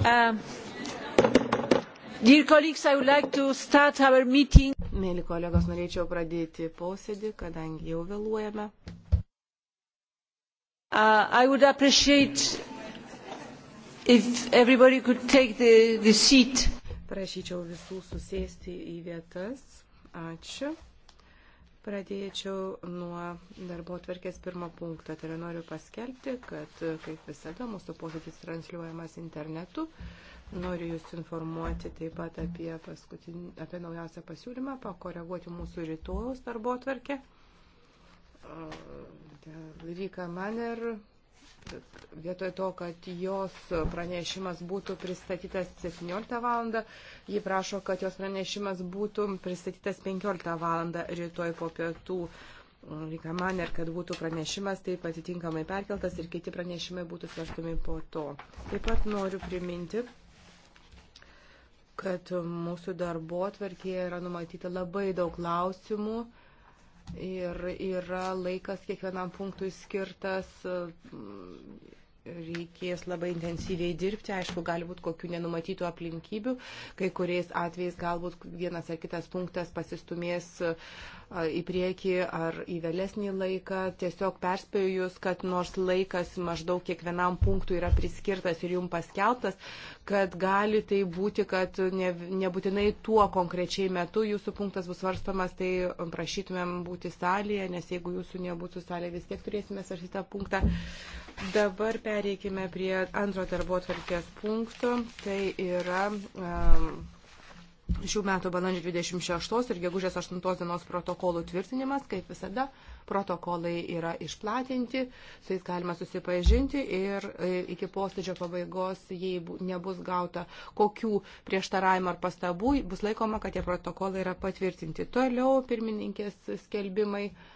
Uh, like Mėly kolegos, norėčiau pradėti posėdį, kadangi jau vėluojame. Uh, Prašyčiau visų susėsti į vietas. Ačiū. Pradėčiau nuo darbo tvarkės pirmo punkto. Tai yra noriu paskelbti, kad kaip visada mūsų posėdis transliuojamas internetu. Noriu Jūs informuoti taip pat apie, apie naujausią pasiūlymą, pakoreguoti mūsų rytojus darbo tvarkę. Vyka Maner vietoj to, kad jos pranešimas būtų pristatytas 17 val. Ji prašo, kad jos pranešimas būtų pristatytas 15 val. rytoj po pietų. Reikia man ir kad būtų pranešimas taip atitinkamai perkeltas ir kiti pranešimai būtų svarstomi po to. Taip pat noriu priminti, kad mūsų darbo atverkėje yra numatyta labai daug klausimų Ir yra laikas kiekvienam punktui skirtas reikės labai intensyviai dirbti, aišku, gali būti kokių nenumatytų aplinkybių, kai kuriais atvejais galbūt vienas ar kitas punktas pasistumės į priekį ar į vėlesnį laiką. Tiesiog perspėju Jūs, kad nors laikas maždaug kiekvienam punktui yra priskirtas ir Jums paskeltas, kad gali tai būti, kad ne, nebūtinai tuo konkrečiai metu Jūsų punktas bus svarstamas, tai prašytumėm būti salėje, nes jeigu Jūsų nebūtų salėje, vis tiek turėsime svarstytą punktą. Dabar pereikime prie antro darbo tvarkės punkto. Tai yra um, šių metų balandžio 26 ir gegužės 8 dienos protokolų tvirtinimas. Kaip visada, protokolai yra išplatinti, su jais galima susipažinti ir e, iki posėdžio pabaigos, jei nebus gauta kokių prieštaravimų ar pastabų, bus laikoma, kad tie protokolai yra patvirtinti. Toliau pirmininkės skelbimai. Uh,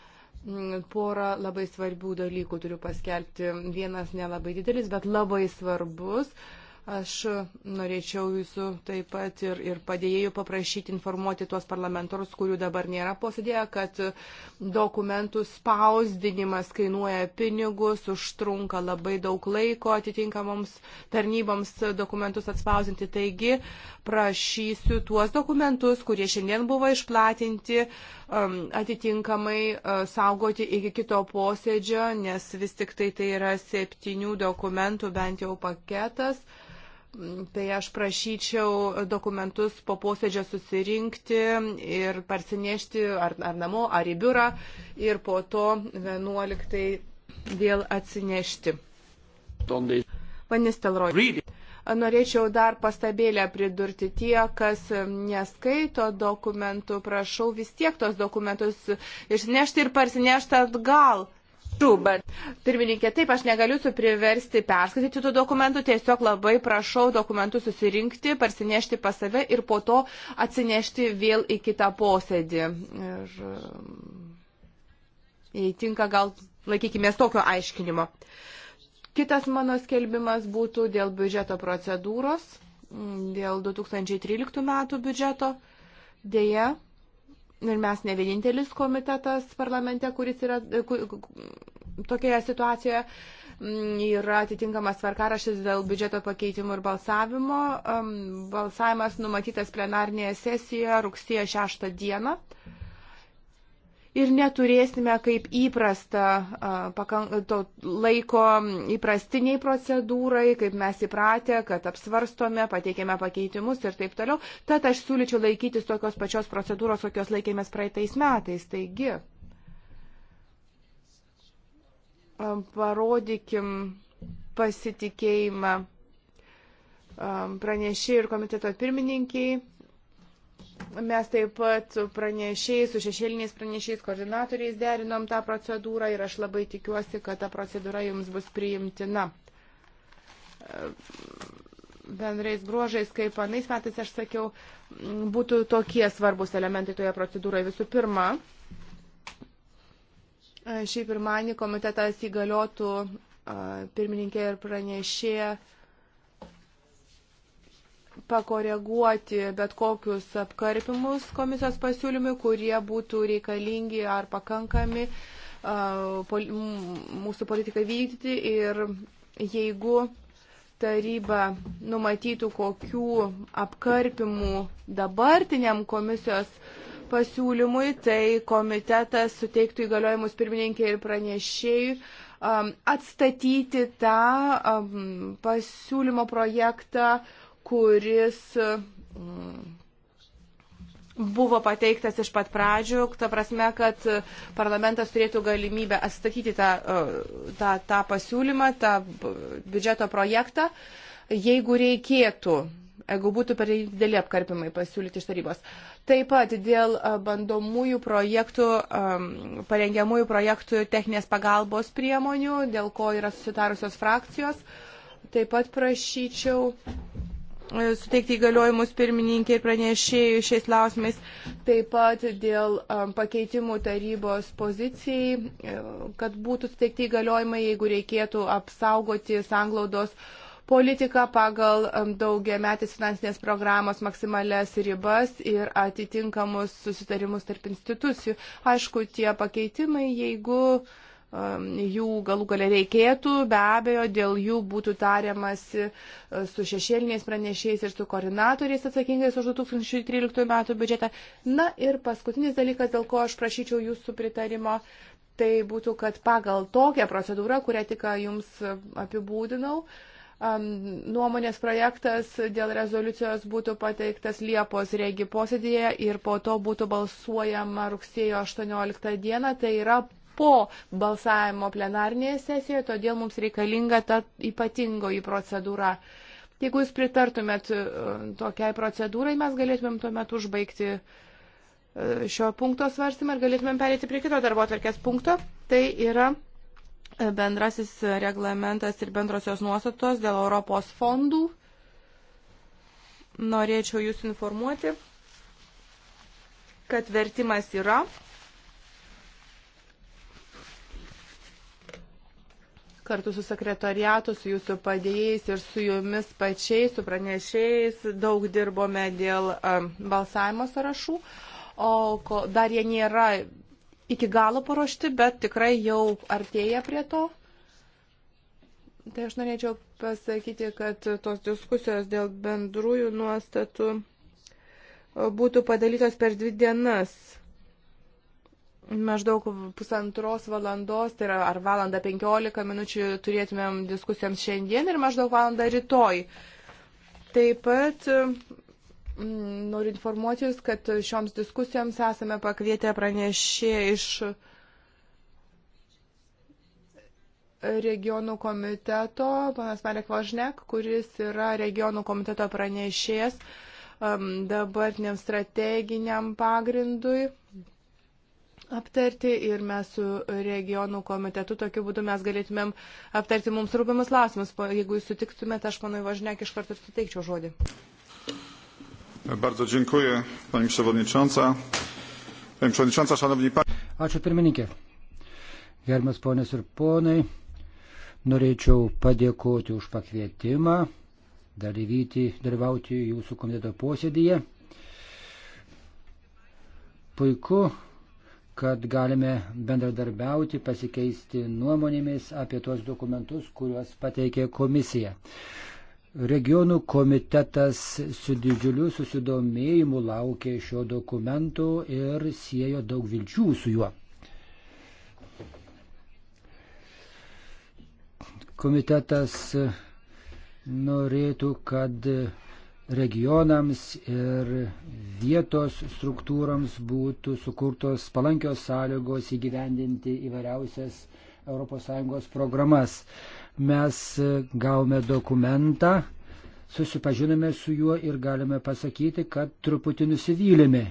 Mm, porą labai svarbių dalykų turiu paskelbti. Vienas nelabai didelis, bet labai svarbus. Uh, Aš norėčiau jūsų taip pat ir, ir padėjėjų paprašyti informuoti tuos parlamentarus, kurių dabar nėra posėdėje, kad dokumentų spausdinimas kainuoja pinigus, užtrunka labai daug laiko atitinkamoms tarnyboms dokumentus atspausinti. Taigi prašysiu tuos dokumentus, kurie šiandien buvo išplatinti, um, atitinkamai uh, saugoti iki kito posėdžio, nes vis tik tai tai yra septynių dokumentų bent jau paketas. Tai aš prašyčiau dokumentus po posėdžio susirinkti ir parsinešti ar, ar namo, ar į biurą ir po to 11 vėl atsinešti. Vanistelroj. Norėčiau dar pastabėlę pridurti tie, kas neskaito dokumentų, prašau vis tiek tos dokumentus išnešti ir parsinešti atgal. Pirmininkė, taip, aš negaliu su priversti perskaityti tų dokumentų, tiesiog labai prašau dokumentus susirinkti, parsinešti pas save ir po to atsinešti vėl į kitą posėdį. Ir um, jei tinka, gal laikykime tokio aiškinimo. Kitas mano skelbimas būtų dėl biudžeto procedūros, dėl 2013 metų biudžeto. Deja, Ir mes ne vienintelis komitetas parlamente, kuris yra tokioje situacijoje, mm, yra atitinkamas tvarkarašis dėl biudžeto pakeitimų ir balsavimo. Balsavimas numatytas plenarnėje sesijoje rugsėjo 6 dieną ir neturėsime kaip įprasta to laiko įprastiniai procedūrai, kaip mes įpratę, kad apsvarstome, pateikėme pakeitimus ir taip toliau. Tad aš siūlyčiau laikytis tokios pačios procedūros, kokios laikėmės praeitais metais. Taigi, parodykim pasitikėjimą pranešėjai ir komiteto pirmininkiai. Mes taip pat su pranešiais, su šešėliniais pranešiais, koordinatoriais derinom tą procedūrą ir aš labai tikiuosi, kad ta procedūra jums bus priimtina. Bendrais bruožais, kaip anais metais aš sakiau, būtų tokie svarbus elementai toje procedūroje. Visų pirma, šį pirmanį komitetas įgaliotų pirmininkė ir pranešėja pakoreguoti bet kokius apkarpimus komisijos pasiūlymai, kurie būtų reikalingi ar pakankami mūsų politiką vykdyti ir jeigu taryba numatytų kokių apkarpimų dabartiniam komisijos pasiūlymui, tai komitetas suteiktų įgaliojimus pirmininkė ir pranešėjai um, atstatyti tą um, pasiūlymo projektą uh, kuris mm, buvo pateiktas iš pat pradžių, ta prasme, kad parlamentas turėtų galimybę atstatyti tą, e, tą, tą pasiūlymą, tą biudžeto projektą, jeigu reikėtų, jeigu būtų per dideli apkarpimai pasiūlyti iš tarybos. Taip pat dėl e, bandomųjų projektų, e, parengiamųjų projektų techninės pagalbos priemonių, dėl ko yra susitarusios frakcijos, taip pat prašyčiau E, suteikti įgaliojimus pirmininkė ir pranešėjų šiais klausimais, taip pat dėl e, pakeitimų tarybos pozicijai, e, kad būtų suteikti įgaliojimai, jeigu reikėtų apsaugoti sanglaudos politiką pagal daugiametės finansinės programos maksimalias ribas ir atitinkamus susitarimus tarp institucijų. Aišku, tie pakeitimai, jeigu uh, Um, jų galų galę reikėtų, be abejo, dėl jų būtų tariamasi uh, su šešėliniais pranešėjais ir su koordinatoriais atsakingais už 2013 metų biudžetą. Na ir paskutinis dalykas, dėl ko aš prašyčiau jūsų pritarimo, tai būtų, kad pagal tokią procedūrą, kurią tik jums apibūdinau, um, nuomonės projektas dėl rezoliucijos būtų pateiktas Liepos regi posėdėje ir po to būtų balsuojama rugsėjo 18 dieną, tai yra po balsavimo plenarnėje sesijoje, todėl mums reikalinga ta ypatingoji procedūra. Jeigu jūs pritartumėt e, tokiai procedūrai, mes galėtumėm tuomet užbaigti e, šio punkto svarstymą ir galėtumėm perėti prie kito darbo atverkės punkto. Tai yra e, bendrasis reglamentas ir bendrosios nuostatos dėl Europos fondų. Norėčiau jūs informuoti, kad vertimas yra kartu su sekretariatu, su jūsų padėjėjais ir su jumis pačiais, su pranešėjais daug dirbome dėl um, balsavimo sąrašų, o ko, dar jie nėra iki galo paruošti, bet tikrai jau artėja prie to. Tai aš norėčiau pasakyti, kad tos diskusijos dėl bendrųjų nuostatų būtų padalytos per dvi dienas maždaug pusantros valandos, tai yra ar valanda penkiolika minučių turėtumėm diskusijoms šiandien ir maždaug valanda rytoj. Taip pat mm, noriu informuoti Jūs, kad šioms diskusijoms esame pakvietę pranešė iš regionų komiteto, panas Marek Važnek, kuris yra regionų komiteto pranešėjas mm, dabartiniam strateginiam pagrindui aptarti ir mes su regionų komitetu tokiu būdu mes galėtumėm aptarti mums rūpimus klausimus. Jeigu jūs sutiktumėte, aš panui Važnek iš karto ir suteikčiau žodį. Bardzo dziękuję, pani przewodnicząca. Pani przewodnicząca, szanowni państwo. Ačiū pirmininkė. Gerbiamas ponės ir ponai, norėčiau padėkoti už pakvietimą dalyvyti, dalyvauti jūsų komiteto posėdėje. Puiku, kad galime bendradarbiauti, pasikeisti nuomonėmis apie tuos dokumentus, kuriuos pateikė komisija. Regionų komitetas su didžiuliu susidomėjimu laukė šio dokumento ir siejo daug vilčių su juo. Komitetas norėtų, kad regionams ir vietos struktūrams būtų sukurtos palankios sąlygos įgyvendinti įvairiausias ES programas. Mes gavome dokumentą, susipažinome su juo ir galime pasakyti, kad truputį nusivylėme.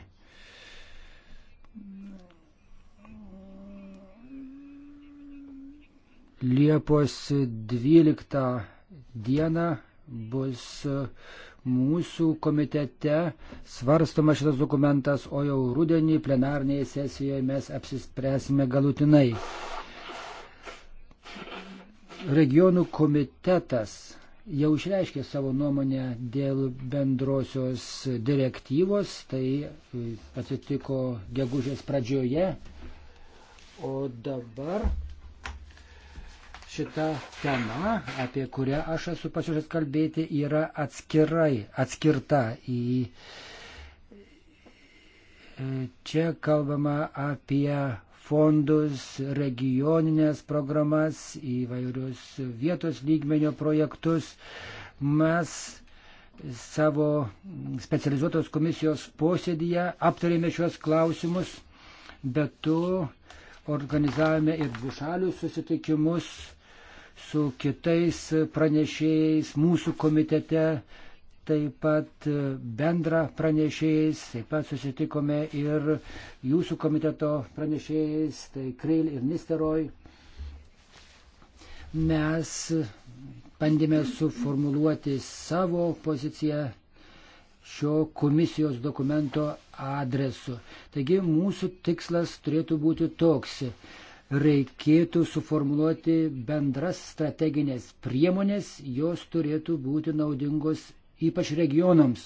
Liepos 12 dieną bus mūsų komitete svarstoma šitas dokumentas, o jau rudenį plenarnėje sesijoje mes apsispręsime galutinai. Regionų komitetas jau išreiškė savo nuomonę dėl bendrosios direktyvos, tai e, atsitiko gegužės pradžioje, o dabar šita tema, apie kurią aš esu pasiūlęs kalbėti, yra atskirai, atskirta į. E, čia kalbama apie fondus, regioninės programas, įvairius vietos lygmenio projektus. Mes savo specializuotos komisijos posėdėje aptarėme šios klausimus, bet tu organizavome ir dvišalius susitikimus su kitais pranešėjais mūsų komitete, taip pat bendra pranešėjais, taip pat susitikome ir jūsų komiteto pranešėjais, tai Kreil ir Nisteroj. Mes bandėme suformuluoti savo poziciją šio komisijos dokumento adresu. Taigi mūsų tikslas turėtų būti toks reikėtų suformuoluoti bendras strateginės priemonės, jos turėtų būti naudingos ypač regionams.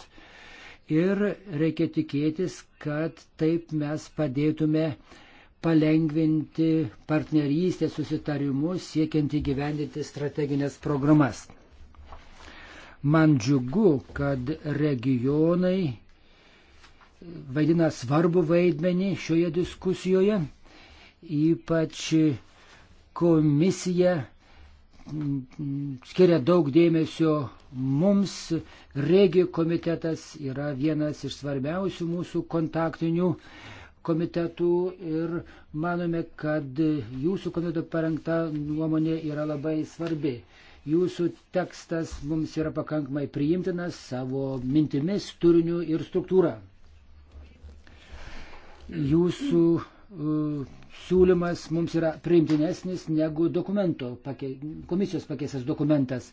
Ir reikia tikėtis, kad taip mes padėtume palengvinti partnerystės susitarimus siekiant įgyvendinti strateginės programas. Man džiugu, kad regionai vaidina svarbu vaidmenį šioje diskusijoje Ypač komisija skiria daug dėmesio mums. Regijų komitetas yra vienas iš svarbiausių mūsų kontaktinių komitetų ir manome, kad jūsų komiteto parengta nuomonė yra labai svarbi. Jūsų tekstas mums yra pakankamai priimtinas savo mintimis, turiniu ir struktūra. Jūsų uh, siūlymas mums yra priimtinesnis negu dokumento, pake, komisijos pakeistas dokumentas.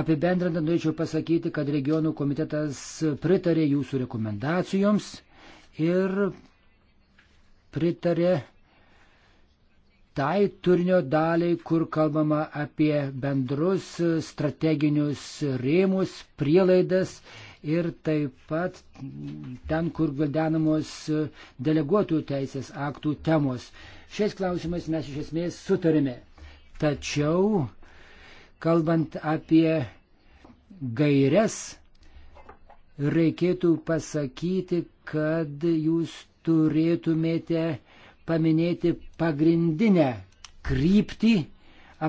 Apibendrinant norėčiau pasakyti, kad regionų komitetas pritarė jūsų rekomendacijoms ir pritarė tai turinio daliai, kur kalbama apie bendrus strateginius rėmus, prielaidas ir taip pat ten, kur gvildenamos deleguotų teisės aktų temos. Šiais klausimais mes iš esmės sutarime. Tačiau, kalbant apie gairias, reikėtų pasakyti, kad jūs turėtumėte paminėti pagrindinę kryptį,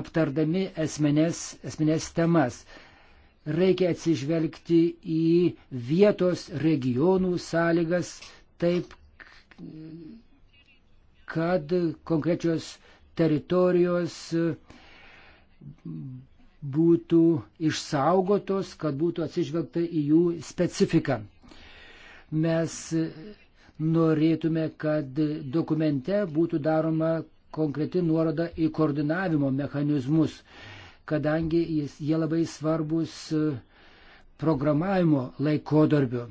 aptardami esminės, esminės temas reikia atsižvelgti į vietos regionų sąlygas taip, kad konkrečios teritorijos būtų išsaugotos, kad būtų atsižvelgta į jų specifiką. Mes norėtume, kad dokumente būtų daroma konkreti nuoroda į koordinavimo mechanizmus kadangi jis, jie labai svarbus e, programavimo laikodarbiu.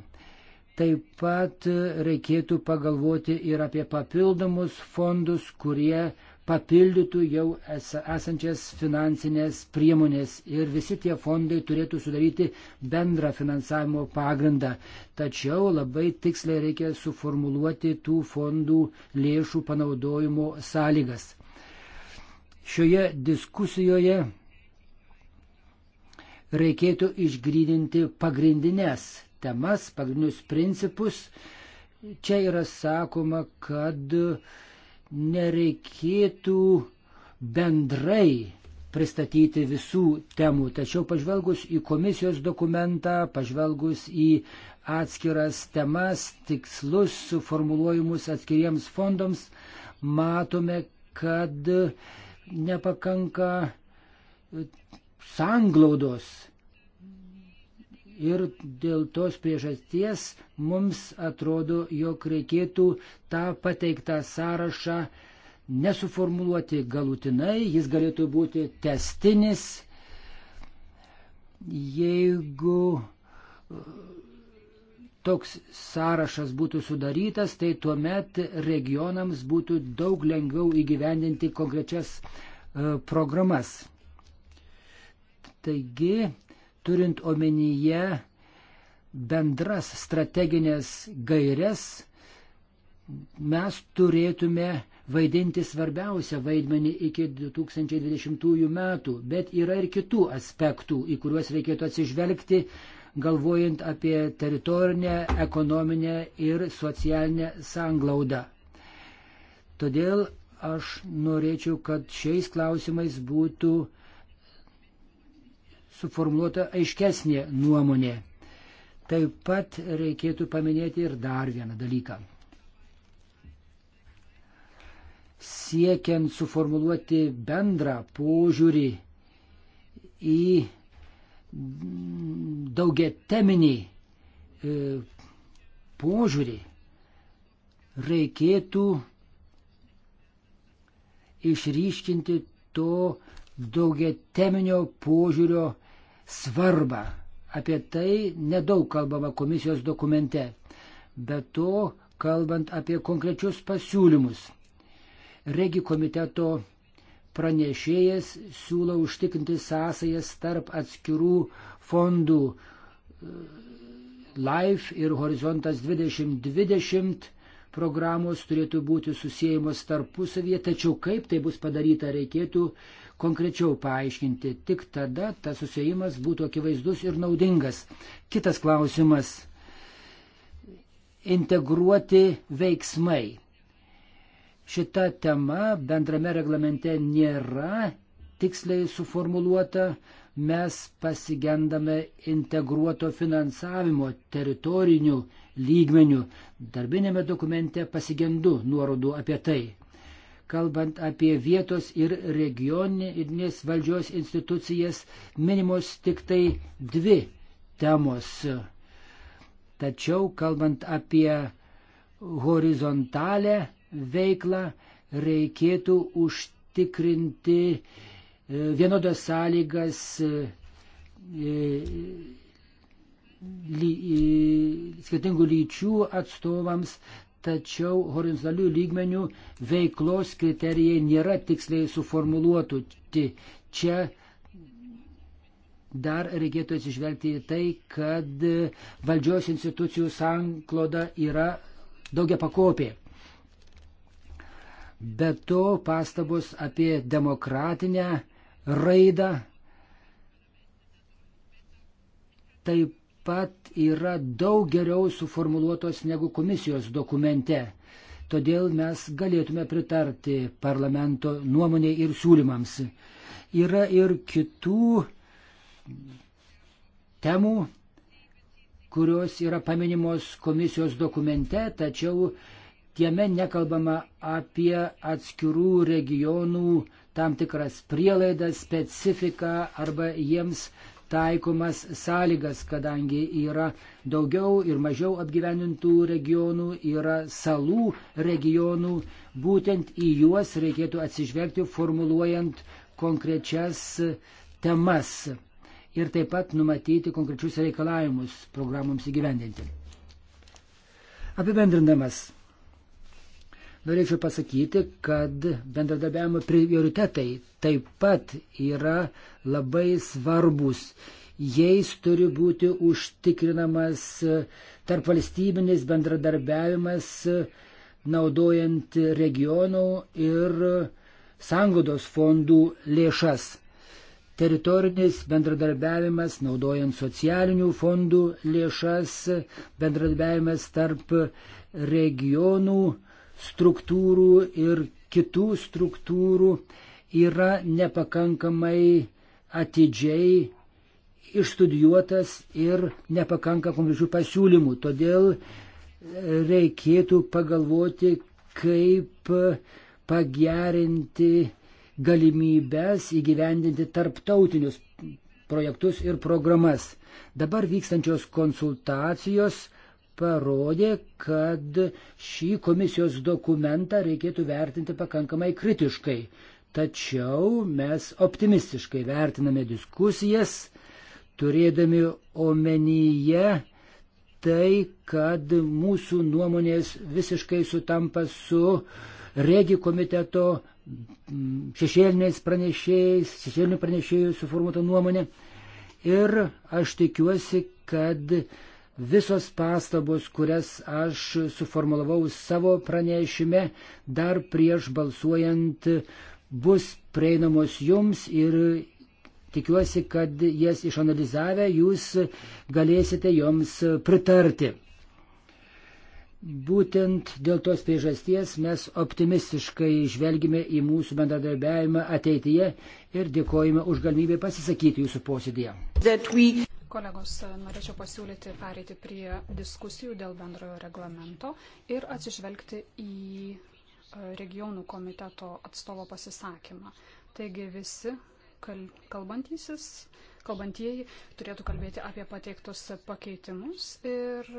Taip pat e, reikėtų pagalvoti ir apie papildomus fondus, kurie papildytų jau esančias finansinės priemonės ir visi tie fondai turėtų sudaryti bendrą finansavimo pagrindą. Tačiau labai tiksliai reikia suformuluoti tų fondų lėšų panaudojimo sąlygas. Šioje diskusijoje reikėtų išgrydinti pagrindinės temas, pagrindinius principus. Čia yra sakoma, kad nereikėtų bendrai pristatyti visų temų, tačiau pažvelgus į komisijos dokumentą, pažvelgus į atskiras temas, tikslus suformuluojimus atskiriems fondams, matome, kad nepakanka sanglaudos. Ir dėl tos priežasties mums atrodo, jog reikėtų tą pateiktą sąrašą nesuformuluoti galutinai, jis galėtų būti testinis, jeigu e, toks sąrašas būtų sudarytas, tai tuomet regionams būtų daug lengviau įgyvendinti konkrečias e, programas. Taigi, turint omenyje bendras strateginės gairias, mes turėtume vaidinti svarbiausią vaidmenį iki 2020 metų, bet yra ir kitų aspektų, į kuriuos reikėtų atsižvelgti, galvojant apie teritorinę, ekonominę ir socialinę sanglaudą. Todėl aš norėčiau, kad šiais klausimais būtų uh, suformuota aiškesnė nuomonė. Taip pat reikėtų paminėti ir dar vieną dalyką. Siekiant suformuluoti bendrą požiūrį į daugia teminį e, požiūrį, reikėtų išryškinti to daugia teminio požiūrio svarbą. Apie tai nedaug kalbama komisijos dokumente, bet to kalbant apie konkrečius pasiūlymus. Regi komiteto pranešėjas siūlo užtikrinti sąsajas tarp atskirų fondų e, LIFE ir Horizontas 2020 programos turėtų būti susijęjimos tarpusavyje, tačiau kaip tai bus padaryta reikėtų konkrečiau paaiškinti. Tik tada tas susijimas būtų akivaizdus ir naudingas. Kitas klausimas - integruoti veiksmai. Šita tema bendrame reglamente nėra tiksliai suformuluota. Mes pasigendame integruoto finansavimo teritorinių lygmenių. Darbinėme dokumente pasigendu nuorodų apie tai kalbant apie vietos ir regioninės valdžios institucijas, minimos tik tai dvi temos. Tačiau, kalbant apie horizontalę veiklą, reikėtų užtikrinti e, vienodas sąlygas e, e, skirtingų lyčių atstovams, tačiau horizontalių lygmenių veiklos kriterijai nėra tiksliai suformuluoti. Čia dar reikėtų atsižvelgti į tai, kad valdžios institucijų sankloda yra daugia pakopė. Be to pastabos apie demokratinę raidą taip pat yra daug geriau suformuluotos negu komisijos dokumente. Todėl mes galėtume pritarti parlamento nuomonė ir siūlymams. Yra ir kitų temų, kurios yra paminimos komisijos dokumente, tačiau jame nekalbama apie atskirų regionų tam tikras prielaidas, specifiką arba jiems uh, taikomas sąlygas, kadangi yra daugiau ir mažiau apgyvenintų regionų, yra salų regionų, būtent į juos reikėtų atsižvelgti formuluojant konkrečias temas ir taip pat numatyti konkrečius reikalavimus programoms įgyvendinti. Apibendrindamas, Norėčiau pasakyti, kad bendradarbiavimo prioritetai taip pat yra labai svarbus. Jais turi būti užtikrinamas tarp valstybinis bendradarbiavimas, naudojant regionų ir sangodos fondų lėšas. Teritorinis bendradarbiavimas, naudojant socialinių fondų lėšas, bendradarbiavimas tarp regionų, struktūrų ir kitų struktūrų yra nepakankamai atidžiai išstudijuotas ir nepakanka konkrečių pasiūlymų. Todėl e, reikėtų pagalvoti, kaip pagerinti galimybės įgyvendinti tarptautinius projektus ir programas. Dabar vykstančios konsultacijos parodė, kad šį komisijos dokumentą reikėtų vertinti pakankamai kritiškai. Tačiau mes optimistiškai vertiname diskusijas, turėdami omenyje tai, kad mūsų nuomonės visiškai sutampa su Regi komiteto mm, šešėliniais pranešėjais, šešėlinių pranešėjų suformuota nuomonė. Ir aš tikiuosi, kad visos pastabos, kurias aš suformulavau savo pranešime, dar prieš balsuojant bus prieinamos jums ir tikiuosi, kad jas išanalizavę jūs galėsite joms pritarti. Būtent dėl tos priežasties mes optimistiškai žvelgime į mūsų bendradarbiavimą ateityje ir dėkojame už galimybę pasisakyti jūsų posėdėje. We... Kolegos, norėčiau pasiūlyti pereiti prie diskusijų dėl bendrojo reglamento ir atsižvelgti į e, regionų komiteto atstovo pasisakymą. Taigi visi kalbantysis, kalbantieji turėtų kalbėti apie pateiktus pakeitimus ir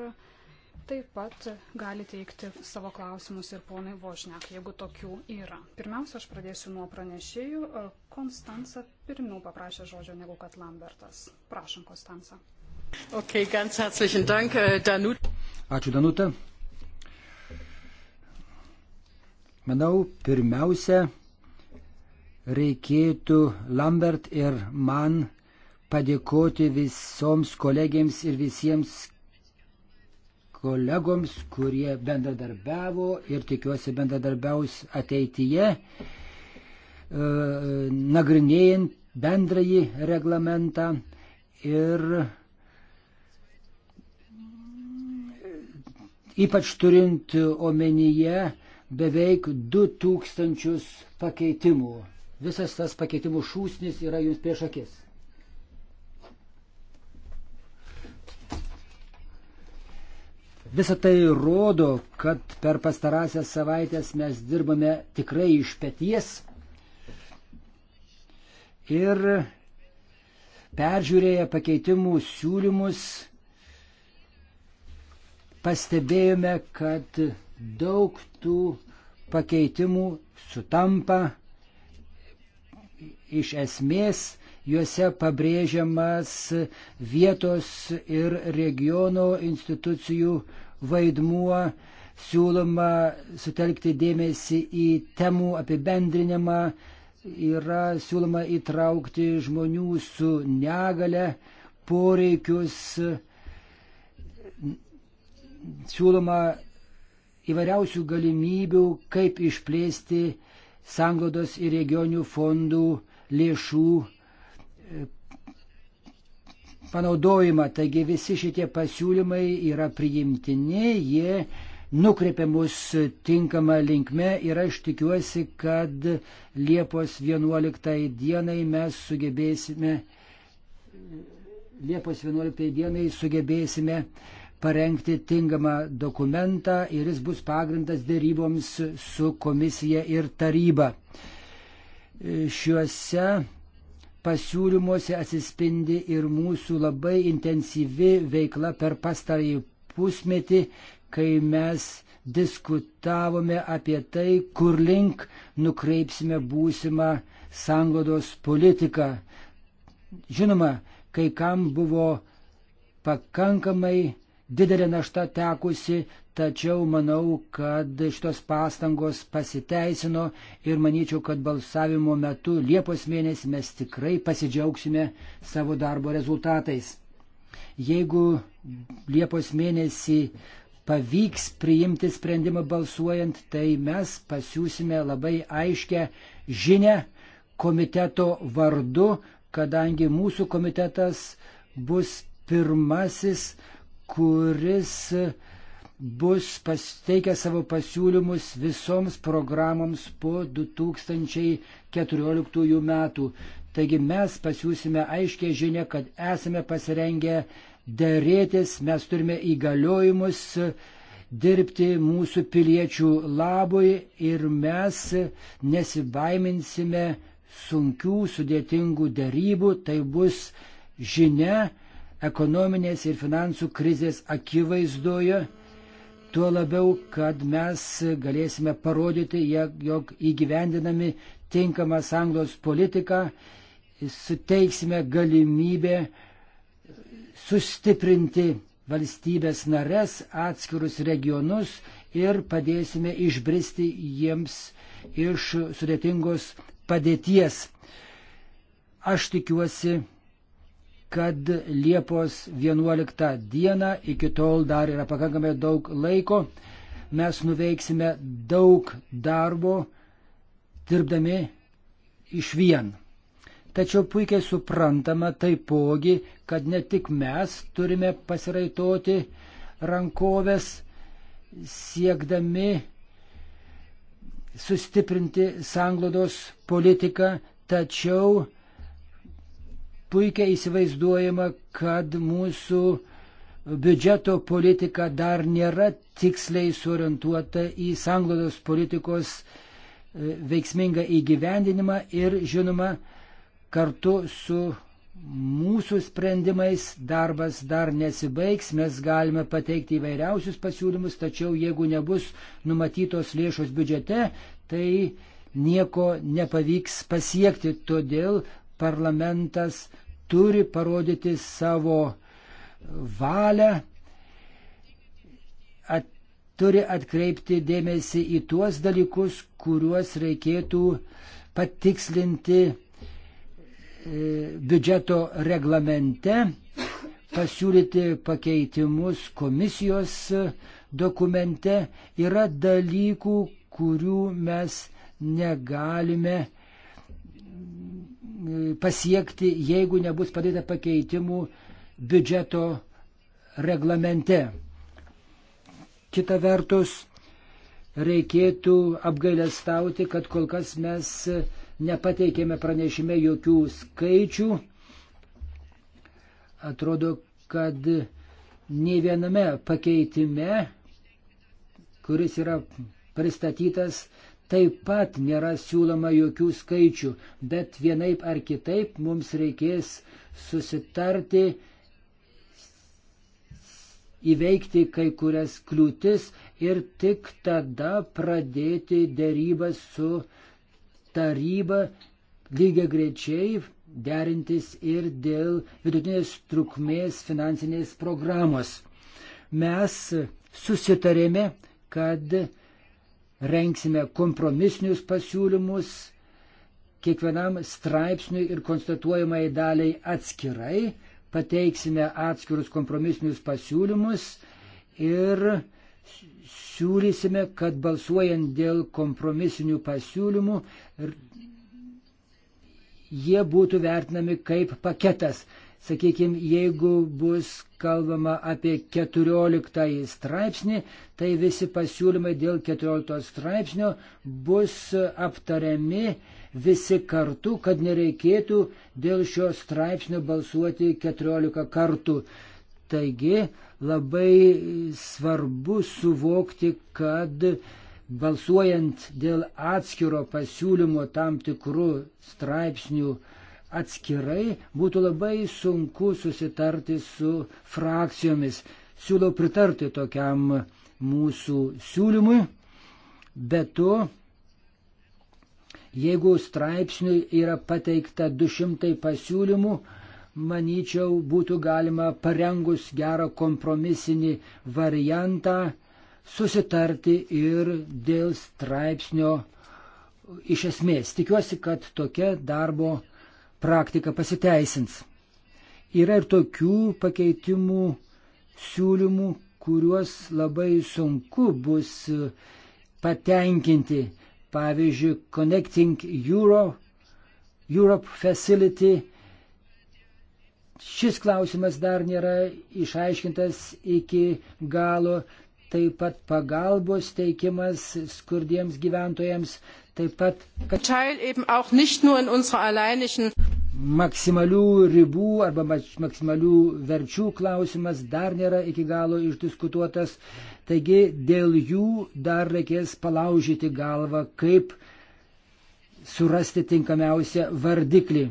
Taip pat gali teikti savo klausimus ir ponai Vožniak, jeigu tokių yra. Pirmiausia, aš pradėsiu nuo pranešėjų. Konstanca pirmiau paprašė žodžio negu kad Lambertas. Prašom, Konstanca. Okay, ganz herzlichen Dank, äh, Danut. Ačiū, Danutė. Manau, pirmiausia, reikėtų Lambert ir man padėkoti visoms kolegėms ir visiems kolegoms, kurie bendradarbiavo ir tikiuosi bendradarbiaus ateityje, e, nagrinėjant bendrąjį reglamentą ir ypač turint omenyje beveik 2000 pakeitimų. Visas tas pakeitimų šūsnis yra jums prieš akis. Visą tai rodo, kad per pastarąsias savaitės mes dirbame tikrai iš pėties ir peržiūrėję pakeitimų siūlymus pastebėjome, kad daug tų pakeitimų sutampa iš esmės juose pabrėžiamas vietos ir regiono institucijų vaidmuo, siūloma sutelkti dėmesį į temų apibendrinimą, yra siūloma įtraukti žmonių su negale poreikius, siūloma įvairiausių galimybių, kaip išplėsti sanglodos ir regionių fondų lėšų panaudojimą. Taigi visi šitie pasiūlymai yra priimtini, jie nukreipia mus tinkamą linkmę ir aš tikiuosi, kad Liepos 11 dienai mes sugebėsime, Liepos 11 dienai sugebėsime parengti tinkamą dokumentą ir jis bus pagrindas dėryboms su komisija ir taryba. Šiuose pasiūlymuose atsispindi ir mūsų labai intensyvi veikla per pastarąjį pusmetį, kai mes diskutavome apie tai, kur link nukreipsime būsimą sanglodos politiką. Žinoma, kai kam buvo pakankamai didelė našta tekusi, tačiau manau, kad šitos pastangos pasiteisino ir manyčiau, kad balsavimo metu Liepos mėnesį mes tikrai pasidžiaugsime savo darbo rezultatais. Jeigu Liepos mėnesį pavyks priimti sprendimą balsuojant, tai mes pasiūsime labai aiškę žinę komiteto vardu, kadangi mūsų komitetas bus pirmasis, kuris uh, bus pasteikę savo pasiūlymus visoms programoms po 2014 metų. Taigi mes pasiūsime aiškę žinę, kad esame pasirengę dėrėtis, mes turime įgaliojimus dirbti mūsų piliečių labui ir mes nesibaiminsime sunkių, sudėtingų dėrybų, tai bus žinia ekonominės ir finansų krizės akivaizdoje Tuo labiau, kad mes galėsime parodyti, jog įgyvendinami tinkamą sanglos politiką, suteiksime galimybę sustiprinti valstybės nares, atskirus regionus ir padėsime išbristi jiems iš sudėtingos padėties. Aš tikiuosi, kad Liepos 11 dieną iki tol dar yra pakankamai daug laiko. Mes nuveiksime daug darbo dirbdami iš vien. Tačiau puikiai suprantama taipogi, kad ne tik mes turime pasiraitoti rankovės siekdami sustiprinti sanglodos politiką, tačiau puikiai įsivaizduojama, kad mūsų biudžeto politika dar nėra tiksliai suorientuota į sanglodos politikos e, veiksmingą įgyvendinimą ir, žinoma, kartu su mūsų sprendimais darbas dar nesibaigs, mes galime pateikti įvairiausius pasiūlymus, tačiau jeigu nebus numatytos lėšos biudžete, tai nieko nepavyks pasiekti. Todėl parlamentas turi parodyti savo valią, at, turi atkreipti dėmesį į tuos dalykus, kuriuos reikėtų patikslinti e, biudžeto reglamente, pasiūlyti pakeitimus komisijos dokumente. Yra dalykų, kurių mes negalime pasiekti, jeigu nebus padėta pakeitimų biudžeto reglamente. Kita vertus, reikėtų apgailestauti, kad kol kas mes nepateikėme pranešime jokių skaičių. Atrodo, kad nei viename pakeitime, kuris yra pristatytas, taip pat nėra siūloma jokių skaičių, bet vienaip ar kitaip mums reikės susitarti, įveikti kai kurias kliūtis ir tik tada pradėti dėrybas su taryba lygiai grečiai derintis ir dėl vidutinės trukmės finansinės programos. Mes susitarėme, kad renksime kompromisinius pasiūlymus kiekvienam straipsniui ir konstatuojamai daliai atskirai, pateiksime atskirus kompromisinius pasiūlymus ir siūlysime, kad balsuojant dėl kompromisinių pasiūlymų jie būtų vertinami kaip paketas. Sakykime, jeigu bus kalbama apie 14 straipsnį, tai visi pasiūlymai dėl 14 straipsnio bus aptariami visi kartu, kad nereikėtų dėl šio straipsnio balsuoti 14 kartų. Taigi labai svarbu suvokti, kad balsuojant dėl atskiro pasiūlymo tam tikrų straipsnių, atskirai, būtų labai sunku susitarti su frakcijomis. Siūlau pritarti tokiam mūsų siūlymui, bet tu, jeigu straipsniui yra pateikta 200 pasiūlymų, manyčiau, būtų galima parengus gerą kompromisinį variantą susitarti ir dėl straipsnio iš esmės. Tikiuosi, kad tokia darbo praktika pasiteisins. Yra ir tokių pakeitimų siūlymų, kuriuos labai sunku bus patenkinti. Pavyzdžiui, Connecting Euro, Europe Facility. Šis klausimas dar nėra išaiškintas iki galo taip pat pagalbos teikimas skurdiems gyventojams, taip pat maksimalių ribų arba maksimalių verčių klausimas dar nėra iki galo išdiskutuotas, taigi dėl jų dar reikės palaužyti galvą, kaip surasti tinkamiausią vardiklį.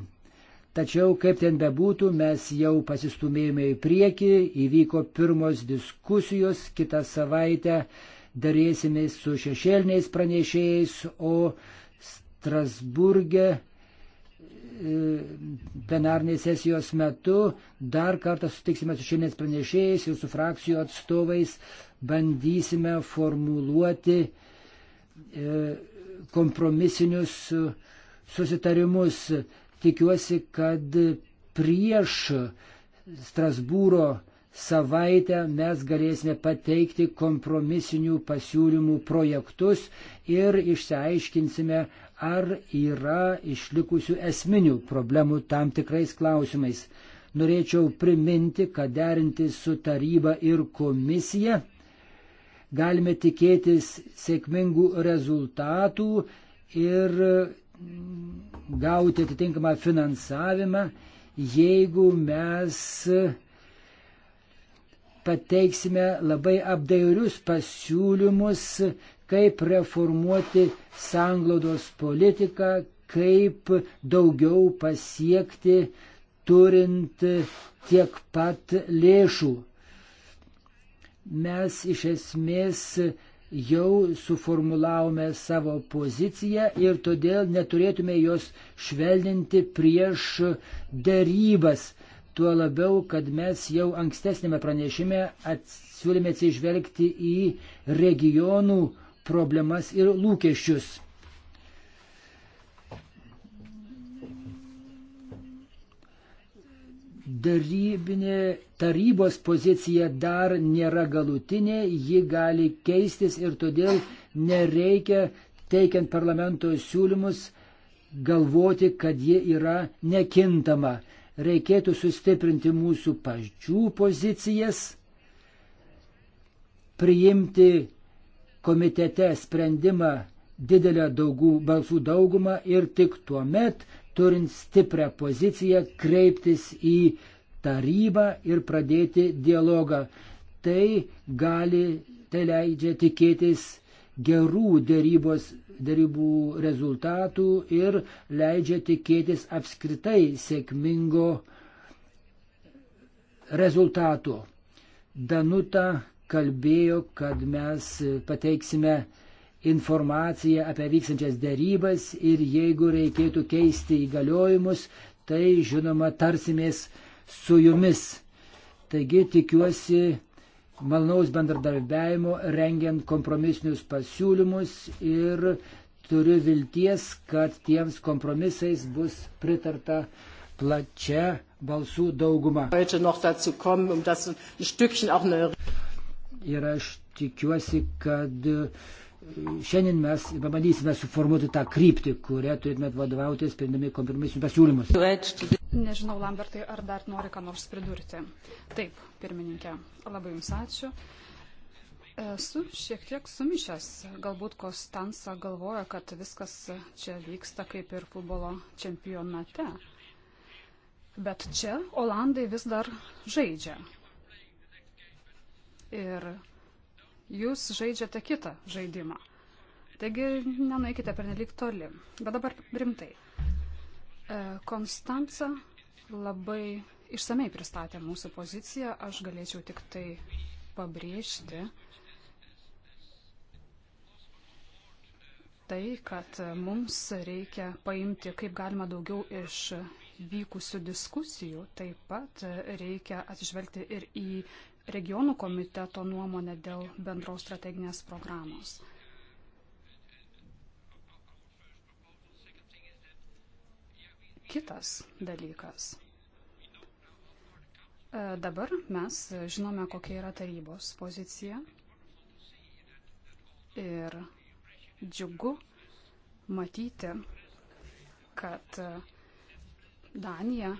Tačiau, kaip ten bebūtų, mes jau pasistumėjome į priekį, įvyko pirmos diskusijos, kitą savaitę darėsimės su šešėliniais pranešėjais, o Strasburgė e, plenarnės sesijos metu dar kartą sutiksime su šiandienis pranešėjais ir su frakcijų atstovais, bandysime formuluoti e, kompromisinius susitarimus Tikiuosi, kad prieš Strasbūro savaitę mes galėsime pateikti kompromisinių pasiūlymų projektus ir išsiaiškinsime, ar yra išlikusių esminių problemų tam tikrais klausimais. Norėčiau priminti, kad derinti su taryba ir komisija galime tikėtis sėkmingų rezultatų ir gauti atitinkamą finansavimą, jeigu mes pateiksime labai apdairius pasiūlymus, kaip reformuoti sanglaudos politiką, kaip daugiau pasiekti turint tiek pat lėšų. Mes iš esmės jau suformulavome savo poziciją ir todėl neturėtume jos švelninti prieš darybas. Tuo labiau, kad mes jau ankstesnėme pranešime siūlėme atsižvelgti į regionų problemas ir lūkesčius. darybinė tarybos pozicija dar nėra galutinė, ji gali keistis ir todėl nereikia, teikiant parlamento siūlymus, galvoti, kad ji yra nekintama. Reikėtų sustiprinti mūsų pačių pozicijas, priimti komitete sprendimą didelę daugų, balsų daugumą ir tik tuo met turint stiprią poziciją, kreiptis į tarybą ir pradėti dialogą. Tai gali, tai leidžia tikėtis gerų dėrybos, dėrybų rezultatų ir leidžia tikėtis apskritai sėkmingo rezultato. Danuta kalbėjo, kad mes pateiksime informaciją apie vykstančias dėrybas ir jeigu reikėtų keisti įgaliojimus, tai žinoma tarsimės su jumis. Taigi tikiuosi malnaus bendradarbiavimo rengiant kompromisinius pasiūlymus ir turiu vilties, kad tiems kompromisais bus pritarta plačia balsų dauguma. Um ir aš tikiuosi, kad Šiandien mes pabandysime suformuoti tą kryptį, kurią turėtumėt vadovautis, sprendami kompromisinius pasiūlymus. Nežinau, Lambertai, ar dar nori ką nors pridurti. Taip, pirmininkė, labai Jums ačiū. Esu šiek tiek sumišęs. Galbūt Kostansa galvoja, kad viskas čia vyksta kaip ir futbolo čempionate. Bet čia Olandai vis dar žaidžia. Ir jūs žaidžiate kitą žaidimą. Taigi nenuėkite pernelik toli. Bet dabar rimtai. E, Konstanca labai išsamei pristatė mūsų poziciją. Aš galėčiau tik tai pabrėžti tai, kad mums reikia paimti kaip galima daugiau iš vykusių diskusijų. Taip pat reikia atsižvelgti ir į regionų komiteto nuomonę dėl bendros strateginės programos. Kitas dalykas. E, dabar mes žinome, kokia yra tarybos pozicija. Ir džiugu matyti, kad Danija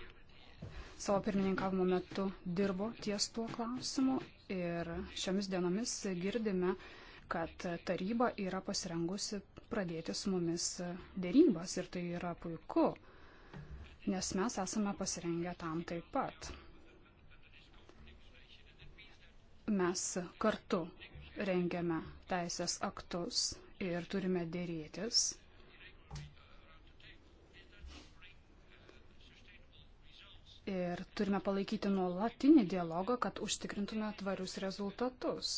savo pirmininkavimo metu dirbo ties tuo klausimu ir šiomis dienomis girdime, kad taryba yra pasirengusi pradėti su mumis dėrybas ir tai yra puiku, nes mes esame pasirengę tam taip pat. Mes kartu rengiame teisės aktus ir turime dėrėtis ir turime palaikyti nuolatinį dialogą, kad užtikrintume tvarius rezultatus.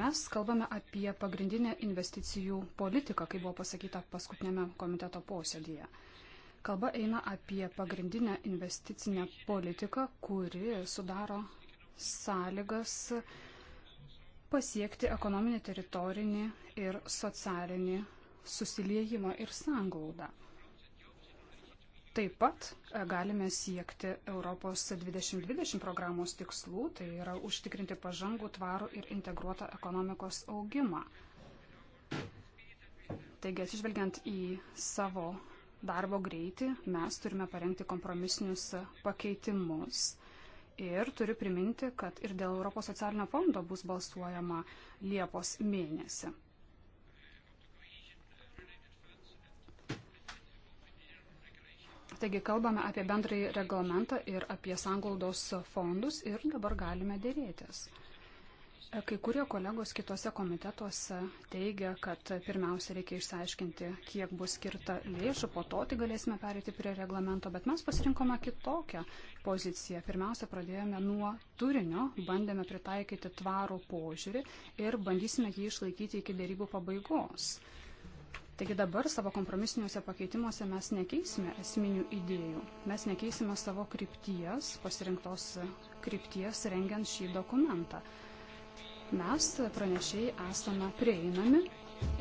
Mes kalbame apie pagrindinę investicijų politiką, kaip buvo pasakyta paskutinėme komiteto posėdėje. Kalba eina apie pagrindinę investicinę politiką, kuri sudaro sąlygas pasiekti ekonominį, teritorinį ir socialinį susiliejimą ir sanglaudą. Taip pat e, galime siekti Europos 2020 programos tikslų, tai yra užtikrinti pažangų, tvarų ir integruotą ekonomikos augimą. Taigi, atsižvelgiant į savo darbo greitį, mes turime parengti kompromisinius pakeitimus. Ir turiu priminti, kad ir dėl Europos socialinio fondo bus balsuojama Liepos mėnesį. Taigi kalbame apie bendrąjį reglamentą ir apie sanglaudos fondus ir dabar galime dėrėtis. E, kai kurie kolegos kitose komitetuose teigia, kad pirmiausia reikia išsiaiškinti, kiek bus skirta lėšų, po to tai galėsime perėti prie reglamento, bet mes pasirinkome kitokią poziciją. Pirmiausia, pradėjome nuo turinio, bandėme pritaikyti tvarų požiūrį ir bandysime jį išlaikyti iki dėrybų pabaigos. Taigi dabar savo kompromisiniuose pakeitimuose mes nekeisime esminių idėjų, mes nekeisime savo krypties, pasirinktos krypties rengiant šį dokumentą. Mes pranešiai esame prieinami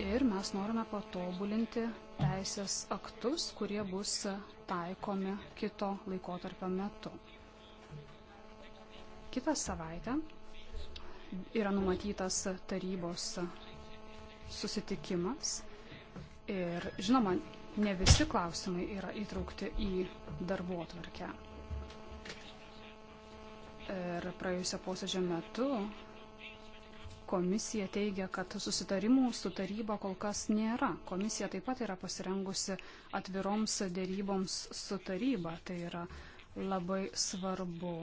ir mes norime patobulinti teisės aktus, kurie bus taikomi kito laikotarpio metu. Kitą savaitę yra numatytas tarybos susitikimas Ir žinoma, ne visi klausimai yra įtraukti į darbo atvarkę. Ir praėjusio posėdžio metu komisija teigia, kad susitarimų su taryba kol kas nėra. Komisija taip pat yra pasirengusi atviroms dėryboms su taryba. Tai yra labai svarbu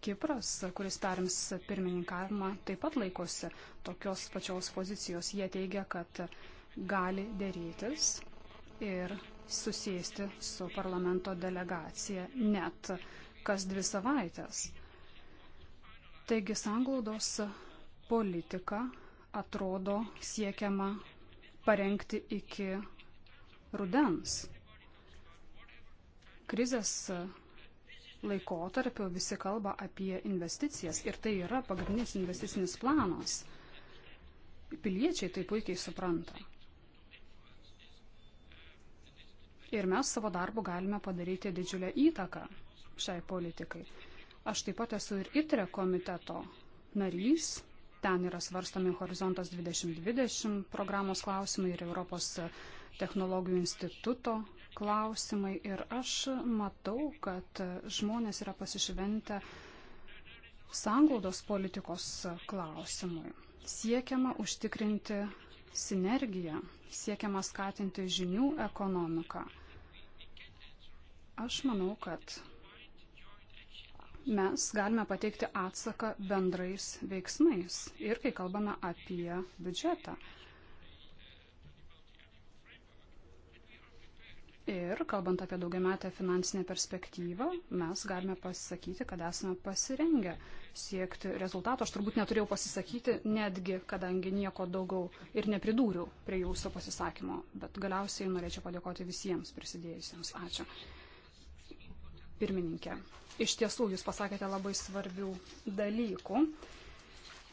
Kipras, kuris perims pirmininkavimą, taip pat laikosi tokios pačios pozicijos. Jie teigia, kad gali dėrytis ir susėsti su parlamento delegacija net kas dvi savaitės. Taigi sanglaudos politika atrodo siekiama parengti iki rudens. Krizės laikotarpiu visi kalba apie investicijas ir tai yra pagrindinis investicinis planas. Piliečiai tai puikiai supranta. Ir mes savo darbu galime padaryti didžiulę įtaką šiai politikai. Aš taip pat esu ir ITRE komiteto narys. Ten yra svarstami Horizontas 2020 programos klausimai ir Europos technologijų instituto klausimai ir aš matau, kad žmonės yra pasišventę sanglaudos politikos klausimui. Siekiama užtikrinti sinergiją, siekiama skatinti žinių ekonomiką. Aš manau, kad mes galime pateikti atsaką bendrais veiksmais ir kai kalbame apie biudžetą. Ir kalbant apie daugiametę finansinę perspektyvą, mes galime pasakyti, kad esame pasirengę siekti rezultato. Aš turbūt neturėjau pasisakyti netgi, kadangi nieko daugiau ir nepridūriau prie jūsų pasisakymo, bet galiausiai norėčiau padėkoti visiems prisidėjusiems. Ačiū. Pirmininkė, iš tiesų jūs pasakėte labai svarbių dalykų.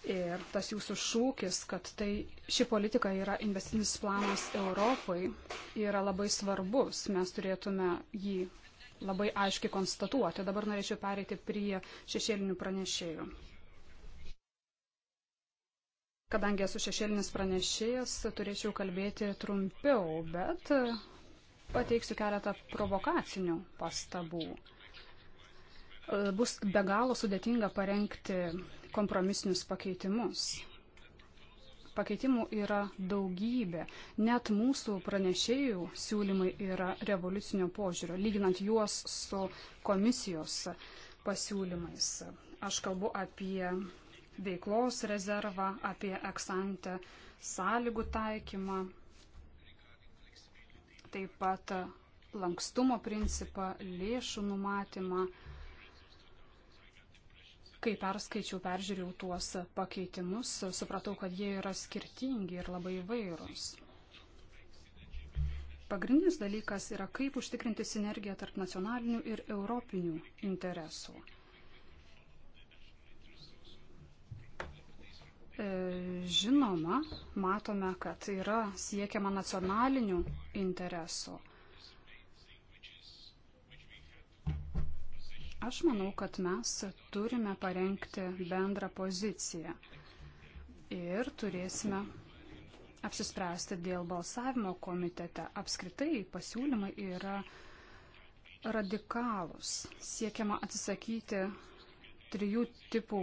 Ir tas jūsų šūkis, kad tai, ši politika yra investicinis planas Europai, yra labai svarbus. Mes turėtume jį labai aiškiai konstatuoti. Dabar norėčiau pereiti prie šešėlinių pranešėjų. Kadangi esu šešėlinis pranešėjas, turėčiau kalbėti trumpiau, bet pateiksiu keletą provokacinių pastabų bus be galo sudėtinga parengti kompromisinius pakeitimus. Pakeitimų yra daugybė. Net mūsų pranešėjų siūlymai yra revoliucinio požiūrio, lyginant juos su komisijos pasiūlymais. Aš kalbu apie veiklos rezervą, apie eksantę sąlygų taikymą, taip pat lankstumo principą, lėšų numatymą Kai perskaičiau, peržiūrėjau tuos pakeitimus, supratau, kad jie yra skirtingi ir labai įvairūs. Pagrindinis dalykas yra, kaip užtikrinti sinergiją tarp nacionalinių ir europinių interesų. E, žinoma, matome, kad yra siekiama nacionalinių interesų Aš manau, kad mes turime parengti bendrą poziciją ir turėsime apsispręsti dėl balsavimo komitete. Apskritai pasiūlymai yra radikalūs. Siekiama atsisakyti trijų tipų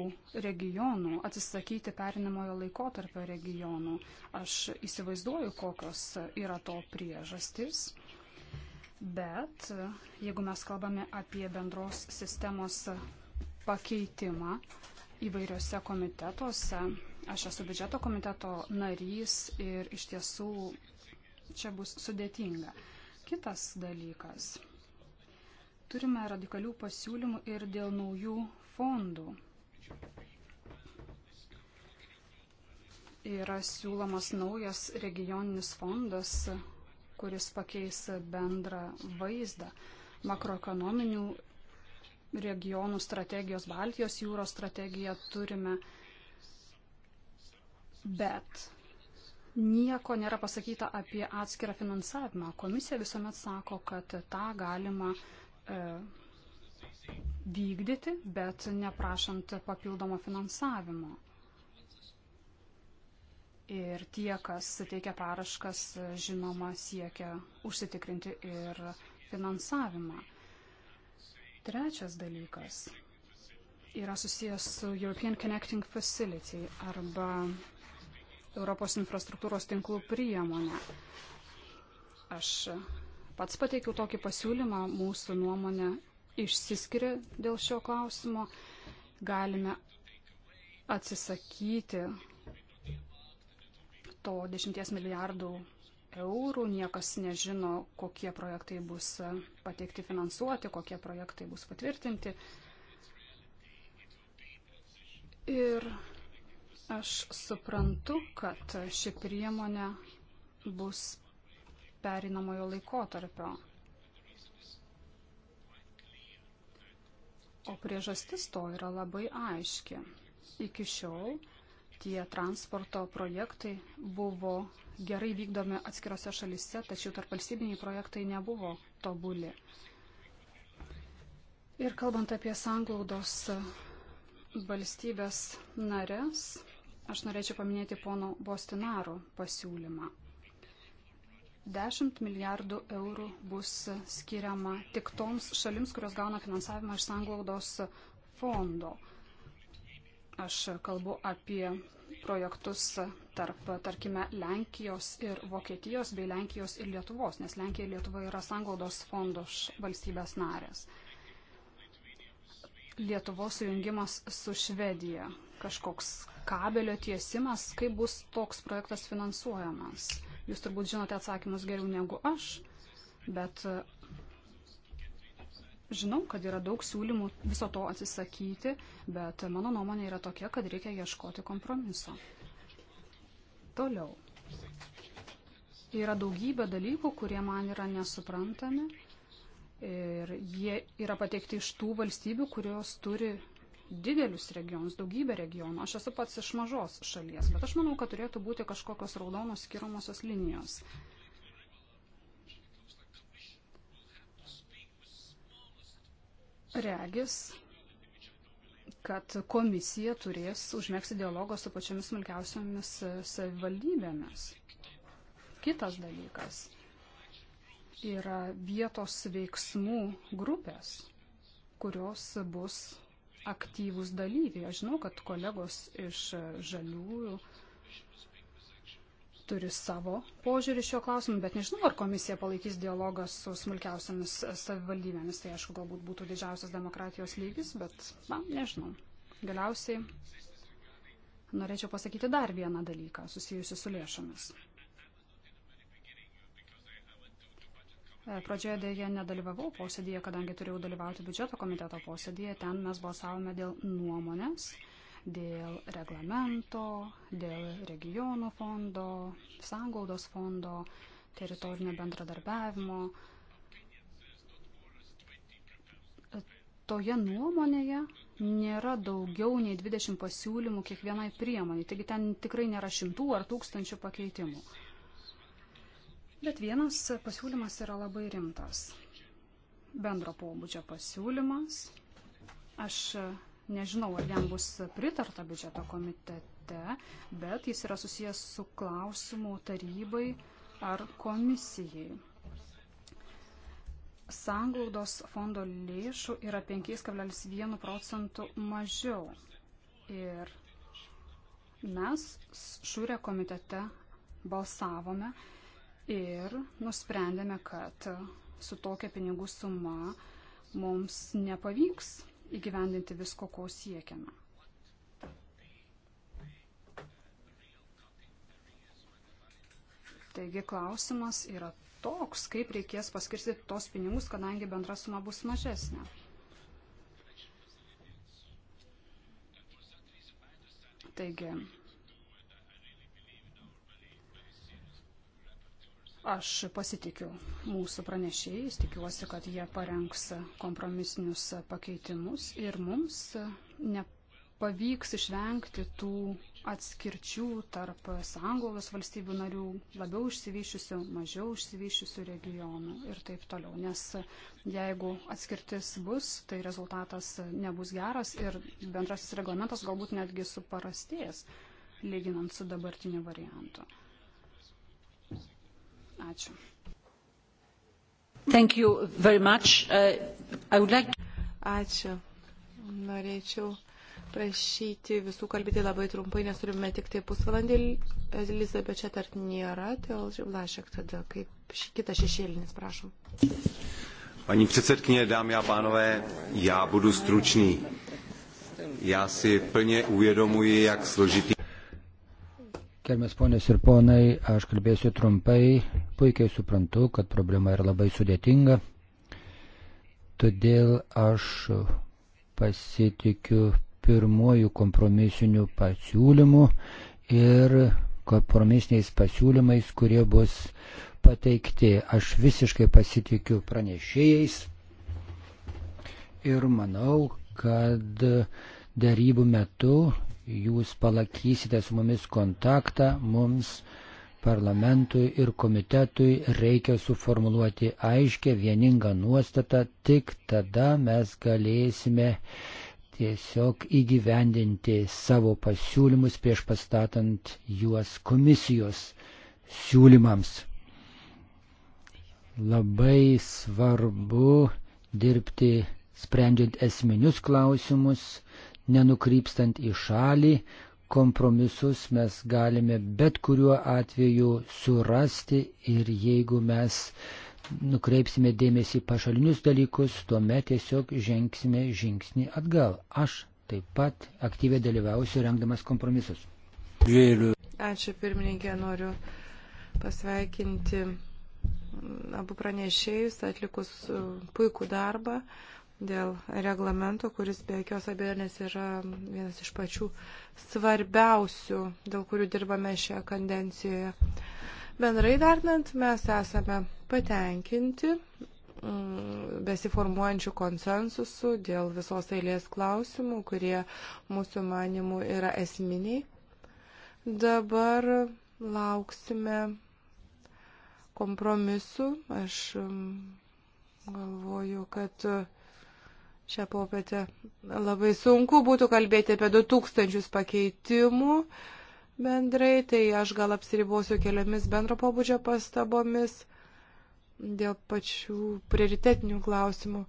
regionų, atsisakyti perinamojo laikotarpio regionų. Aš įsivaizduoju, kokios yra to priežastys. Bet jeigu mes kalbame apie bendros sistemos pakeitimą įvairiose komitetuose, aš esu biudžeto komiteto narys ir iš tiesų čia bus sudėtinga. Kitas dalykas. Turime radikalių pasiūlymų ir dėl naujų fondų. Yra siūlomas naujas regioninis fondas kuris pakeis bendrą vaizdą makroekonominių regionų strategijos, Baltijos jūros strategiją turime, bet nieko nėra pasakyta apie atskirą finansavimą. Komisija visuomet sako, kad tą galima e, vykdyti, bet neprašant papildomo finansavimo. Ir tie, kas teikia paraškas, žinoma, siekia užsitikrinti ir finansavimą. Trečias dalykas yra susijęs su European Connecting Facility arba Europos infrastruktūros tinklų priemonė. Aš pats pateikiau tokį pasiūlymą, mūsų nuomonė išsiskiria dėl šio klausimo. Galime atsisakyti to 10 milijardų eurų, niekas nežino, kokie projektai bus pateikti finansuoti, kokie projektai bus patvirtinti. Ir aš suprantu, kad ši priemonė bus perinamojo laikotarpio. O priežastis to yra labai aiški. Iki šiol tie transporto projektai buvo gerai vykdomi atskirose šalise, tačiau tarp valstybiniai projektai nebuvo tobuli. Ir kalbant apie sanglaudos valstybės narės, aš norėčiau paminėti pono Bostinaro pasiūlymą. 10 milijardų eurų bus skiriama tik toms šalims, kurios gauna finansavimą iš sanglaudos fondo. Aš kalbu apie projektus tarp, tarkime, Lenkijos ir Vokietijos bei Lenkijos ir Lietuvos, nes Lenkija ir Lietuva yra sanglaudos fondo valstybės narės. Lietuvos sujungimas su Švedija, kažkoks kabelio tiesimas, kaip bus toks projektas finansuojamas. Jūs turbūt žinote atsakymus geriau negu aš, bet Žinau, kad yra daug siūlymų viso to atsisakyti, bet mano nuomonė yra tokia, kad reikia ieškoti kompromiso. Toliau. Yra daugybė dalykų, kurie man yra nesuprantami ir jie yra pateikti iš tų valstybių, kurios turi didelius regionus, daugybę regionų. Aš esu pats iš mažos šalies, bet aš manau, kad turėtų būti kažkokios raudonos skiromosios linijos. Regis, kad komisija turės užmėgsti dialogą su pačiamis smulkiausiamis e, savivaldybėmis. Kitas dalykas yra vietos veiksmų grupės, kurios bus aktyvus dalyviai. Aš žinau, kad kolegos iš e, žaliųjų turi savo požiūrį šio klausimu, bet nežinau, ar komisija palaikys dialogą su smulkiausiamis savivaldybėmis. Tai aišku, galbūt būtų didžiausias demokratijos lygis, bet, na, nežinau. Galiausiai norėčiau pasakyti dar vieną dalyką susijusi su lėšomis. E, pradžioje dėje nedalyvavau posėdėje, kadangi turėjau dalyvauti biudžeto komiteto posėdėje. Ten mes balsavome dėl nuomonės dėl reglamento, dėl regionų fondo, sangaudos fondo, teritorinio bendradarbiavimo. Toje nuomonėje nėra daugiau nei 20 pasiūlymų kiekvienai priemonė, taigi ten tikrai nėra šimtų ar tūkstančių pakeitimų. Bet vienas pasiūlymas yra labai rimtas. Bendro pobūdžio pasiūlymas. Aš Nežinau, ar jam bus pritarta biudžeto komitete, bet jis yra susijęs su klausimu tarybai ar komisijai. Sanglaudos fondo lėšų yra 5,1 procentų mažiau. Ir mes šūrė komitete balsavome ir nusprendėme, kad su tokia pinigų suma mums nepavyks įgyvendinti visko, ko siekiame. Taigi klausimas yra toks, kaip reikės paskirstyti tos pinigus, kadangi bendra suma bus mažesnė. Taigi, Aš pasitikiu mūsų pranešėjais, tikiuosi, kad jie parengs kompromisinius pakeitimus ir mums nepavyks išvengti tų atskirčių tarp sąjungos valstybių narių, labiau išsivyšiusių, mažiau išsivyšiusių regionų ir taip toliau. Nes jeigu atskirtis bus, tai rezultatas nebus geras ir bendrasis reglamentas galbūt netgi suparastės, lyginant su dabartiniu variantu. Ačiū. Thank you very much. Uh, I would like... Ačiū. Norėčiau prašyti visų kalbėti labai trumpai, nes turime tik tai pusvalandį. Elizabeth čia dar nėra, dėl tai Vlašek tada, kaip kitas šešėlinis, prašom. Paní předsedkyně, dámy a pánové, já budu stručný. Já si plně uvědomuji, jak složitý. Kelmės ponės ir ponai, aš kalbėsiu trumpai, puikiai suprantu, kad problema yra labai sudėtinga, todėl aš pasitikiu pirmojų kompromisinių pasiūlymų ir kompromisiniais pasiūlymais, kurie bus pateikti. Aš visiškai pasitikiu pranešėjais ir manau, kad darybų metu jūs palakysite su mumis kontaktą, mums parlamentui ir komitetui reikia suformuluoti aiškę vieningą nuostatą, tik tada mes galėsime tiesiog įgyvendinti savo pasiūlymus prieš pastatant juos komisijos siūlymams. Labai svarbu dirbti sprendžiant esminius klausimus, nenukrypstant į šalį, kompromisus mes galime bet kuriuo atveju surasti ir jeigu mes nukreipsime dėmesį pašalinius dalykus, tuomet tiesiog žengsime žingsnį atgal. Aš taip pat aktyviai dalyvausiu rengdamas kompromisus. Vėliu. Ačiū pirmininkė, noriu pasveikinti abu pranešėjus atlikus puikų darbą dėl reglamento, kuris be jokios abejonės yra vienas iš pačių svarbiausių, dėl kurių dirbame šioje kandencijoje. Bendrai vertinant, mes esame patenkinti mm, besiformuojančių konsensusų dėl visos eilės klausimų, kurie mūsų manimų yra esminiai. Dabar lauksime kompromisu. Aš mm, galvoju, kad šią popietę. Labai sunku būtų kalbėti apie 2000 pakeitimų bendrai, tai aš gal apsiribosiu keliomis bendro pobūdžio pastabomis dėl pačių prioritetinių klausimų.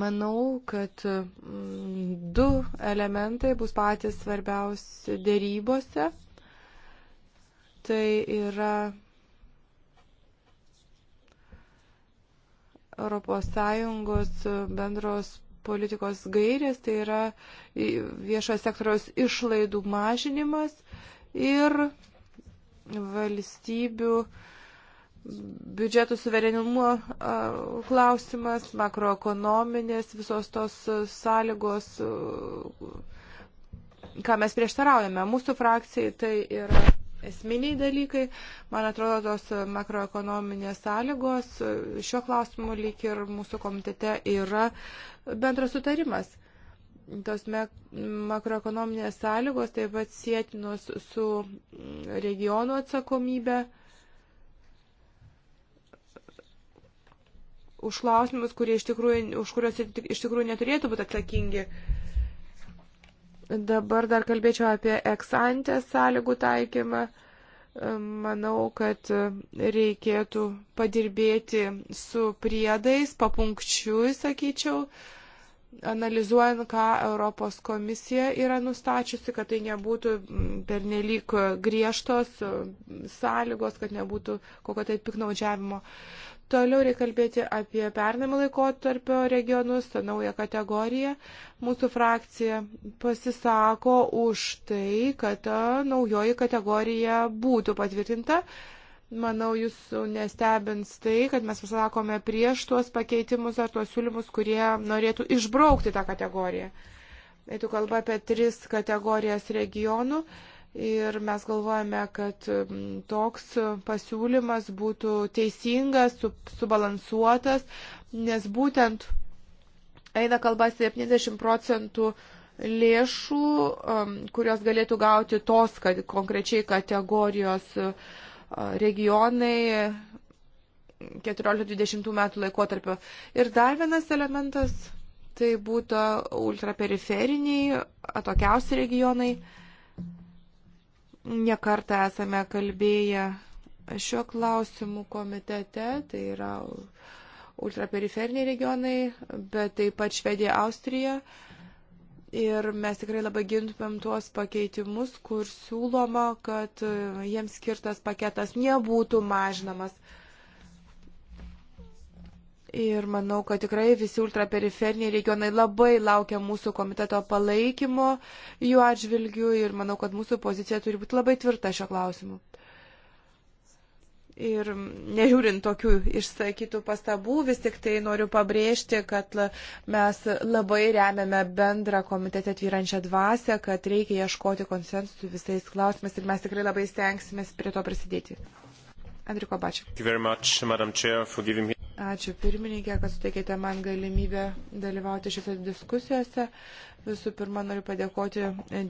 Manau, kad mm, du elementai bus patys svarbiausi dėrybose. Tai yra ES bendros politikos gairės, tai yra viešo sektoriaus išlaidų mažinimas ir valstybių biudžetų suverenumo klausimas, makroekonominės visos tos sąlygos, ką mes prieštaraujame. Mūsų frakcijai tai yra esminiai dalykai. Man atrodo, tos makroekonominės sąlygos šiuo klausimu lyg ir mūsų komitete yra bendras sutarimas. Tos makroekonominės sąlygos taip pat sėtinos su regionų atsakomybė. Už klausimus, kurie iš tikrųjų, už kuriuos iš tikrųjų neturėtų būti atsakingi uh, Dabar dar kalbėčiau apie eksantės sąlygų taikymą. Manau, kad reikėtų padirbėti su priedais, papunkčiui, sakyčiau, analizuojant, ką Europos komisija yra nustačiusi, kad tai nebūtų pernelyg griežtos sąlygos, kad nebūtų kokio tai piknaudžiavimo. Toliau reikia kalbėti apie pernamį laikotarpio regionus, tą naują kategoriją. Mūsų frakcija pasisako už tai, kad ta naujoji kategorija būtų patvirtinta. Manau, jūs nestebins tai, kad mes pasakome prieš tuos pakeitimus ar tuos siūlymus, kurie norėtų išbraukti tą kategoriją. Tai tu kalba apie tris kategorijas regionų. Uh, Ir mes galvojame, kad toks pasiūlymas būtų teisingas, su, subalansuotas, nes būtent eina kalba 70 procentų lėšų, um, kurios galėtų gauti tos kad, konkrečiai kategorijos uh, regionai 14-20 metų laikotarpio. Ir dar vienas elementas, tai būtų ultraperiferiniai, atokiausi regionai. Mm nekartą esame kalbėję šiuo klausimu komitete, tai yra ultraperiferiniai regionai, bet taip pat Švedija, Austrija. Ir mes tikrai labai gintumėm tuos pakeitimus, kur siūloma, kad jiems skirtas paketas nebūtų mažinamas. Uh, Ir manau, kad tikrai visi ultraperiferiniai regionai labai laukia mūsų komiteto palaikymo jų atžvilgių ir manau, kad mūsų pozicija turi būti labai tvirta šio klausimu. Ir nežiūrint tokių išsakytų pastabų, vis tik tai noriu pabrėžti, kad mes labai remiame bendrą komitete atvyrančią dvasę, kad reikia ieškoti konsensusų visais klausimais ir mes tikrai labai stengsime prie to prisidėti. Andriu Kobačiu. Ačiū pirmininkė, kad suteikėte man galimybę dalyvauti šiose diskusijose. Visų pirma, noriu padėkoti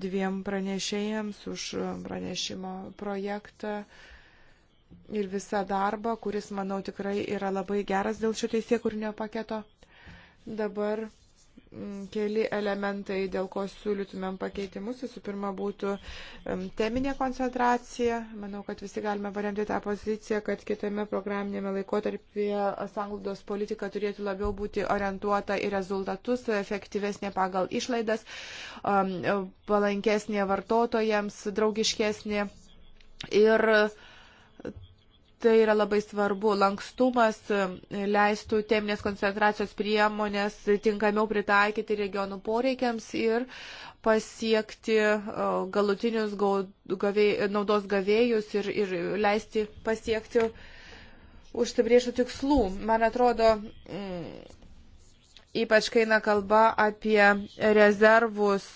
dviem pranešėjams už pranešimo projektą ir visą darbą, kuris, manau, tikrai yra labai geras dėl šio teisėkūrinio paketo. Dabar keli elementai, dėl ko siūlytumėm pakeitimus. Visų pirma, būtų teminė koncentracija. Manau, kad visi galime paremti tą poziciją, kad kitame programinėme laikotarpyje sanglaudos politika turėtų labiau būti orientuota į rezultatus, efektyvesnė pagal išlaidas, palankesnė vartotojams, draugiškesnė. Ir uh, Tai yra labai svarbu. Lankstumas leistų teminės koncentracijos priemonės tinkamiau pritaikyti regionų poreikiams ir pasiekti galutinius gavėj, naudos gavėjus ir, ir leisti pasiekti užsibriešų tikslų. Man atrodo, mm, ypač kai eina kalba apie rezervus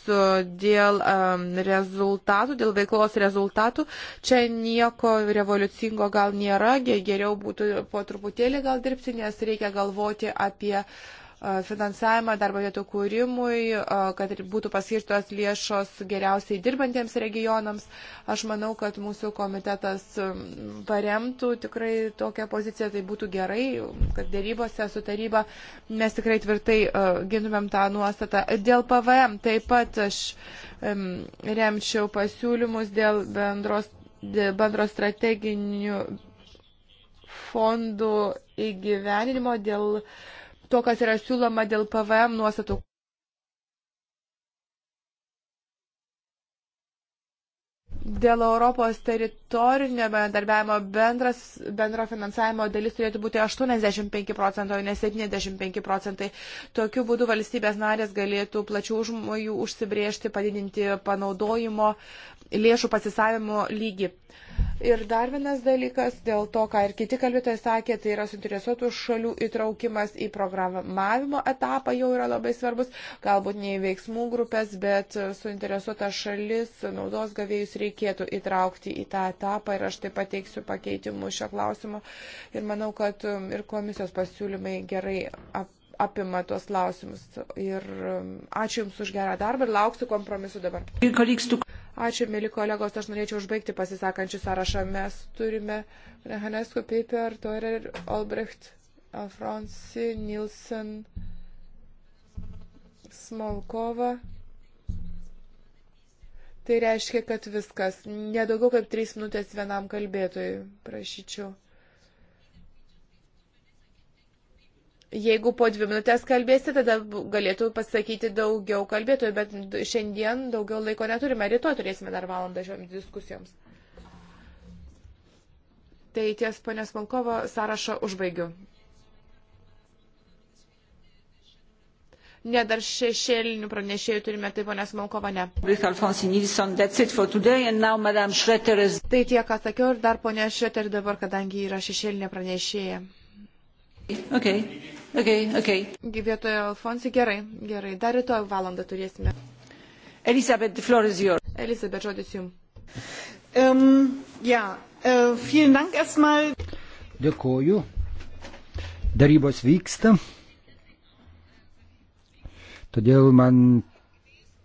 dėl um, rezultatų, dėl veiklos rezultatų, čia nieko revoliucingo gal nėra, geriau būtų po truputėlį gal dirbti, nes reikia galvoti apie uh, finansavimą darbo vietų kūrimui, kad būtų paskirtos lėšos geriausiai dirbantiems regionams. Aš manau, kad mūsų komitetas paremtų tikrai tokią poziciją, tai būtų gerai, kad dėrybose su taryba mes tikrai tvirtai gintumėm tą nuostatą. Dėl PVM taip pat aš remčiau pasiūlymus dėl bendros, bendros strateginių fondų įgyvenimo dėl uh, to, kas yra siūloma dėl PVM nuostatų. Dėl Europos teritorinio bendarbiavimo bendras, bendro finansavimo dalis turėtų būti 85 procentai, o ne 75 procentai. Tokiu būdu valstybės narės galėtų plačių užmojų užsibriežti, padidinti panaudojimo uh, lėšų pasisavimo lygį. Ir dar vienas dalykas, dėl to, ką ir kiti kalbėtojai sakė, tai yra suinteresuotų šalių įtraukimas į programavimo etapą jau yra labai svarbus, galbūt ne į veiksmų grupės, bet suinteresuota šalis, naudos gavėjus reikėtų įtraukti į tą etapą ir aš taip pat teiksiu pakeitimų šio klausimo ir manau, kad ir komisijos pasiūlymai gerai ap apima tuos klausimus. Ir um, ačiū Jums už gerą darbą ir lauksiu kompromisu dabar. Ačiū, mėly kolegos, aš norėčiau užbaigti pasisakančių sąrašą. Mes turime Hanesku, Piper, Toirer, Albrecht, Alfronsi, Nilsen, Smolkova. Tai reiškia, kad viskas. Nedaugiau kaip trys minutės vienam kalbėtojui, prašyčiau. Jeigu po dvi minutės kalbėsi, tada galėtų pasakyti daugiau kalbėtojų, bet šiandien daugiau laiko neturime, rytoj turėsime dar valandą šioms diskusijoms. Tai ties ponios Malkovo sąrašą užbaigiu. Ne, dar šešėlinių pranešėjų turime, tai ponės Malkova ne. Tai tie, ką sakiau, ir dar ponė Šreter dabar, kadangi yra šešėlinė pranešėja. Okay. Okay, okay. Gyvėtojo Alfonsai, gerai, gerai. Dar rytoj valandą turėsime. Elisabeth, the floor is yours. Elisabeth, žodis jums. Um, ja, yeah. uh, vielen Dank erstmal. Dėkoju. Darybos vyksta. Todėl man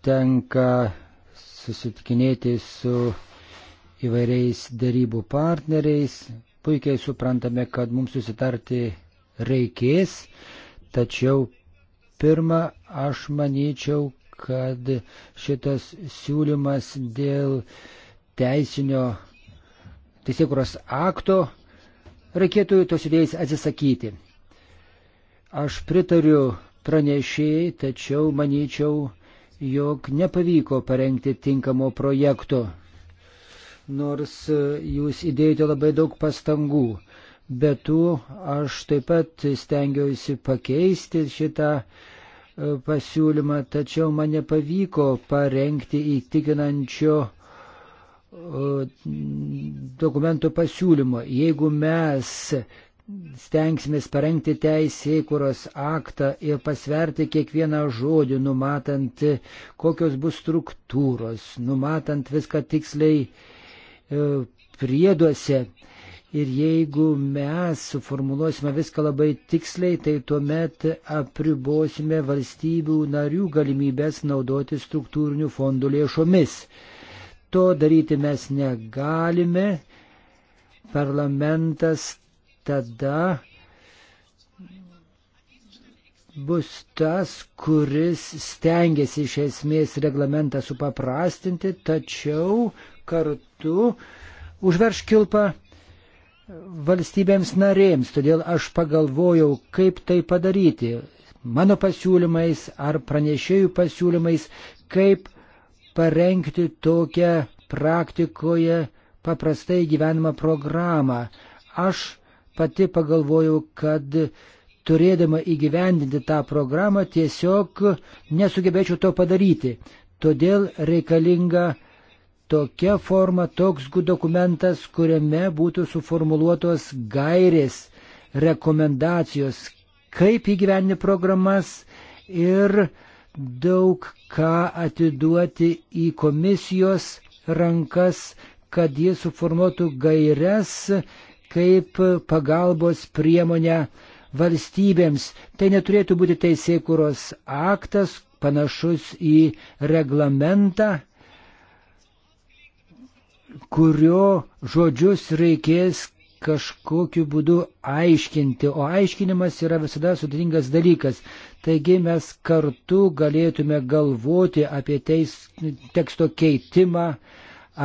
tenka susitikinėti su įvairiais darybų partneriais. Puikiai suprantame, kad mums susitarti reikės. Tačiau pirmą aš manyčiau, kad šitas siūlymas dėl teisinio teisėkuros akto reikėtų tos idėjas atsisakyti. Aš pritariu pranešėjai, tačiau manyčiau, jog nepavyko parengti tinkamo projekto, nors jūs įdėjote labai daug pastangų bet tu aš taip pat stengiausi pakeisti šitą e, pasiūlymą, tačiau man nepavyko parengti įtikinančio e, dokumentų pasiūlymo. Jeigu mes stengsimės parengti teisėkuros aktą ir pasverti kiekvieną žodį, numatant, kokios bus struktūros, numatant viską tiksliai e, prieduose, Ir jeigu mes suformuluosime viską labai tiksliai, tai tuomet apribosime valstybių narių galimybės naudoti struktūrinių fondų lėšomis. To daryti mes negalime. Parlamentas tada bus tas, kuris stengiasi iš esmės reglamentą supaprastinti, tačiau kartu užverš kilpą valstybėms narėms, todėl aš pagalvojau, kaip tai padaryti mano pasiūlymais ar pranešėjų pasiūlymais, kaip parengti tokią praktikoje paprastai gyvenimą programą. Aš pati pagalvojau, kad turėdama įgyvendinti tą programą tiesiog nesugebėčiau to padaryti. Todėl reikalinga tokia forma, toks dokumentas, kuriame būtų suformuluotos gairės, rekomendacijos, kaip įgyvenni programas ir daug ką atiduoti į komisijos rankas, kad jie suformuotų gairias kaip pagalbos priemonę valstybėms. Tai neturėtų būti teisėkuros aktas, panašus į reglamentą, kurio žodžius reikės kažkokiu būdu aiškinti, o aiškinimas yra visada sudėtingas dalykas. Taigi mes kartu galėtume galvoti apie teis, teksto keitimą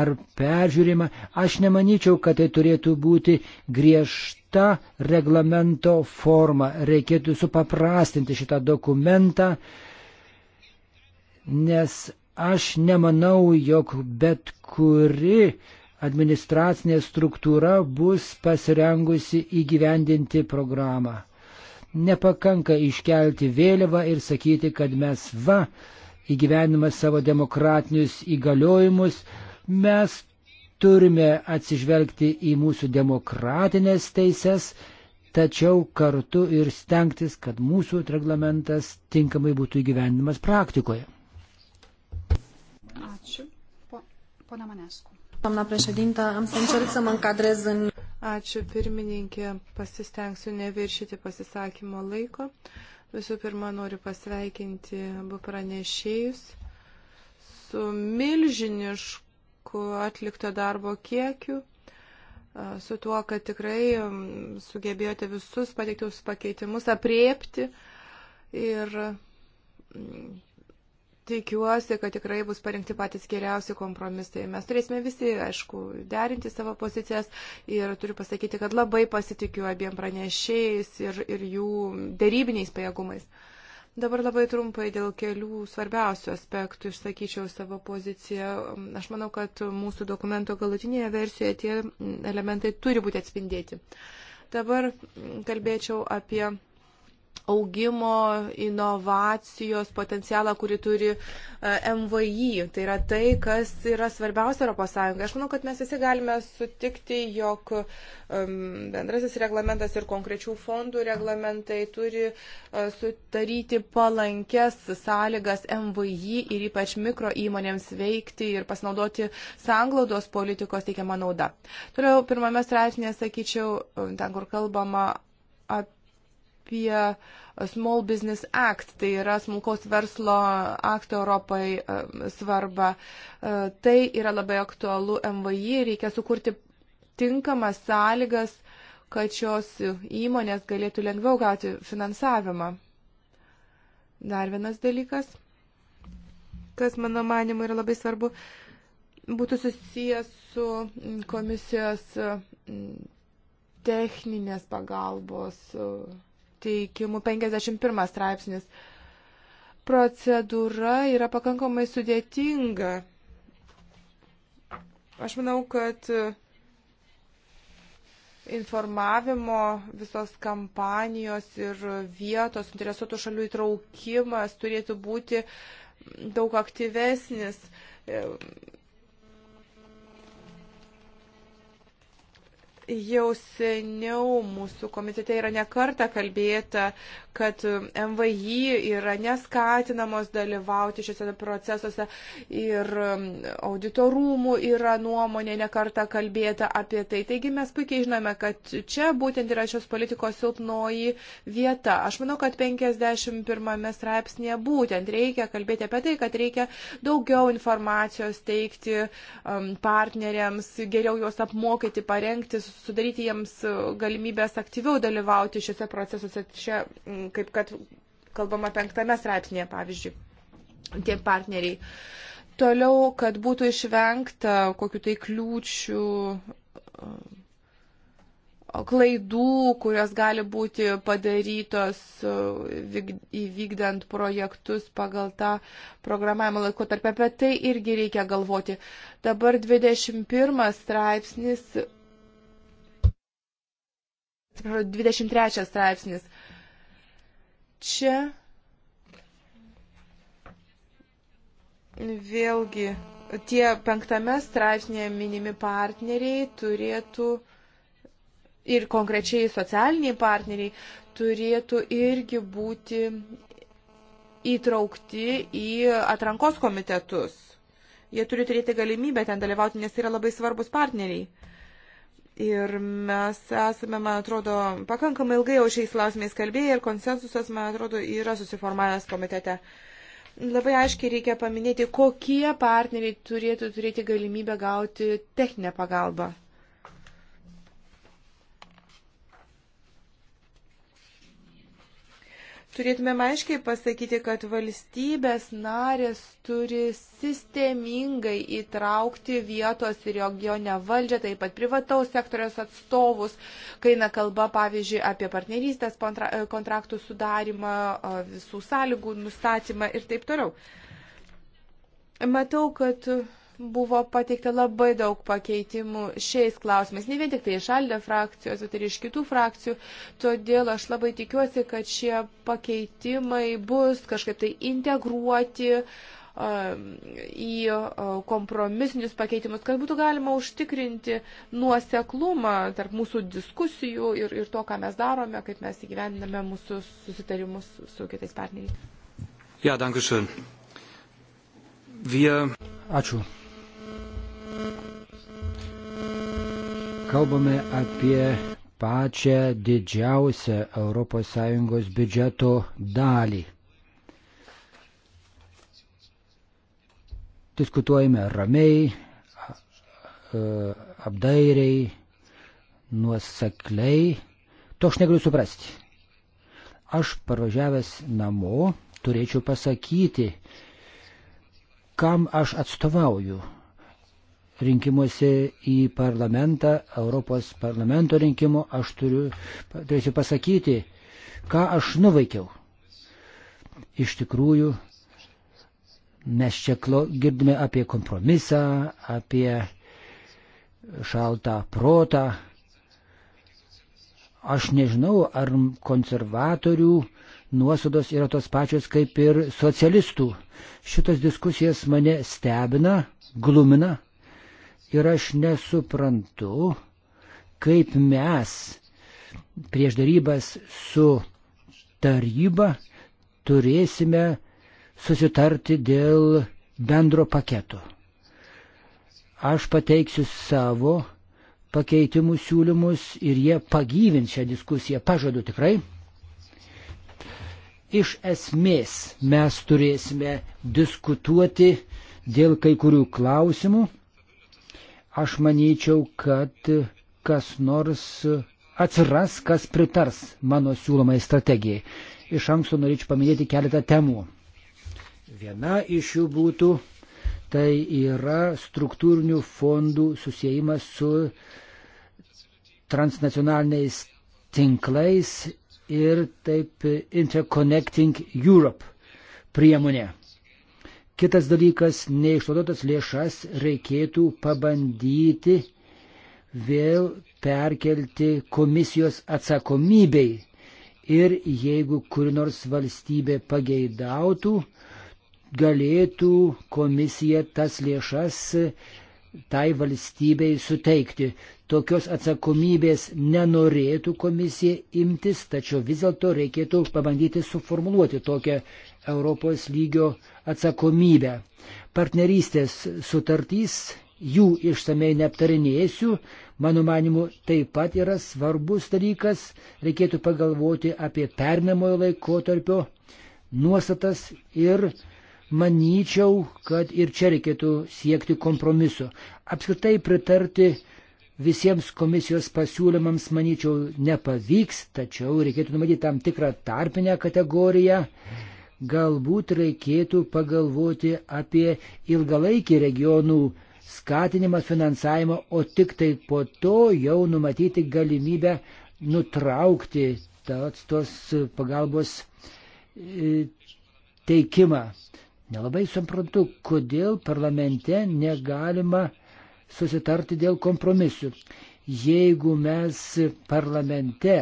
ar peržiūrimą. Aš nemanyčiau, kad tai turėtų būti griežta reglamento forma. Reikėtų supaprastinti šitą dokumentą, nes Aš nemanau, jog bet kuri administracinė struktūra bus pasirengusi įgyvendinti programą. Nepakanka iškelti vėliavą ir sakyti, kad mes va, įgyvenime savo demokratinius įgaliojimus, mes turime atsižvelgti į mūsų demokratinės teises, tačiau kartu ir stengtis, kad mūsų reglamentas tinkamai būtų įgyvenimas praktikoje. Ačiū. Po, pone Manesku. Doamna președintă, am să încerc să mă încadrez în... Ačiū pirmininkė, pasistengsiu neviršyti pasisakymo laiko. Visų pirma, noriu pasveikinti abu pranešėjus su milžinišku atlikto darbo kiekiu, su tuo, kad tikrai sugebėjote visus pateiktus pakeitimus apriepti ir tikiuosi, kad tikrai bus parinkti patys geriausi kompromisai. Mes turėsime visi, aišku, derinti savo pozicijas ir turiu pasakyti, kad labai pasitikiu abiem pranešėjais ir, ir jų darybiniais pajėgumais. Dabar labai trumpai dėl kelių svarbiausių aspektų išsakyčiau savo poziciją. Aš manau, kad mūsų dokumento galutinėje versijoje tie elementai turi būti atspindėti. Dabar kalbėčiau apie augimo, inovacijos potencialą, kurį turi e, MVI. Tai yra tai, kas yra svarbiausia ES. Aš manau, kad mes visi galime sutikti, jog bendrasis reglamentas ir konkrečių fondų reglamentai turi e, sutaryti palankes sąlygas MVI ir ypač mikro įmonėms veikti ir pasinaudoti sanglaudos politikos teikiamą naudą. Toliau pirmame straipsnėje, sakyčiau, e, ten, kur kalbama apie apie Small Business Act, tai yra smulkaus verslo akto Europai e, svarba. E, tai yra labai aktualu MVI, reikia sukurti tinkamas sąlygas, kad šios įmonės galėtų lengviau gauti finansavimą. Dar vienas dalykas, kas mano manimu yra labai svarbu, būtų susijęs su komisijos techninės pagalbos pateikimu 51 straipsnis. Procedūra yra pakankamai sudėtinga. Aš manau, kad e, informavimo visos kampanijos ir vietos interesuotų šalių įtraukimas turėtų būti daug aktyvesnis e, Jau seniau mūsų komitete yra nekarta kalbėta kad MVI yra neskatinamos dalyvauti šiuose procesuose ir auditorumų yra nuomonė nekarta kalbėta apie tai. Taigi mes puikiai žinome, kad čia būtent yra šios politikos silpnoji vieta. Aš manau, kad 51 straipsnėje būtent reikia kalbėti apie tai, kad reikia daugiau informacijos teikti partneriams, geriau juos apmokyti, parengti, sudaryti jiems galimybės aktyviau dalyvauti šiuose procesuose. Čia kaip kad kalbama penktame straipsnėje, pavyzdžiui, tie partneriai. Toliau, kad būtų išvengta kokiu tai kliūčių klaidų, kurios gali būti padarytos įvykdant projektus pagal tą programavimo laikotarpį. Apie tai irgi reikia galvoti. Dabar 21 straipsnis. 23 straipsnis. Čia vėlgi tie penktame straipsnėje minimi partneriai turėtų ir konkrečiai socialiniai partneriai turėtų irgi būti įtraukti į atrankos komitetus. Jie turi turėti galimybę ten dalyvauti, nes tai yra labai svarbus partneriai. Ir mes esame, man atrodo, pakankamai ilgai jau šiais klausimais kalbėję ir konsensusas, man atrodo, yra susiformavęs komitete. Labai aiškiai reikia paminėti, kokie partneriai turėtų turėti galimybę gauti techninę pagalbą. Turėtumėm aiškiai pasakyti, kad valstybės narės turi sistemingai įtraukti vietos ir regionę valdžią, taip pat privataus sektoriaus atstovus, kai na kalba, pavyzdžiui, apie partnerystės kontraktų sudarimą, visų sąlygų nustatymą ir taip toliau. Matau, kad buvo pateikta labai daug pakeitimų šiais klausimais, ne vien tik tai iš Alde frakcijos, bet ir iš kitų frakcijų. Todėl aš labai tikiuosi, kad šie pakeitimai bus kažkaip tai integruoti um, į uh, kompromisinius pakeitimus, kad būtų galima užtikrinti nuoseklumą tarp mūsų diskusijų ir, ir to, ką mes darome, kaip mes įgyvendiname mūsų susitarimus su kitais partneriais. Ja, danke schön. Wir Ačiū. Kalbame apie pačią didžiausią ES biudžeto dalį. Diskutuojame ramiai, apdairiai, nuosekliai. To aš negaliu suprasti. Aš parvažiavęs namo turėčiau pasakyti, kam aš atstovauju rinkimuose į parlamentą, Europos parlamento rinkimų, aš turiu, turėsiu pasakyti, ką aš nuveikiau. Iš tikrųjų, mes čia girdime apie kompromisą, apie šaltą protą. Aš nežinau, ar konservatorių nuosados yra tos pačios kaip ir socialistų. Šitas diskusijas mane stebina, glumina, Ir aš nesuprantu, kaip mes prieš darybas su taryba turėsime susitarti dėl bendro paketo. Aš pateiksiu savo pakeitimų siūlymus ir jie pagyvins šią diskusiją, pažadu tikrai. Iš esmės mes turėsime diskutuoti dėl kai kurių klausimų Aš manyčiau, kad kas nors atsiras, kas pritars mano siūlomai strategijai. Iš anksto norėčiau paminėti keletą temų. Viena iš jų būtų, tai yra struktūrinių fondų susijimas su transnacionaliniais tinklais ir taip Interconnecting Europe priemonė. Kitas dalykas, neišnaudotas lėšas reikėtų pabandyti vėl perkelti komisijos atsakomybei. Ir jeigu kur nors valstybė pageidautų, galėtų komisija tas lėšas tai valstybei suteikti. Tokios atsakomybės nenorėtų komisija imtis, tačiau vis dėlto reikėtų pabandyti suformuluoti tokią Europos lygio atsakomybę. Partnerystės sutartys, jų išsamei neaptarinėsiu, mano manimu, taip pat yra svarbus dalykas, reikėtų pagalvoti apie pernamojo laikotarpio nuostatas ir manyčiau, kad ir čia reikėtų siekti kompromiso. Apskritai pritarti visiems komisijos pasiūlymams, manyčiau, nepavyks, tačiau reikėtų numatyti tam tikrą tarpinę kategoriją. Galbūt reikėtų pagalvoti apie ilgalaikį regionų skatinimą finansavimą, o tik tai po to jau numatyti galimybę nutraukti tos, tos pagalbos e, teikimą. Nelabai suprantu, kodėl parlamente negalima uh, susitarti dėl kompromisų. Jeigu mes parlamente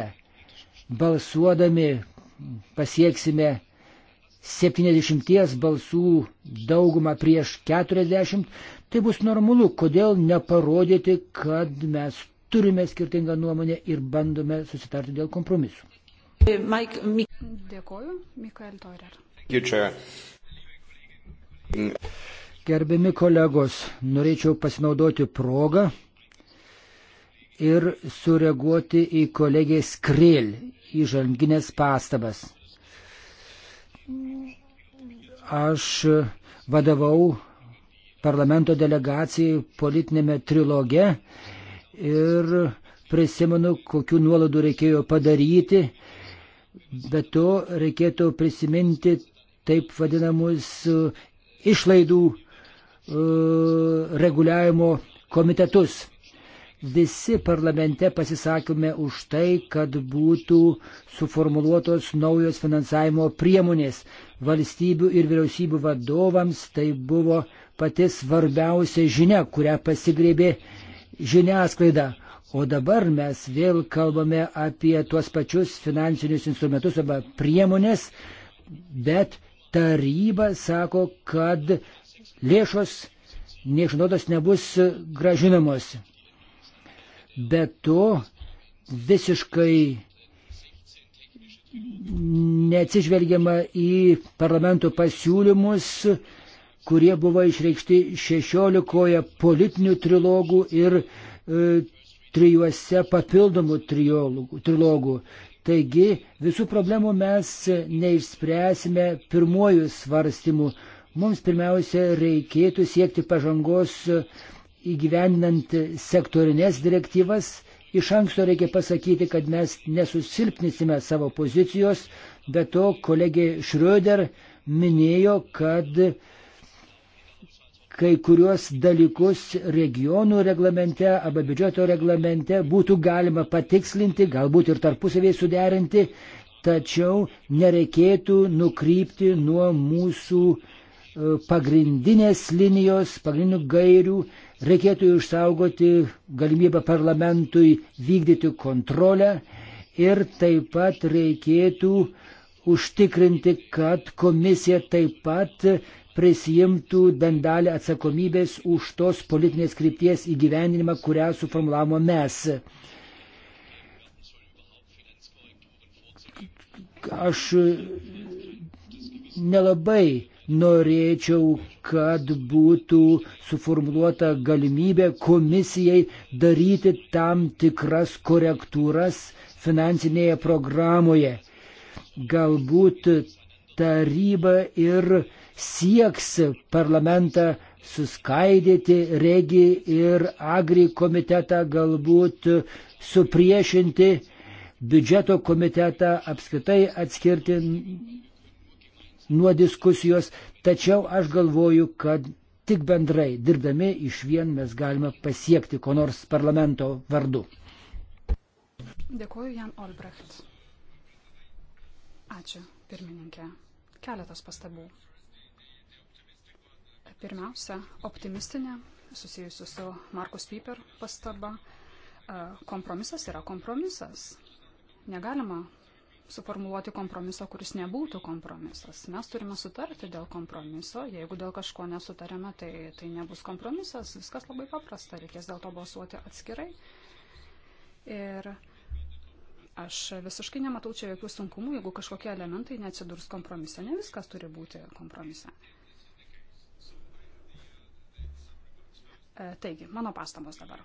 balsuodami pasieksime 70 balsų daugumą prieš 40, tai bus normalu, kodėl neparodyti, kad mes turime skirtingą nuomonę ir bandome susitarti dėl kompromisų. Mike, Mik Dėkoju, Mikael Torer. Gerbiami kolegos, norėčiau pasinaudoti progą ir sureaguoti į kolegės Kril įžanginės pastabas. Aš vadovau parlamento delegacijai politinėme triloge ir prisimenu, kokiu nuolaidu reikėjo padaryti, bet to reikėtų prisiminti taip vadinamus išlaidų E, reguliavimo komitetus. Visi parlamente pasisakome už tai, kad būtų suformuluotos naujos finansavimo priemonės valstybių ir vyriausybių vadovams. Tai buvo pati svarbiausia žinia, kurią pasigrėbė žiniasklaida. O dabar mes vėl kalbame apie tuos pačius finansinius instrumentus arba priemonės, bet taryba sako, kad lėšos neišnaudotos nebus gražinamos. Be to, visiškai neatsižvelgiama į parlamento pasiūlymus, kurie buvo išreikšti 16 politinių trilogų ir e, trijuose papildomų trilogų. trilogų. Taigi visų problemų mes neišspręsime pirmojų svarstymų Mums pirmiausia reikėtų siekti pažangos e, įgyvendinant sektorinės direktyvas. Iš anksto reikia pasakyti, kad mes nesusilpnysime savo pozicijos, bet to kolegė Šrioder minėjo, kad kai kuriuos dalykus regionų reglamente arba biudžeto reglamente būtų galima patikslinti, galbūt ir tarpusavėje suderinti, tačiau nereikėtų nukrypti nuo mūsų uh, pagrindinės linijos, pagrindinių gairių, reikėtų išsaugoti galimybę parlamentui vykdyti kontrolę ir taip pat reikėtų užtikrinti, kad komisija taip pat prisijimtų bendalį atsakomybės už tos politinės krypties įgyvendinimą, kurią suformulavome mes. Aš nelabai norėčiau, kad būtų suformuoluota galimybė komisijai daryti tam tikras korektūras finansinėje programoje. Galbūt taryba ir sieks parlamentą suskaidyti regi ir agri komitetą, galbūt supriešinti biudžeto komitetą, apskritai atskirti nuo diskusijos, tačiau aš galvoju, kad tik bendrai dirbdami iš vien mes galime pasiekti ko nors parlamento vardu. Dėkuoju Jan Olbrecht. Ačiū, pirmininkė. Keletas pastabų. Pirmiausia, optimistinė, susijusiu su Markus Piper pastaba. Kompromisas yra kompromisas. Negalima suformuoluoti kompromiso, kuris nebūtų kompromisas. Mes turime sutarti dėl kompromiso. Jeigu dėl kažko nesutarėme, tai, tai nebus kompromisas. Viskas labai paprasta. Reikės dėl to balsuoti atskirai. Ir aš visiškai nematau čia jokių sunkumų, jeigu kažkokie elementai neatsidurs kompromise. Ne viskas turi būti kompromise. E, taigi, mano pastamos dabar.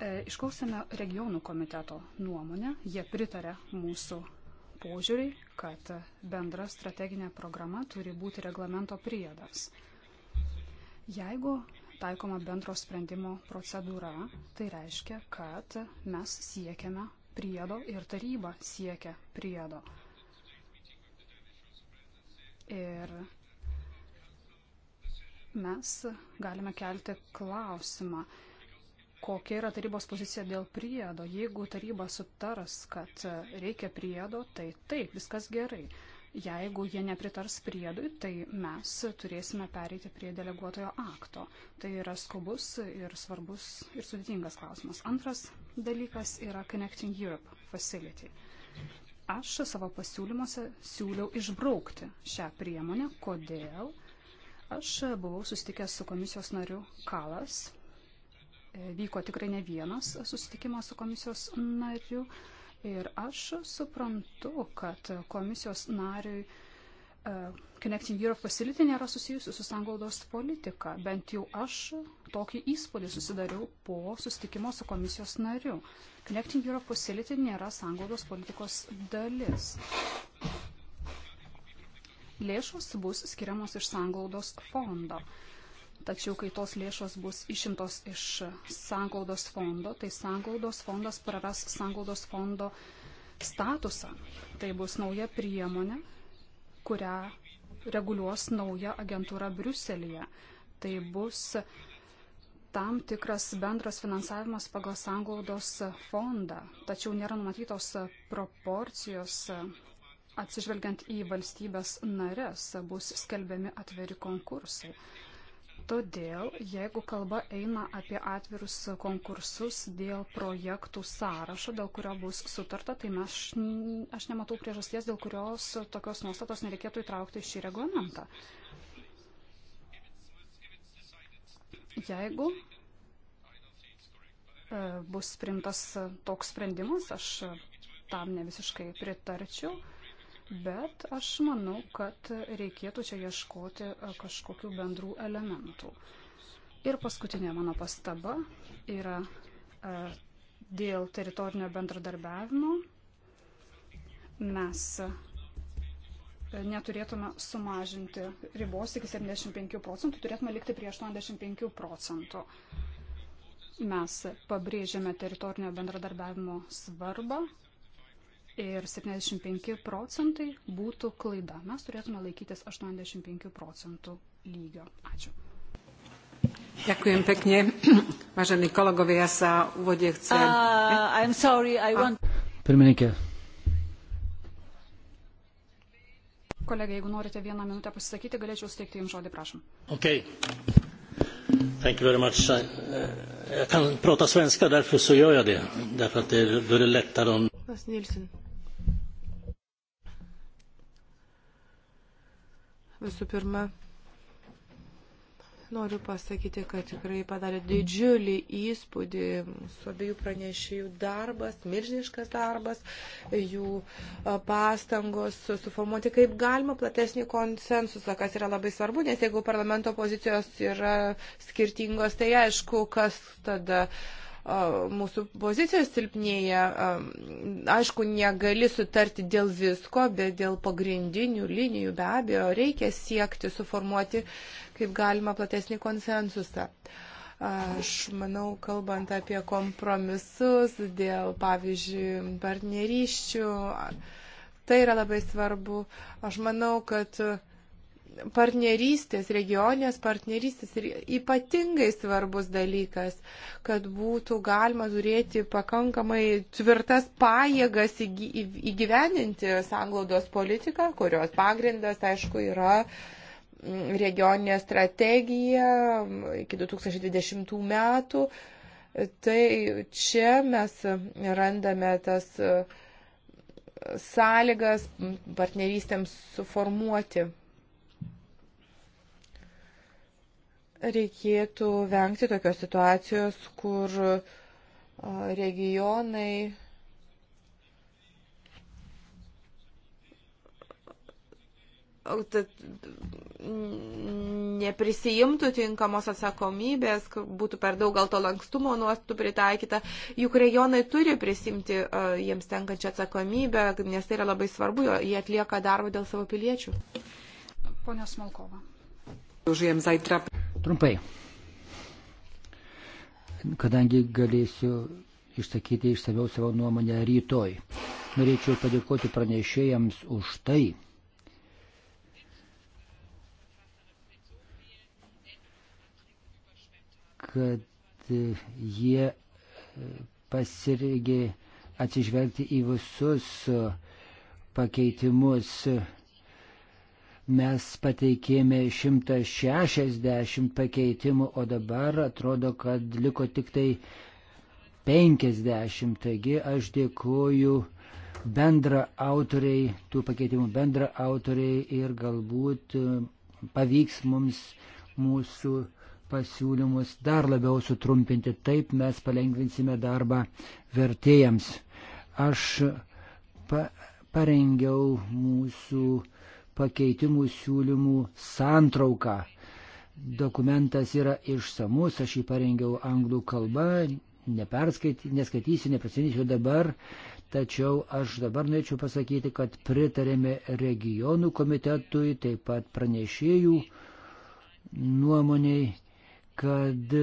E, išklausėme regionų komiteto nuomonę, jie pritarė mūsų požiūriai, kad bendra strateginė programa turi būti reglamento priedas. Jeigu taikoma bendro sprendimo procedūra, tai reiškia, kad mes siekiame priedo ir taryba siekia priedo. Ir mes galime kelti klausimą, kokia yra tarybos pozicija dėl priedo. Jeigu taryba sutars, kad reikia priedo, tai taip, viskas gerai. Jeigu jie nepritars priedui, tai mes turėsime pereiti prie deleguotojo akto. Tai yra skubus ir svarbus ir sudėtingas klausimas. Antras dalykas yra Connecting Europe Facility. Aš savo pasiūlymuose siūliau išbraukti šią priemonę. Kodėl? Aš buvau susitikęs su komisijos nariu Kalas E, vyko tikrai ne vienas susitikimas su komisijos nariu. Ir aš suprantu, kad komisijos nariui e, Connecting Europe Facility nėra susijusi su sanglaudos politika. Bent jau aš tokį įspūdį susidariau po susitikimo su komisijos nariu. Connecting Europe Facility nėra sanglaudos politikos dalis. Lėšos bus skiriamos iš sanglaudos fondo. Tačiau, kai tos lėšos bus išimtos iš sanglaudos fondo, tai sanglaudos fondas praras sanglaudos fondo statusą. Tai bus nauja priemonė, kurią reguliuos nauja agentūra Briuselėje. Tai bus tam tikras bendras finansavimas pagal sanglaudos fondą, tačiau nėra numatytos proporcijos atsižvelgiant į valstybės nares bus skelbiami atviri konkursai. Todėl, jeigu kalba eina apie atvirus konkursus dėl projektų sąrašo, dėl kurio bus sutarta, tai mes, aš nematau priežasties, dėl kurios tokios nuostatos nereikėtų įtraukti į šį reglamentą. Jeigu e, bus primtas toks sprendimas, aš tam ne visiškai pritarčiau. Bet aš manau, kad reikėtų čia ieškoti e, kažkokių bendrų elementų. Ir paskutinė mano pastaba yra e, dėl teritorinio bendradarbiavimo. Mes e, neturėtume sumažinti ribos iki 75 procentų, turėtume likti prie 85 procentų. Mes pabrėžiame teritorinio bendradarbiavimo svarbą, ir 75 procentai būtų klaida. Mes turėtume laikytis 85 procentų lygio. Ačiū. Ďakujem pekne. Vážení kolegovia, ja sa v úvode chcem... Uh, I'm sorry, I want... Pirmininkė. Kolega, jeigu norite vieną minutę pasisakyti, galėčiau suteikti jums žodį, prašom. Okay. Thank you very much. Uh, jag kan prata svenska, därför så gör jag det. Därför att det, då är det lättare om... Nilsson. Visų pirma, noriu pasakyti, kad tikrai padarė didžiulį įspūdį su abiejų pranešėjų darbas, milžiniškas darbas, jų pastangos suformuoti kaip galima platesnį konsensusą, kas yra labai svarbu, nes jeigu parlamento pozicijos yra skirtingos, tai aišku, kas tada uh, mūsų pozicijos silpnėja. Aišku, negali sutarti dėl visko, bet dėl pagrindinių linijų be abejo reikia siekti suformuoti kaip galima platesnį konsensusą. Aš manau, kalbant apie kompromisus dėl, pavyzdžiui, partnerysčių, tai yra labai svarbu. Aš manau, kad uh, partnerystės, regionės partnerystės ir ypatingai svarbus dalykas, kad būtų galima turėti pakankamai tvirtas pajėgas įgyveninti sanglaudos politiką, kurios pagrindas, aišku, yra mm, regioninė strategija mm, iki 2020 metų. Tai čia mes randame tas mm, sąlygas partnerystėms suformuoti. reikėtų vengti tokios situacijos, kur regionai neprisijimtų tinkamos atsakomybės, būtų per daug gal to lankstumo nuostų pritaikyta, juk regionai turi prisimti jiems tenkančią atsakomybę, nes tai yra labai svarbu, jie atlieka darbą dėl savo piliečių. Pone Smolkova. Už jiems aitrapę. Trumpai, kadangi galėsiu išsakyti išsaviau savo nuomonę rytoj, norėčiau padėkoti pranešėjams už tai, kad jie pasirgė atsižvelgti į visus pakeitimus mes pateikėme 160 pakeitimų, o dabar atrodo, kad liko tik tai 50. Taigi aš dėkuoju bendra autoriai, tų pakeitimų bendra autoriai ir galbūt e, pavyks mums mūsų pasiūlymus dar labiau sutrumpinti. Taip mes palengvinsime darbą vertėjams. Aš pa parengiau mūsų pakeitimų siūlymų santrauką. Dokumentas yra išsamus, aš jį parengiau anglų kalba, neskaitysiu, neprasinysiu dabar, tačiau aš dabar norėčiau pasakyti, kad pritarėme regionų komitetui, taip pat pranešėjų nuomoniai, kad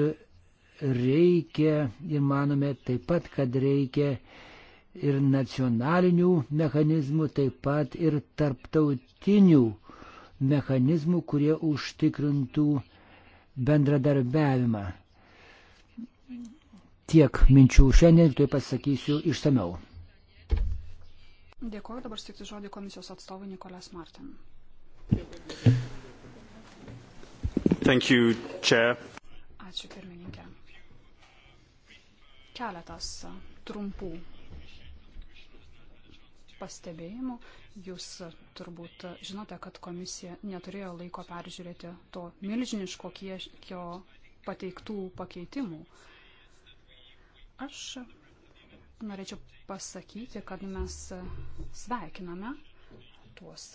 reikia ir manome taip pat, kad reikia ir nacionalinių mechanizmų, taip pat ir tarptautinių mechanizmų, kurie užtikrintų bendradarbiavimą. Tiek minčių šiandien, tuoj pasakysiu išsameu. Dėkuoju, dabar sutiksiu žodį komisijos atstovui Nikolės Martin. Thank you, Chair. Ačiū pirmininkė. Keletas trumpų pastebėjimų. Jūs turbūt žinote, kad komisija neturėjo laiko peržiūrėti to milžiniško kiekio pateiktų pakeitimų. Aš norėčiau pasakyti, kad mes sveikiname tuos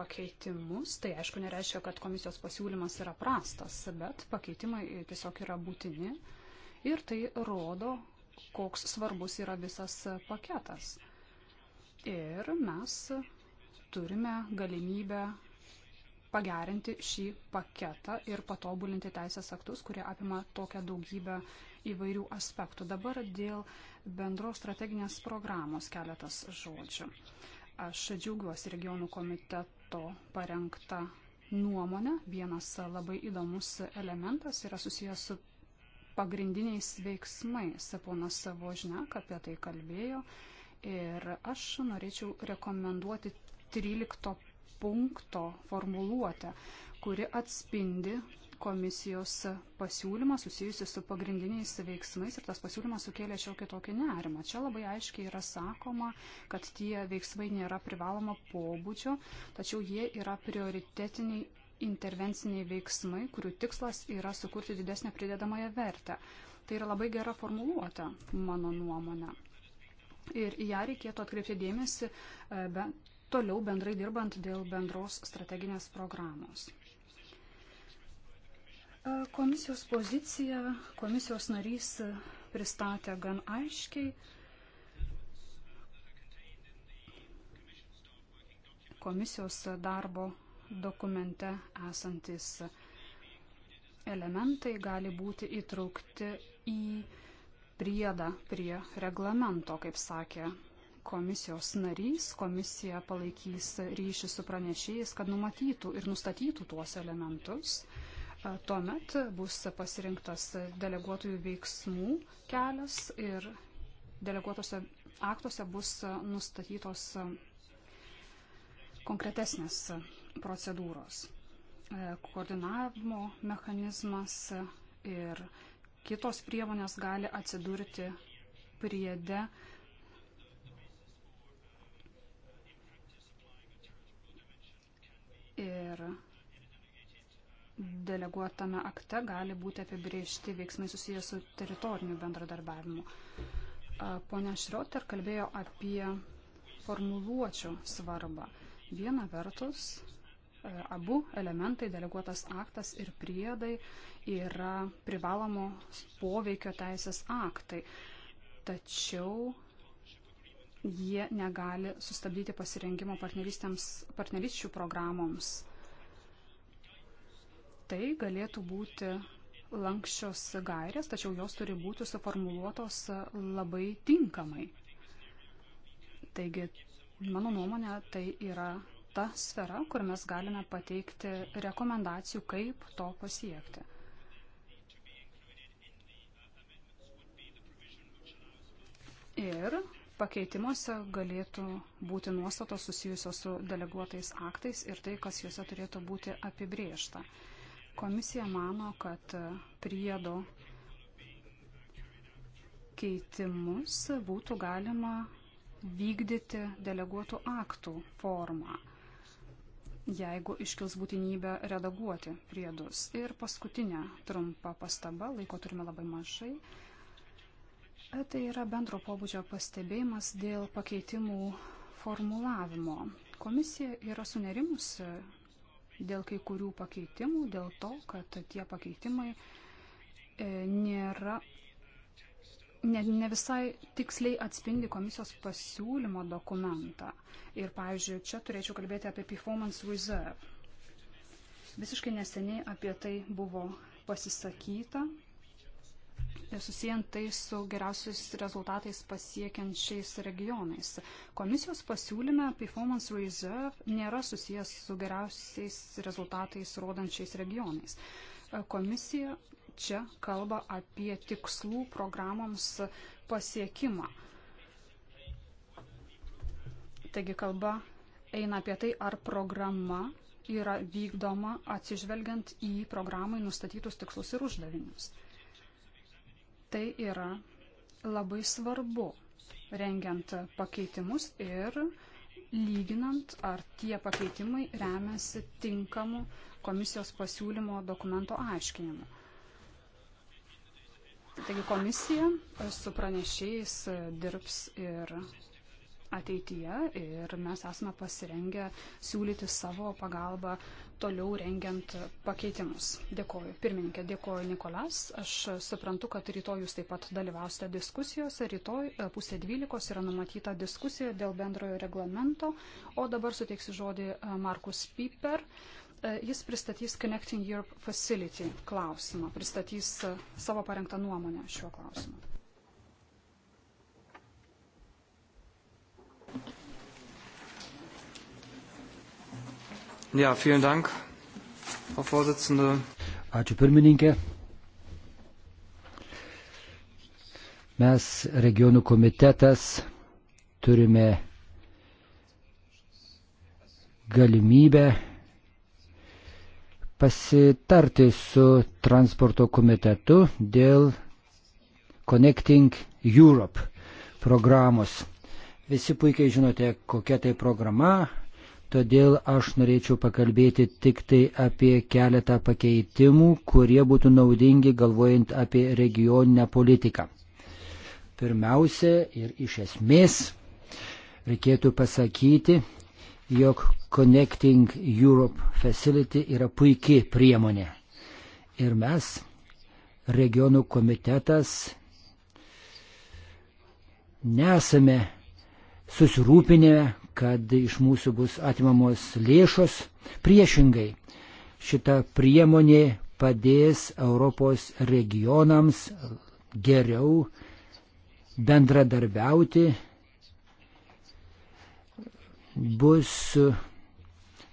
pakeitimus. Tai aišku nereiškia, kad komisijos pasiūlymas yra prastas, bet pakeitimai tiesiog yra būtini. Ir tai rodo, koks svarbus yra visas paketas ir mes turime galimybę pagerinti šį paketą ir patobulinti teisės aktus, kurie apima tokią daugybę įvairių aspektų. Dabar dėl bendros strateginės programos keletas žodžių. Aš džiaugiuosi regionų komiteto parengta nuomonė. Vienas labai įdomus elementas yra susijęs su pagrindiniais veiksmais. Ponas Savožnek apie tai kalbėjo. Ir aš norėčiau rekomenduoti 13 punkto formuluotę, kuri atspindi komisijos pasiūlymą susijusi su pagrindiniais veiksmais ir tas pasiūlymas sukėlė šiokį tokį nerimą. Čia labai aiškiai yra sakoma, kad tie veiksmai nėra privaloma pobūdžio, tačiau jie yra prioritetiniai intervenciniai veiksmai, kurių tikslas yra sukurti didesnę pridedamąją vertę. Tai yra labai gera formuluota, mano nuomonė ir į ją reikėtų atkreipti dėmesį e, ben, toliau bendrai dirbant dėl bendros strateginės programos. E, komisijos poziciją komisijos narys pristatė gan aiškiai. Komisijos darbo dokumente esantis elementai gali būti įtraukti į priedą prie reglamento, kaip sakė komisijos narys. Komisija palaikys ryšį su pranešėjais, kad numatytų ir nustatytų tuos elementus. Tuomet bus pasirinktas deleguotojų veiksmų kelias ir deleguotose aktuose bus nustatytos konkretesnės procedūros. Koordinavimo mechanizmas ir kitos priemonės gali atsidurti priede. Ir deleguotame akte gali būti apibriežti veiksmai susijęs su teritoriniu bendradarbiavimu. Pone Šrioter kalbėjo apie formuluočių svarbą. Viena vertus, abu elementai, deleguotas aktas ir priedai, yra privalomo poveikio teisės aktai. Tačiau jie negali sustabdyti pasirengimo partnerysčių programoms. Tai galėtų būti lankščios gairės, tačiau jos turi būti suformuluotos labai tinkamai. Taigi, mano nuomonė, tai yra ta sfera, kur mes galime pateikti rekomendacijų, kaip to pasiekti. Ir pakeitimuose galėtų būti nuostatos susijusios su deleguotais aktais ir tai, kas juose turėtų būti apibriešta. Komisija mano, kad priedo keitimus būtų galima vykdyti deleguotų aktų formą jeigu iškils būtinybė redaguoti priedus. Ir paskutinė trumpa pastaba, laiko turime labai mažai. E, tai yra bendro pobūdžio pastebėjimas dėl pakeitimų formulavimo. Komisija yra sunerimusi dėl kai kurių pakeitimų, dėl to, kad tie pakeitimai e, nėra ne, ne visai tiksliai atspindi komisijos pasiūlymo dokumentą. Ir, pavyzdžiui, čia turėčiau kalbėti apie performance reserve. Visiškai neseniai apie tai buvo pasisakyta, susijęs tai su geriausiais rezultatais pasiekiančiais regionais. Komisijos pasiūlyme performance reserve nėra susijęs su geriausiais rezultatais rodančiais regionais. Komisija čia kalba apie tikslų programoms pasiekimą. Taigi kalba eina apie tai, ar programa yra vykdoma atsižvelgiant į programai nustatytus tikslus ir uždavinius. Tai yra labai svarbu, rengiant pakeitimus ir lyginant, ar tie pakeitimai remiasi tinkamu komisijos pasiūlymo dokumento aiškinimu. Taigi komisija su pranešėjais dirbs ir ateityje ir mes esame pasirengę siūlyti savo pagalbą toliau rengiant pakeitimus. Dėkoju. Pirmininkė, dėkoju Nikolas. Aš suprantu, kad rytoj jūs taip pat dalyvausite diskusijose. Rytoj e, pusė dvylikos yra numatyta diskusija dėl bendrojo reglamento. O dabar suteiksiu žodį e, Markus Piper. Uh, E, jis pristatys Connecting Europe Facility klausimą, pristatys e, savo parengtą nuomonę šiuo klausimu. Ja, vielen Dank, Frau Vorsitzende. Ačiū pirmininkė. Mes, regionų komitetas, turime galimybę pasitarti su transporto komitetu dėl Connecting Europe programos. Visi puikiai žinote, kokia tai programa, todėl aš norėčiau pakalbėti tik tai apie keletą pakeitimų, kurie būtų naudingi galvojant apie regioninę politiką. Pirmiausia ir iš esmės reikėtų pasakyti, jog Connecting Europe Facility yra puikiai priemonė. Ir mes, regionų komitetas, nesame susirūpinę, kad iš mūsų bus atimamos lėšos. Priešingai, šita priemonė padės Europos regionams geriau bendradarbiauti bus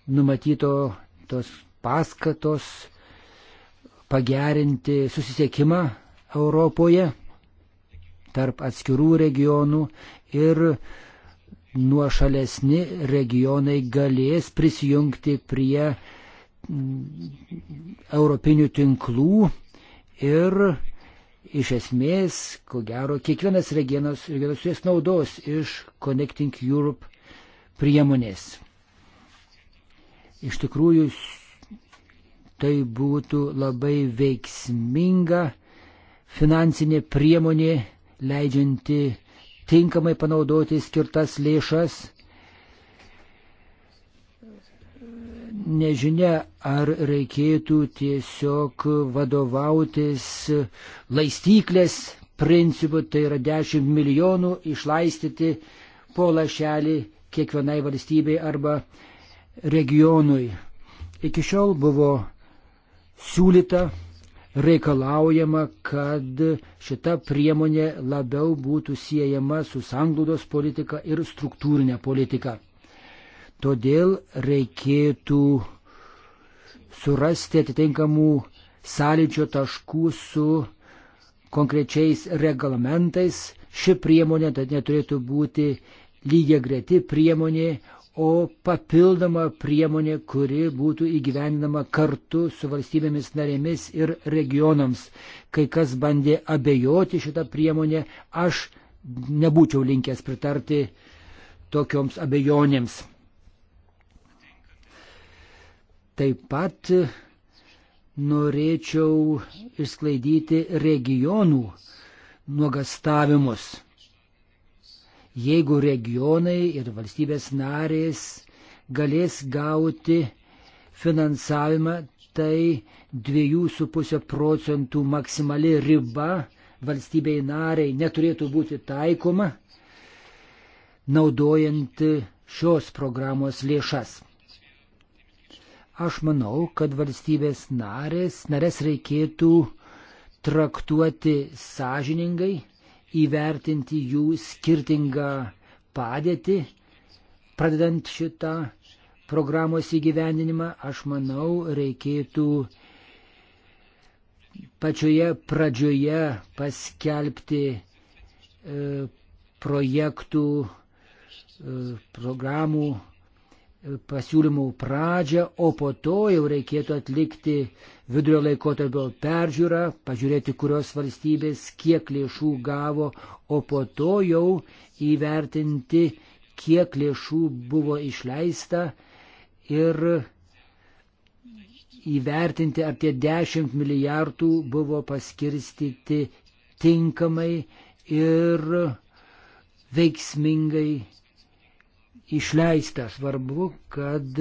numatyto tos paskatos pagerinti susisiekimą Europoje tarp atskirų regionų ir nuošalesni regionai galės prisijungti prie europinių tinklų ir iš esmės, ko gero, kiekvienas regionas, regionas turės naudos iš Connecting Europe priemonės. Iš tikrųjų, tai būtų labai veiksminga finansinė priemonė, leidžianti tinkamai panaudoti skirtas lėšas. Nežinia, ar reikėtų tiesiog vadovautis laistyklės principu, tai yra 10 milijonų išlaistyti po lašelį kiekvienai valstybei arba regionui. Iki šiol buvo siūlyta, reikalaujama, kad šita priemonė labiau būtų siejama su sanglūdos politika ir struktūrinė politika. Todėl reikėtų surasti atitinkamų sąlyčio taškų su konkrečiais reglamentais. Ši priemonė neturėtų būti lygia greti priemonė, o papildoma priemonė, kuri būtų įgyvendinama kartu su valstybėmis narėmis ir regionams. Kai kas bandė abejoti šitą priemonę, aš nebūčiau linkęs pritarti tokioms abejonėms. Taip pat norėčiau išsklaidyti regionų nuogastavimus jeigu regionai ir valstybės narės galės gauti finansavimą, tai 2,5 procentų maksimali riba valstybei nariai neturėtų būti taikoma, naudojant šios programos lėšas. Aš manau, kad valstybės narės, narės reikėtų traktuoti sąžiningai įvertinti jų skirtingą padėtį, pradedant šitą programos įgyvendinimą, aš manau, reikėtų pačioje pradžioje paskelbti e, projektų, e, programų pasiūlymų pradžią, o po to jau reikėtų atlikti vidurio laikotarpio peržiūrą, pažiūrėti, kurios valstybės kiek lėšų gavo, o po to jau įvertinti, kiek lėšų buvo išleista ir įvertinti, ar tie 10 milijardų buvo paskirstyti tinkamai ir veiksmingai išleista. Svarbu, kad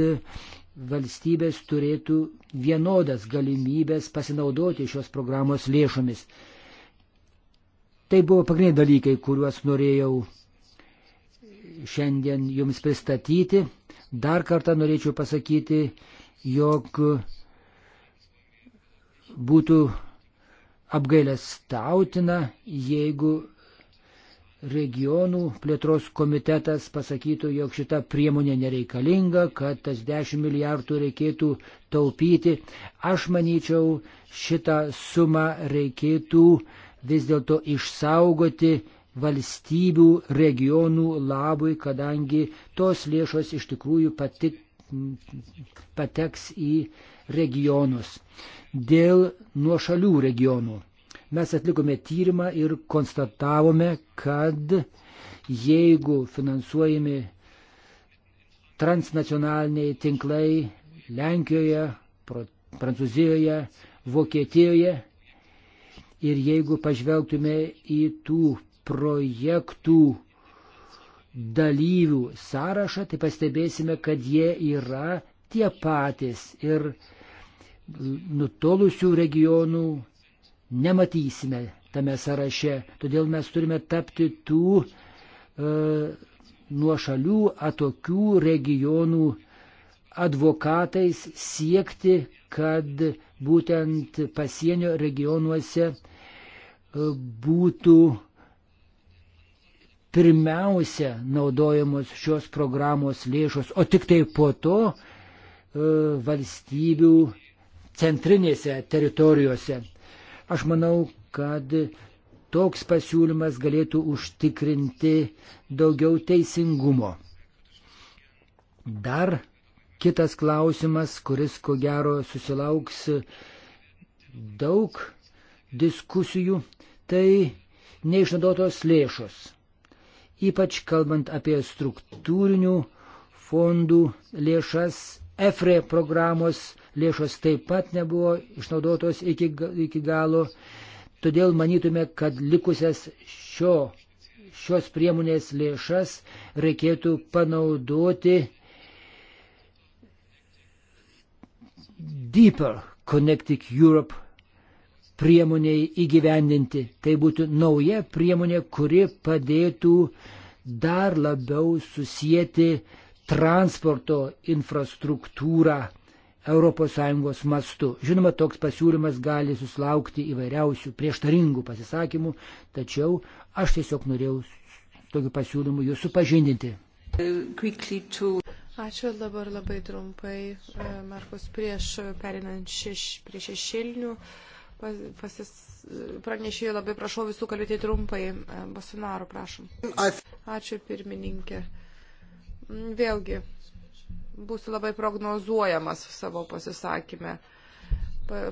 valstybės turėtų vienodas galimybės pasinaudoti šios programos lėšomis. Tai buvo pagrindiniai dalykai, kuriuos norėjau šiandien jums pristatyti. Dar kartą norėčiau pasakyti, jog būtų apgailestautina, jeigu regionų plėtros komitetas pasakytų, jog šita priemonė nereikalinga, kad tas 10 milijardų reikėtų taupyti. Aš manyčiau, šitą sumą reikėtų vis dėlto išsaugoti valstybių regionų labui, kadangi tos lėšos iš tikrųjų pati, pateks į regionus dėl nuošalių regionų. Mes atlikome tyrimą ir konstatavome, kad jeigu finansuojami transnacionaliniai tinklai Lenkijoje, Prancūzijoje, Vokietijoje ir jeigu pažvelgtume į tų projektų dalyvių sąrašą, tai pastebėsime, kad jie yra tie patys ir nutolusių regionų nematysime tame sąraše. Todėl mes turime tapti tų e, nuošalių, atokių regionų advokatais, siekti, kad būtent pasienio regionuose e, būtų pirmiausia naudojamos šios programos lėšos, o tik tai po to e, valstybių centrinėse teritorijose. Aš manau, kad toks pasiūlymas galėtų užtikrinti daugiau teisingumo. Dar kitas klausimas, kuris ko gero susilauks daug diskusijų, tai neišnaudotos lėšos. Ypač kalbant apie struktūrinių fondų lėšas, EFRE programos lėšos taip pat nebuvo išnaudotos iki, iki galo. Todėl manytume, kad likusias šio, šios priemonės lėšas reikėtų panaudoti Deeper Connecting Europe priemoniai įgyvendinti. Tai būtų nauja priemonė, kuri padėtų dar labiau susijęti transporto infrastruktūrą ES mastu. Žinoma, toks pasiūlymas gali susilaukti įvairiausių prieštaringų pasisakymų, tačiau aš tiesiog norėjau tokiu pasiūlymu jūs supažindinti. Ačiū dabar labai trumpai, e, Markus, prieš perinant šeš, prie šešėlinių pasis, pranešėjų labai prašau visų kalbėti trumpai. E, Basinaro, prašom. Ačiū pirmininkė. Vėlgi, būsiu labai prognozuojamas savo pasisakymę.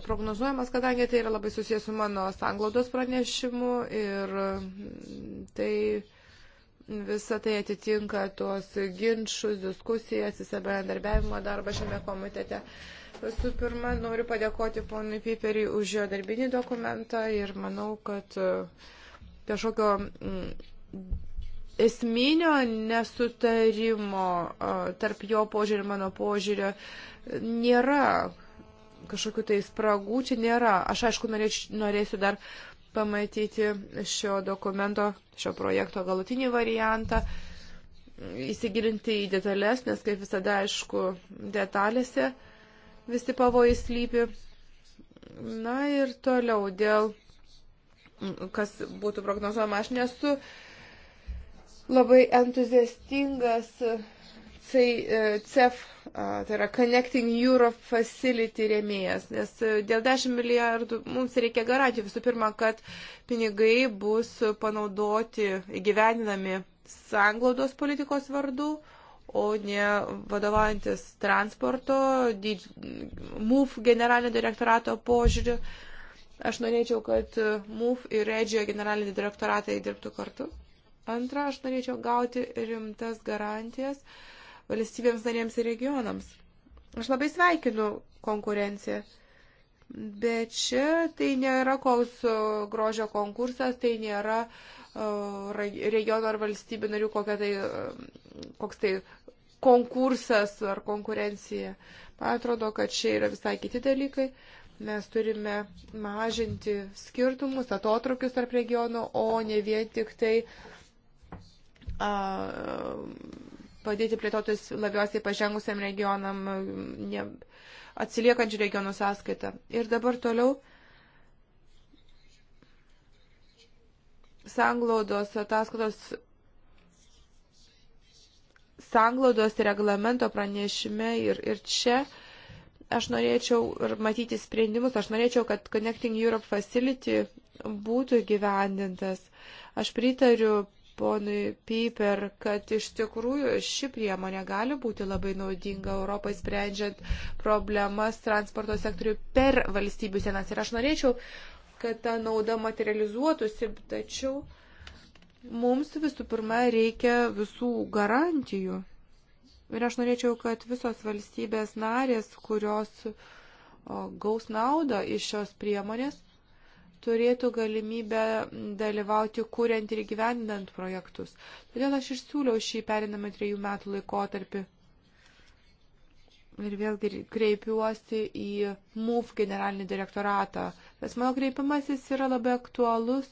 Prognozuojamas, kadangi tai yra labai susijęs su mano sanglaudos pranešimu ir mm, tai visą tai atitinka tuos ginčius, diskusijas, įsibendarbiavimo darbą šiame komitete. Visų pirma, noriu padėkoti ponui Piperiui už jo darbinį dokumentą ir manau, kad e, kažkokio mm, esminio nesutarimo tarp jo požiūrio ir mano požiūrio nėra kažkokių tai spragų, čia nėra. Aš aišku norėčiau, norėsiu dar pamatyti šio dokumento, šio projekto galutinį variantą, įsigilinti į detalės, nes kaip visada aišku detalėse visi pavojai slypi. Na ir toliau dėl, kas būtų prognozuojama, aš nesu uh, labai entuziastingas CEF, tai yra Connecting Europe Facility rėmėjas, nes e, dėl 10 milijardų mums reikia garantijų visų pirma, kad pinigai bus panaudoti gyveninami sanglaudos politikos vardu, o ne vadovaujantis transporto, MUF generalinio direktorato požiūriu. Aš norėčiau, kad MUF ir Regio generaliniai direktoratai dirbtų kartu. Antra, aš norėčiau gauti rimtas garantijas valstybėms narėms ir regionams. Aš labai sveikinu konkurenciją, bet čia tai nėra koks grožio konkursas, tai nėra regiono ar valstybių narių kokia tai, koks tai konkursas ar konkurencija. Man atrodo, kad čia yra visai kiti dalykai mes turime mažinti skirtumus, atotrukius tarp regionų, o ne vien tik tai padėti plėtotis labiausiai pažengusiam regionam, ne, atsiliekančių regionų sąskaitą. Ir dabar toliau sanglaudos ataskaitos. Sanglaudos reglamento pranešime ir, ir čia aš norėčiau ir matyti sprendimus, aš norėčiau, kad Connecting Europe Facility būtų gyvendintas. Aš pritariu ponui Piper, kad iš tikrųjų ši priemonė gali būti labai naudinga Europai sprendžiant problemas transporto sektoriui per valstybių sienas. Ir aš norėčiau, kad ta nauda materializuotųsi, tačiau mums visų pirma reikia visų garantijų. Ir aš norėčiau, kad visos valstybės narės, kurios gaus naudą iš šios priemonės, turėtų galimybę dalyvauti kuriant ir gyvendinant projektus. Todėl aš ir siūliau šį perinamą trejų metų laikotarpį. Ir vėlgi kreipiuosi į MUF generalinį direktoratą. Tas mano kreipimasis yra labai aktualus,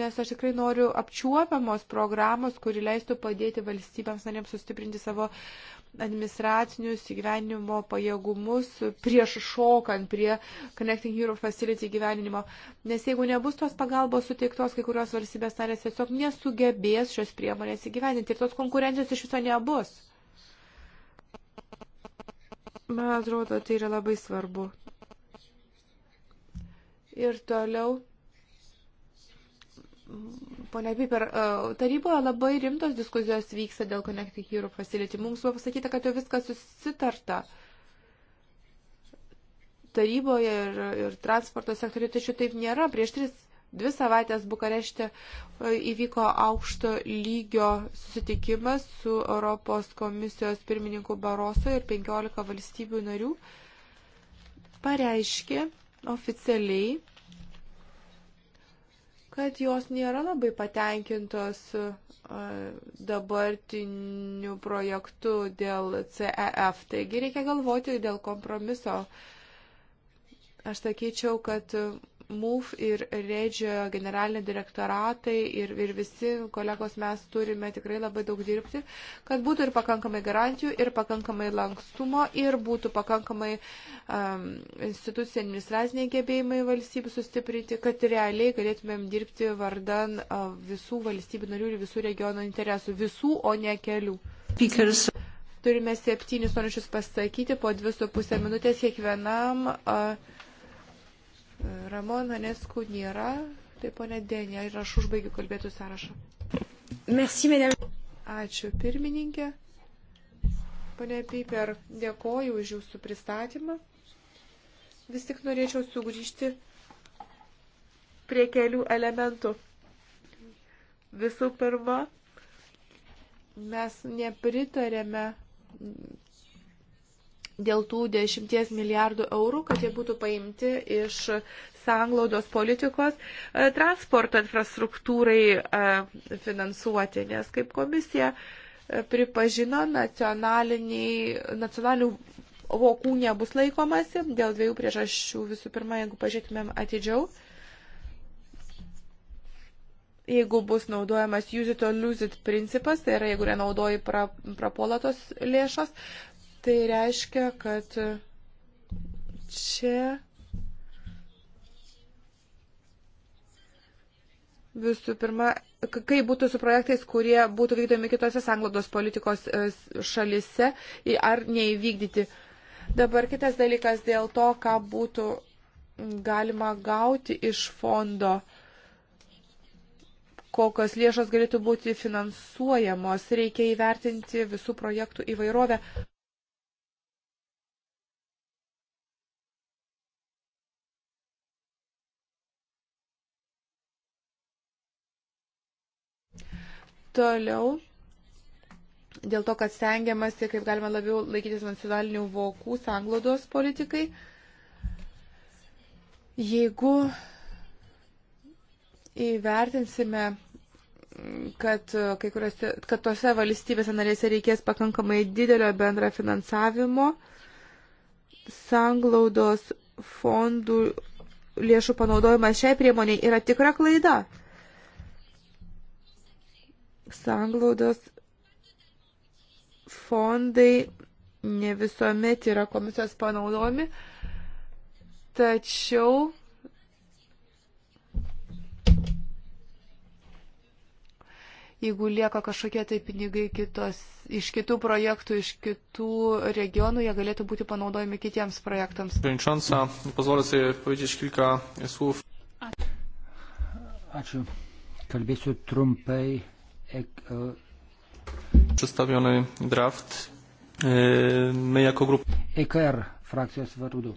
nes aš tikrai noriu apčiuopiamos programos, kuri leistų padėti valstybėms narėms sustiprinti savo administracinius įgyvenimo pajėgumus prieš šokant prie Connecting Europe Facility gyvenimo. Nes jeigu nebus tos pagalbos suteiktos, kai kurios valstybės narės tiesiog nesugebės šios priemonės įgyveninti ir tos konkurencijos iš viso nebus. Man atrodo, tai yra labai svarbu. Ir toliau Pone Piper, e, taryboje labai rimtos diskusijos vyksta dėl Connecting Europe Facility. Mums buvo pasakyta, kad jau viskas susitarta taryboje ir, ir transporto sektoriuje, tačiau taip nėra. Prieš tris, dvi savaitės Bukarešte e, įvyko aukšto lygio susitikimas su Europos komisijos pirmininku Baroso ir 15 valstybių narių pareiškė oficialiai kad jos nėra labai patenkintos dabartiniu projektu dėl CEF. Taigi reikia galvoti dėl kompromiso. Aš sakyčiau, kad MUF ir REDŽIO generaliniai direktoratai ir, ir visi kolegos mes turime tikrai labai daug dirbti, kad būtų ir pakankamai garantijų, ir pakankamai lankstumo, ir būtų pakankamai um, institucijų administraciniai gebėjimai valstybių sustiprinti, kad realiai galėtumėm dirbti vardan uh, visų valstybių narių ir visų regiono interesų, visų, o ne kelių. Speakers. Turime septynis norinčius pasakyti po dvi su pusę minutės kiekvienam. Uh, Ramon Aneskų nėra, tai ponė Denė, ir aš užbaigiu kalbėtų sąrašą. Merci, madame. Ačiū, pirmininkė. Pane Piper, dėkoju už jūsų pristatymą. Vis tik norėčiau sugrįžti prie kelių elementų. Visų pirma, mes nepritarėme dėl tų 10 milijardų eurų, kad jie būtų paimti iš sanglaudos politikos e, transporto infrastruktūrai e, finansuoti, nes kaip komisija e, pripažino nacionalinių vokų nebus laikomasi dėl dviejų priežasčių. Visų pirma, jeigu pažiūrėtumėm atidžiau, jeigu bus naudojamas use it or lose it principas, tai yra jeigu nenaudoji pra, prapolatos lėšos, Tai reiškia, kad čia visų pirma, kaip būtų su projektais, kurie būtų vykdomi kitose sanglados politikos e, šalise, ar neįvykdyti. Dabar kitas dalykas dėl to, ką būtų galima gauti iš fondo, kokios lėšos galėtų būti finansuojamos, reikia įvertinti visų projektų įvairovę. Toliau, dėl to, kad stengiamasi, kaip galima labiau laikytis nacionalinių vokų, sanglodos politikai, jeigu įvertinsime kad, kai kuriuose, kad tose valstybėse narėse reikės pakankamai didelio bendra finansavimo, sanglaudos fondų lėšų panaudojimas šiai priemoniai yra tikra klaida sanglaudos fondai ne visuomet yra komisijos panaudojami, tačiau jeigu lieka kažkokie tai pinigai kitos, iš kitų projektų, iš kitų regionų, jie galėtų būti panaudojami kitiems projektams. Ačiū. Kalbėsiu trumpai E, przedstawiony draft e, my jako grupė. EKR frakcijos vardu.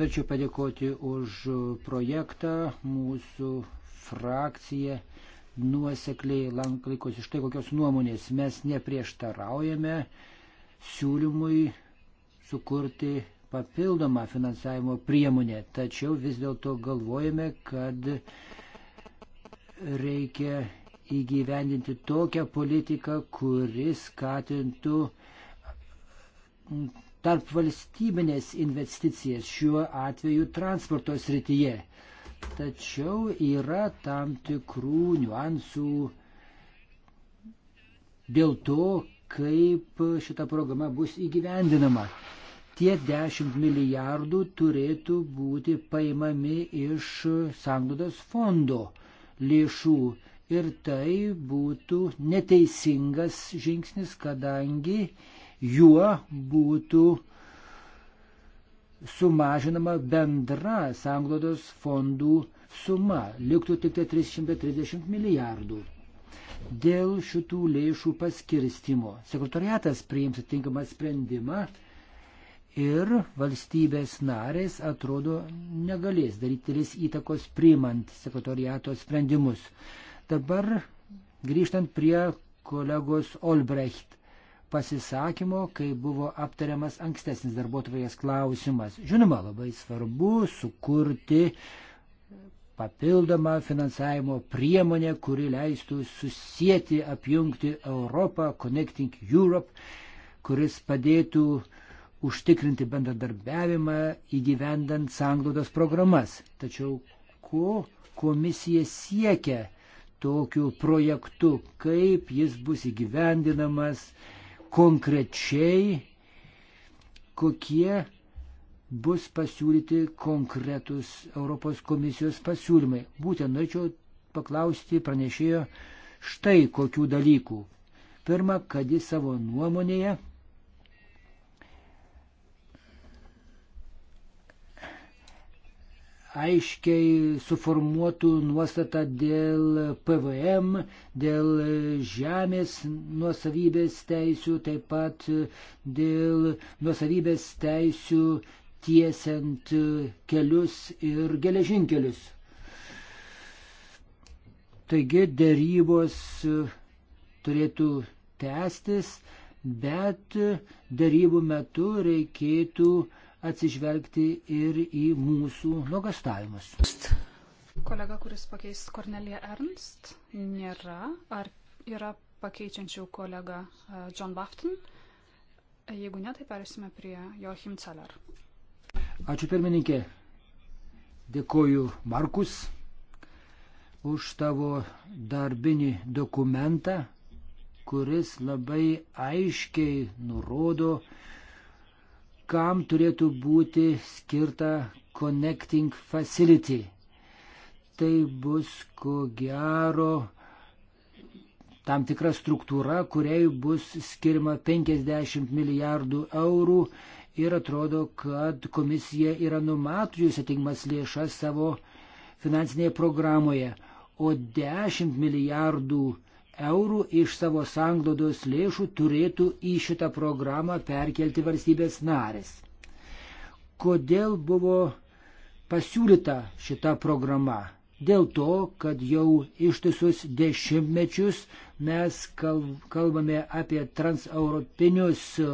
Norėčiau padėkoti už projektą. Mūsų frakcija nuosekliai laikosi štai kokios nuomonės. Mes neprieštaraujame siūlymui sukurti papildomą finansavimo priemonę, tačiau vis dėlto galvojame, kad reikia įgyvendinti tokią politiką, kuri skatintų tarp valstybinės investicijas, šiuo atveju transporto srityje. Tačiau yra tam tikrų niuansų dėl to, kaip šita programa bus įgyvendinama. Tie 10 milijardų turėtų būti paimami iš sanglaudos fondo lėšų ir tai būtų neteisingas žingsnis, kadangi juo būtų sumažinama bendra sanglodos fondų suma, liktų tik tai 330 milijardų. Dėl šitų lėšų paskirstimo sekretariatas priims atitinkamą sprendimą ir valstybės narės atrodo negalės daryti įtakos priimant sekretariato sprendimus. Dabar grįžtant prie kolegos Olbrecht pasisakymo, kai buvo aptariamas ankstesnis darbuotojas klausimas. Žinoma, labai svarbu sukurti papildomą finansavimo priemonę, kuri leistų susijęti, apjungti Europą, Connecting Europe, kuris padėtų užtikrinti bendradarbiavimą įgyvendant sanglaudos programas. Tačiau ko komisija siekia tokiu projektu, kaip jis bus įgyvendinamas konkrečiai, kokie bus pasiūlyti konkretus Europos komisijos pasiūlymai. Būtent norėčiau paklausti pranešėjo štai kokių dalykų. Pirma, kad jis savo nuomonėje aiškiai suformuotų nuostatą dėl PVM, dėl žemės nuosavybės teisių, taip pat dėl nuosavybės teisių tiesiant kelius ir geležinkelius. Taigi dėrybos turėtų tęstis, bet dėrybų metu reikėtų uh, atsižvelgti ir į mūsų nuogastavimus. Kolega, kuris pakeis Kornelija Ernst, nėra. Ar yra pakeičiančių kolega e, John Bafton? E, jeigu ne, tai perėsime prie Joachim Celler. Ačiū pirmininkė. Dėkoju Markus už tavo darbinį dokumentą, kuris labai aiškiai nurodo, kam turėtų būti skirta Connecting Facility. Tai bus ko gero tam tikra struktūra, kuriai bus skirma 50 milijardų eurų ir atrodo, kad komisija yra numatusi atingmas lėšas savo finansinėje programoje, o 10 milijardų eurų eurų iš savo sanglodos lėšų turėtų į šitą programą perkelti valstybės narės. Kodėl buvo pasiūlyta šita programa? Dėl to, kad jau ištisus dešimtmečius mes kalbame apie transeuropinius e,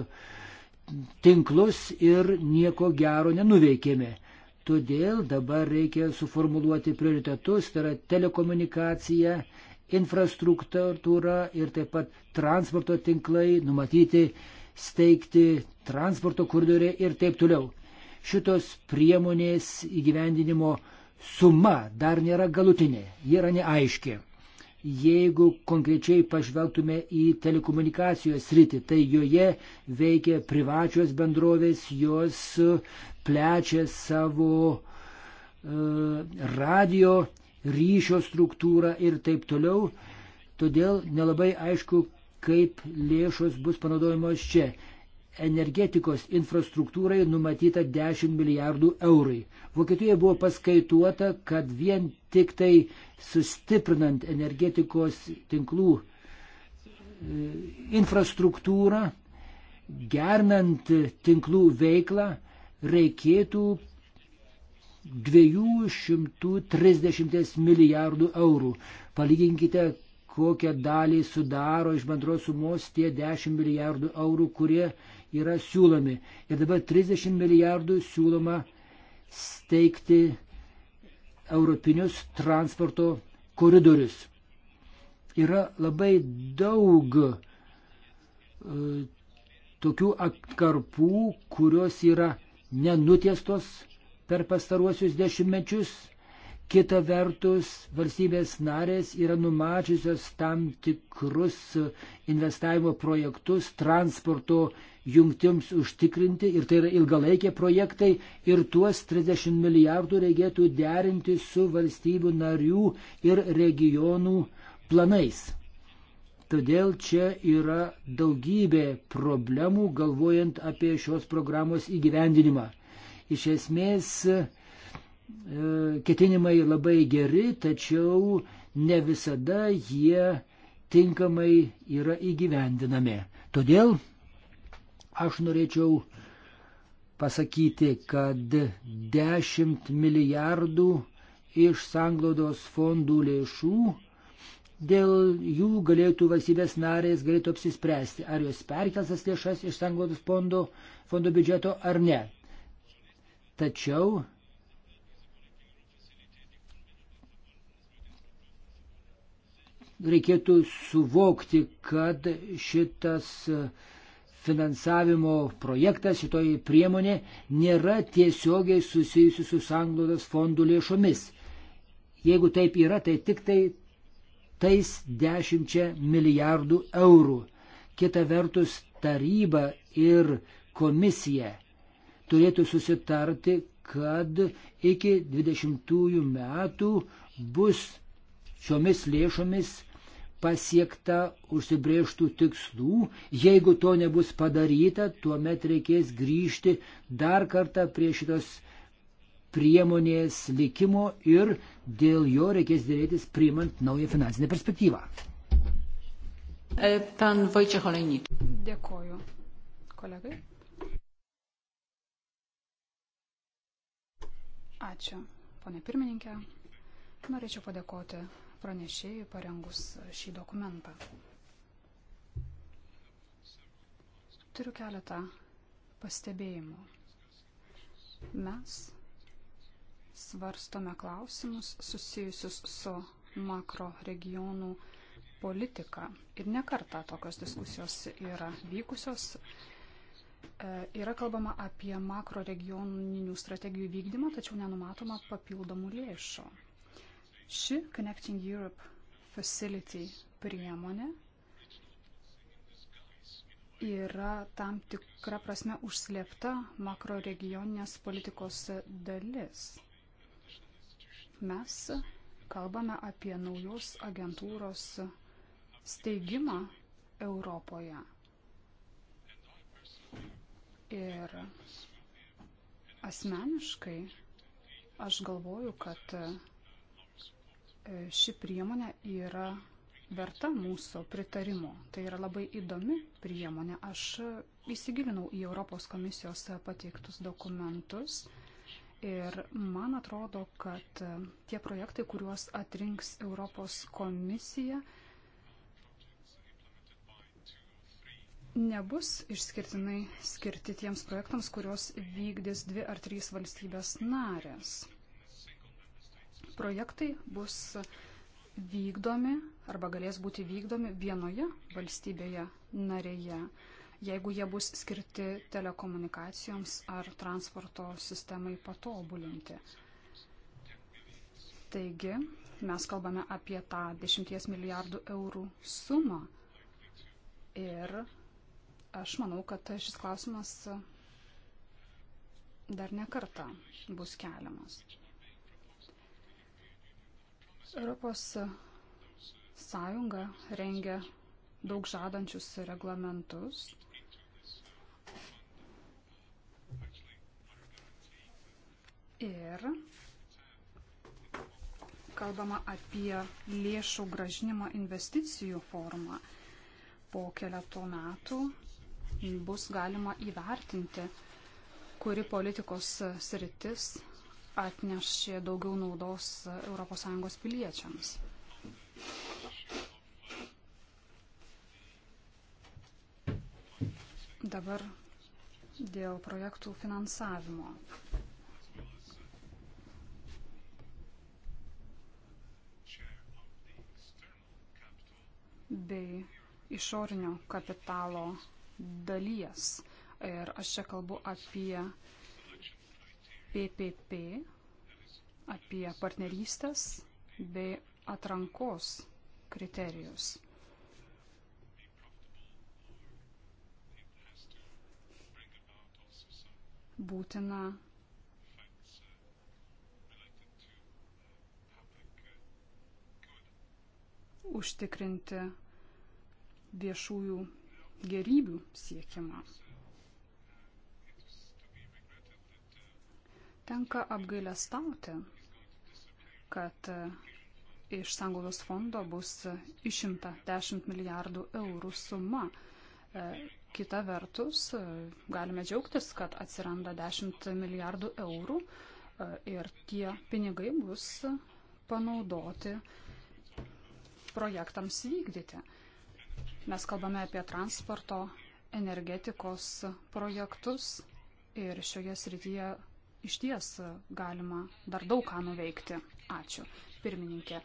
tinklus ir nieko gero nenuveikėme. Todėl dabar reikia suformuluoti prioritetus, tai yra telekomunikacija, infrastruktūra ir taip pat transporto tinklai, numatyti steigti transporto koridorį ir taip toliau. Šitos priemonės įgyvendinimo suma dar nėra galutinė, ji yra neaiški. Jeigu konkrečiai pažvelgtume į telekomunikacijos sritį, tai joje veikia privačios bendrovės, jos plečia savo e, radio e, ryšio struktūrą ir taip toliau. Todėl nelabai aišku, kaip lėšos bus panaudojamos čia. Energetikos infrastruktūrai numatyta 10 milijardų eurai. Vokietijoje buvo paskaituota, kad vien tik tai sustiprinant energetikos tinklų e, infrastruktūrą, gernant tinklų veiklą, reikėtų 230 milijardų eurų. Palyginkite, kokią dalį sudaro iš bendros sumos tie 10 milijardų eurų, kurie yra siūlomi. Ir dabar 30 milijardų siūloma steigti europinius transporto koridorius. Yra labai daug e, tokių atkarpų, kurios yra nenutiestos per pastaruosius dešimtmečius. Kita vertus, valstybės narės yra numačiusios tam tikrus investavimo projektus transporto jungtims užtikrinti ir tai yra ilgalaikiai projektai ir tuos 30 milijardų reikėtų derinti su valstybių narių ir regionų planais. Todėl čia yra daugybė problemų galvojant apie šios programos įgyvendinimą. Iš esmės e, ketinimai labai geri, tačiau ne visada jie tinkamai yra įgyvendinami. Todėl aš norėčiau pasakyti, kad 10 milijardų iš sanglaudos fondų lėšų dėl jų galėtų valstybės narės galėtų apsispręsti, ar jos perkels tas lėšas iš sanglaudos fondo, fondo biudžeto ar ne. Tačiau reikėtų suvokti, kad šitas finansavimo projektas, šitoji priemonė nėra tiesiogiai susijusi su sanglaudos fondų lėšomis. Jeigu taip yra, tai tik tai tais 10 milijardų eurų. Kita vertus, taryba ir komisija turėtų susitarti, kad iki 20 metų bus šiomis lėšomis pasiekta užsibrieštų tikslų. Jeigu to nebus padaryta, tuomet reikės grįžti dar kartą prie šitos priemonės likimo ir dėl jo reikės dėrėtis priimant naują finansinę perspektyvą. E, pan Vaičiaholainyk. Dėkoju. Kolegai. Ačiū, ponė pirmininkė. Norėčiau padėkoti pranešėjai parengus šį dokumentą. Turiu keletą pastebėjimų. Mes svarstome klausimus susijusius su makro regionų politika. Ir nekarta tokios diskusijos yra vykusios E, yra kalbama apie makro regioninių strategijų vykdymą, tačiau nenumatoma papildomų lėšų. Ši Connecting Europe Facility priemonė yra tam tikra prasme užslėpta makro regioninės politikos dalis. Mes kalbame apie naujos agentūros steigimą Europoje. Ir asmeniškai aš galvoju, kad e, ši priemonė yra verta mūsų pritarimo. Tai yra labai įdomi priemonė. Aš įsigilinau į Europos komisijos pateiktus dokumentus ir man atrodo, kad tie projektai, kuriuos atrinks Europos komisija, nebus išskirtinai skirti tiems projektams, kuriuos vykdys dvi ar trys valstybės narės. Projektai bus vykdomi arba galės būti vykdomi vienoje valstybėje narėje, jeigu jie bus skirti telekomunikacijoms ar transporto sistemai patobulinti. Taigi, mes kalbame apie tą 10 milijardų eurų sumą ir Aš manau, kad šis klausimas dar nekarta bus keliamas. Europos Sąjunga rengia daug žadančius reglamentus. Ir kalbama apie lėšų gražinimą investicijų formą. Po keletų metų bus galima įvertinti, kuri politikos sritis atneš daugiau naudos ES piliečiams. Dabar dėl projektų finansavimo. bei išorinio kapitalo dalies. Ir aš čia kalbu apie PPP, apie partnerystės bei atrankos kriterijus. Būtina užtikrinti viešųjų gerybių siekimą. Tenka apgailestauti, kad iš sanglaudos fondo bus išimta 10 milijardų eurų suma. E, kita vertus, e, galime džiaugtis, kad atsiranda 10 milijardų eurų e, ir tie pinigai bus panaudoti projektams vykdyti. Mes kalbame apie transporto, energetikos projektus ir šioje srityje iš ties galima dar daug ką nuveikti. Ačiū, pirmininkė.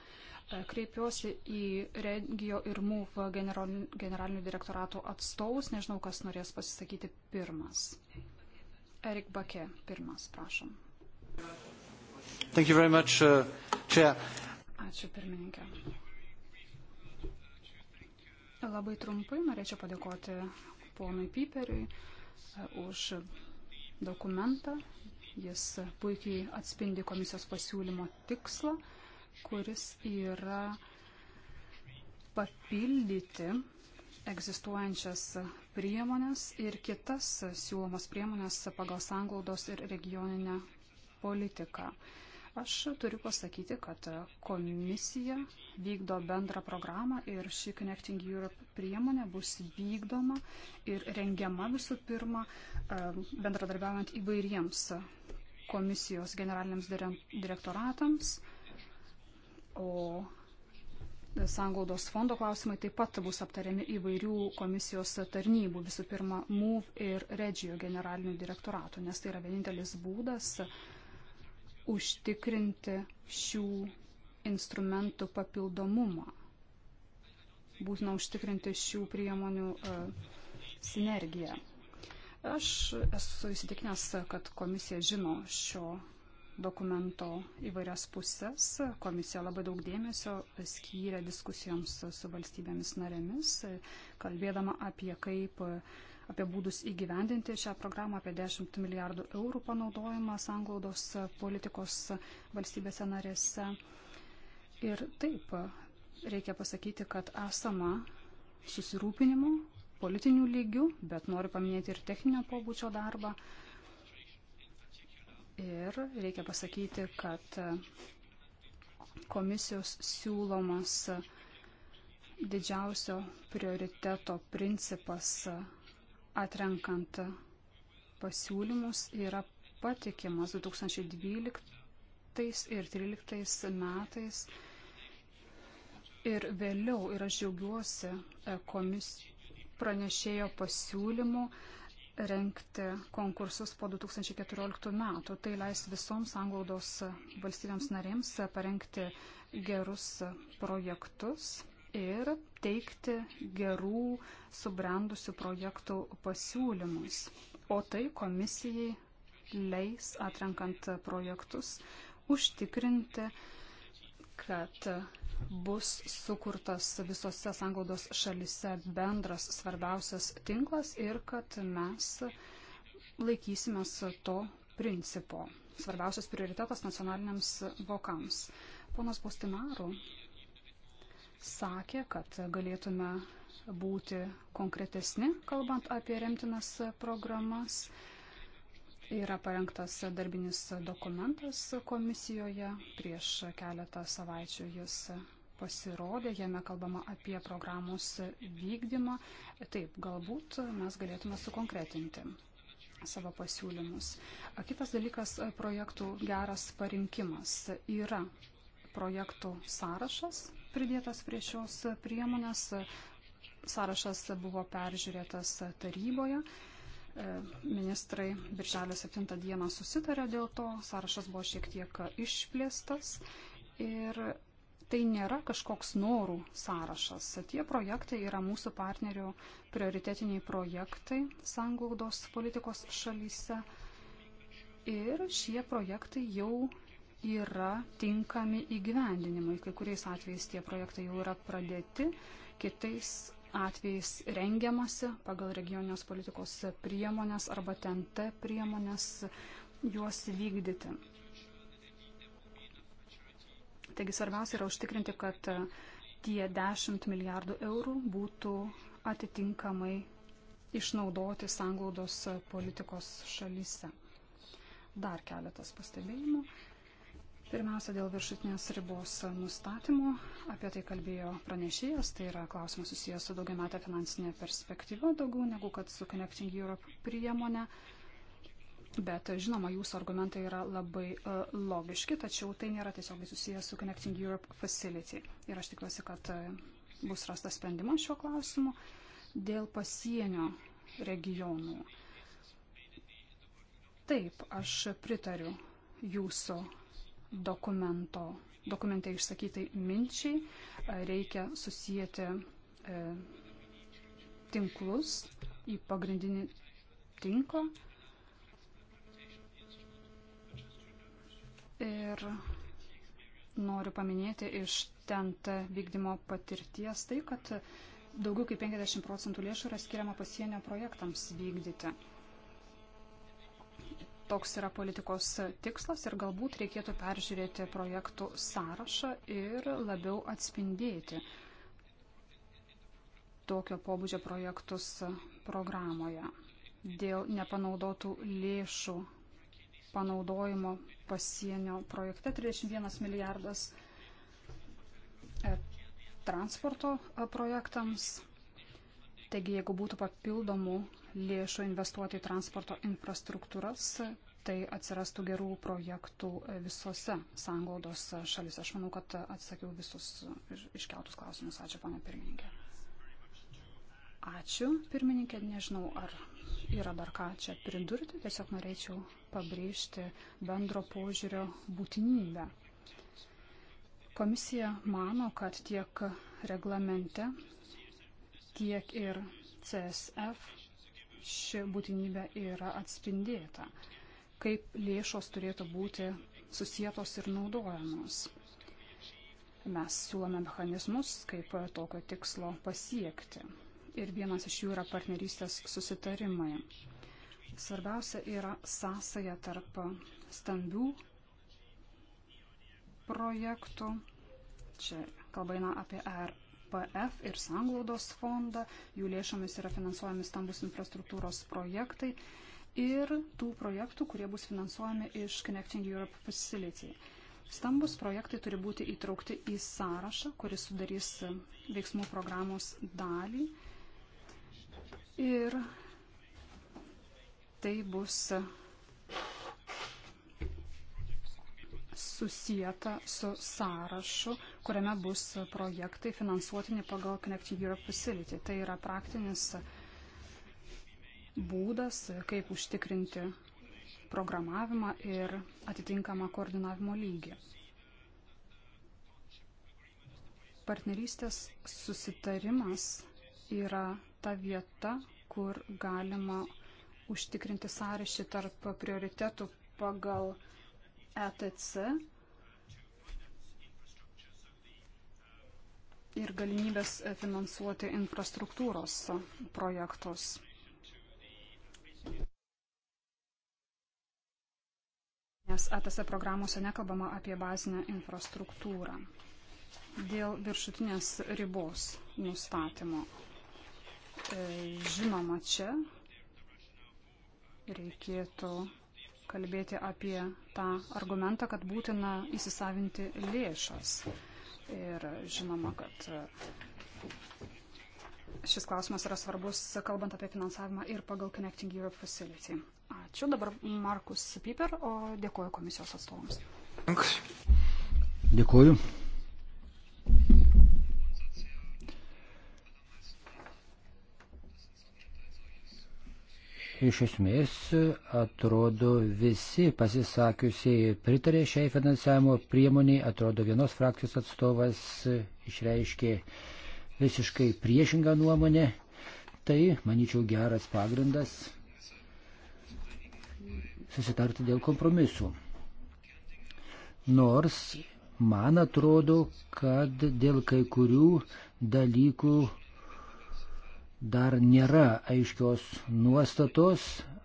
Kreipiuosi į Regio ir MUV generalinių direktoratų atstovus. Nežinau, kas norės pasisakyti pirmas. Erik Bake, pirmas, prašom. Much, uh, Ačiū pirmininkė. Labai trumpai norėčiau padėkoti ponui Piperiui e, už dokumentą. Jis puikiai atspindi komisijos pasiūlymo tikslą, kuris yra papildyti egzistuojančias priemonės ir kitas siūlomas priemonės pagal sanglaudos ir regioninę politiką. Aš turiu pasakyti, kad komisija vykdo bendrą programą ir ši Connecting Europe priemonė bus vykdoma ir rengiama visų pirma e, bendradarbiaujant įvairiems komisijos generaliniams direktoratams, o Sangaudos fondo klausimai taip pat bus aptariami įvairių komisijos tarnybų, visų pirma, MUV ir Regio generalinių direktoratų, nes tai yra vienintelis būdas užtikrinti šių instrumentų papildomumą. Būtina užtikrinti šių priemonių e, sinergiją. Aš esu įsitikinęs, kad komisija žino šio dokumento įvairias pusės. Komisija labai daug dėmesio skyrė diskusijoms su valstybėmis narėmis, kalbėdama apie kaip uh, apie būdus įgyvendinti šią programą, apie 10 milijardų eurų panaudojimą sanglaudos politikos valstybėse narėse. Ir taip, reikia pasakyti, kad esama susirūpinimo politinių lygių, bet noriu paminėti ir techninio pobūdžio darbą. Ir reikia pasakyti, kad komisijos siūlomas didžiausio prioriteto principas atrenkant pasiūlymus yra patikimas 2012 ir 2013 metais ir vėliau ir aš džiaugiuosi e, komis pranešėjo pasiūlymų rengti konkursus po 2014 metų. Tai leis visoms anglaudos valstybėms narėms parengti gerus projektus ir teikti gerų, subrendusių projektų pasiūlymus. O tai komisijai leis, atrenkant projektus, užtikrinti, kad bus sukurtas visose sangaudos šalise bendras svarbiausias tinklas ir kad mes laikysimės to principo. Svarbiausias prioritetas nacionaliniams vokams. Ponas Postinaru sakė, kad galėtume būti konkretesni, kalbant apie remtinas programas. Yra parengtas darbinis dokumentas komisijoje. Prieš keletą savaičių jis pasirodė, jame kalbama apie programos vykdymą. Taip, galbūt mes galėtume sukonkretinti savo pasiūlymus. Kitas dalykas - projektų geras parinkimas. Yra projektų sąrašas, pridėtos prie šios priemonės. Sąrašas buvo peržiūrėtas taryboje. E, ministrai birželio 7 dieną susitarė dėl to, sąrašas buvo šiek tiek išplėstas ir tai nėra kažkoks norų sąrašas. Tie projektai yra mūsų partnerių prioritetiniai projektai sanglaudos politikos šalyse. Ir šie projektai jau yra tinkami įgyvendinimui. Kai kuriais atvejais tie projektai jau yra pradėti, kitais atvejais rengiamasi pagal regioninės politikos priemonės arba TNT priemonės juos vykdyti. Taigi svarbiausia yra užtikrinti, kad tie 10 milijardų eurų būtų atitinkamai išnaudoti sanglaudos politikos šalyse. Dar keletas pastebėjimų. Pirmiausia, dėl viršutinės ribos nustatymo. Apie tai kalbėjo pranešėjas. Tai yra klausimas susijęs su daugiametė finansinė perspektyva daugiau negu kad su Connecting Europe priemonė. Bet žinoma, jūsų argumentai yra labai uh, logiški, tačiau tai nėra tiesiogiai susijęs su Connecting Europe Facility. Ir aš tikiuosi, kad uh, bus rastas sprendimas šiuo klausimu dėl pasienio regionų. Taip, aš pritariu jūsų dokumento, dokumente išsakytai minčiai. Reikia susijęti e, tinklus į pagrindinį tinklą. Ir noriu paminėti iš ten vykdymo patirties tai, kad daugiau kaip 50 procentų lėšų yra skiriama pasienio projektams vykdyti toks yra politikos tikslas ir galbūt reikėtų peržiūrėti projektų sąrašą ir labiau atspindėti tokio pobūdžio projektus programoje. Dėl nepanaudotų lėšų panaudojimo pasienio projekte 31 milijardas e, transporto projektams. Taigi, jeigu būtų papildomų lėšų investuoti į transporto infrastruktūras, tai atsirastų gerų projektų visose sąngaudos šalise. Aš manau, kad atsakiau visus iškeltus klausimus. Ačiū, ponė pirmininkė. Ačiū, pirmininkė. Nežinau, ar yra dar ką čia pridurti. Tiesiog norėčiau pabrėžti bendro požiūrio būtinybę. Komisija mano, kad tiek reglamente, tiek ir CSF ši būtinybė yra atspindėta, kaip lėšos turėtų būti susijėtos ir naudojamos. Mes siūlome mechanizmus, kaip tokio tikslo pasiekti. Ir vienas iš jų yra partnerystės susitarimai. Svarbiausia yra sąsaja tarp stambių projektų. Čia kalba eina apie EPF ir Sanglaudos fondą, jų lėšomis yra finansuojami stambus infrastruktūros projektai ir tų projektų, kurie bus finansuojami iš Connecting Europe Facility. Stambus projektai turi būti įtraukti į sąrašą, kuris sudarys veiksmų programos dalį. Ir tai bus susijęta su sąrašu, kuriame bus projektai finansuotini pagal Connecting Europe Facility. Tai yra praktinis būdas, kaip užtikrinti programavimą ir atitinkamą koordinavimo lygį. Partnerystės susitarimas yra ta vieta, kur galima užtikrinti sąryšį tarp prioritetų pagal uh, ETC ir galimybės finansuoti infrastruktūros projektus. Nes ATS e programuose nekalbama apie bazinę infrastruktūrą dėl viršutinės ribos nustatymo. E, žinoma, čia reikėtų kalbėti apie tą argumentą, kad būtina įsisavinti lėšas. Ir žinoma, kad šis klausimas yra svarbus, kalbant apie finansavimą ir pagal Connecting Europe Facility. Ačiū dabar Markus Piper, o dėkoju komisijos atstovams. Dėkoju. iš esmės atrodo visi pasisakiusieji pritarė šiai finansavimo priemoniai, atrodo vienos frakcijos atstovas išreiškė visiškai priešingą nuomonę. Tai, manyčiau, geras pagrindas susitarti dėl kompromisų. Nors man atrodo, kad dėl kai kurių dalykų dar nėra aiškios nuostatos,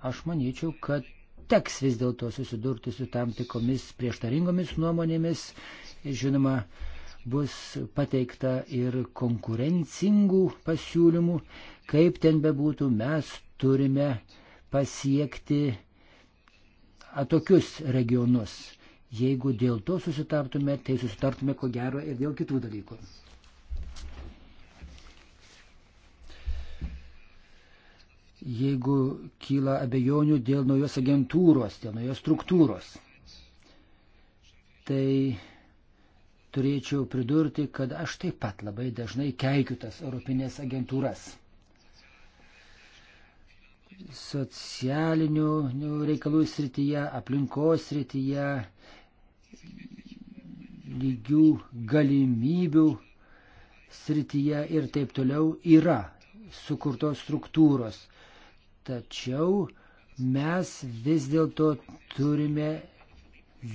aš manyčiau, kad teks vis dėlto susidurti su tam tikromis prieštaringomis nuomonėmis. Žinoma, bus pateikta ir konkurencingų pasiūlymų. Kaip ten bebūtų, mes turime pasiekti atokius regionus. Jeigu dėl to susitartume, tai susitartume ko gero ir dėl kitų dalykų. jeigu kyla abejonių dėl naujos agentūros, dėl naujos struktūros. Tai turėčiau pridurti, kad aš taip pat labai dažnai keikiu tas Europinės agentūras. Socialinių nu, reikalų srityje, aplinkos srityje, lygių galimybių srityje ir taip toliau yra sukurtos struktūros. Tačiau mes vis dėlto turime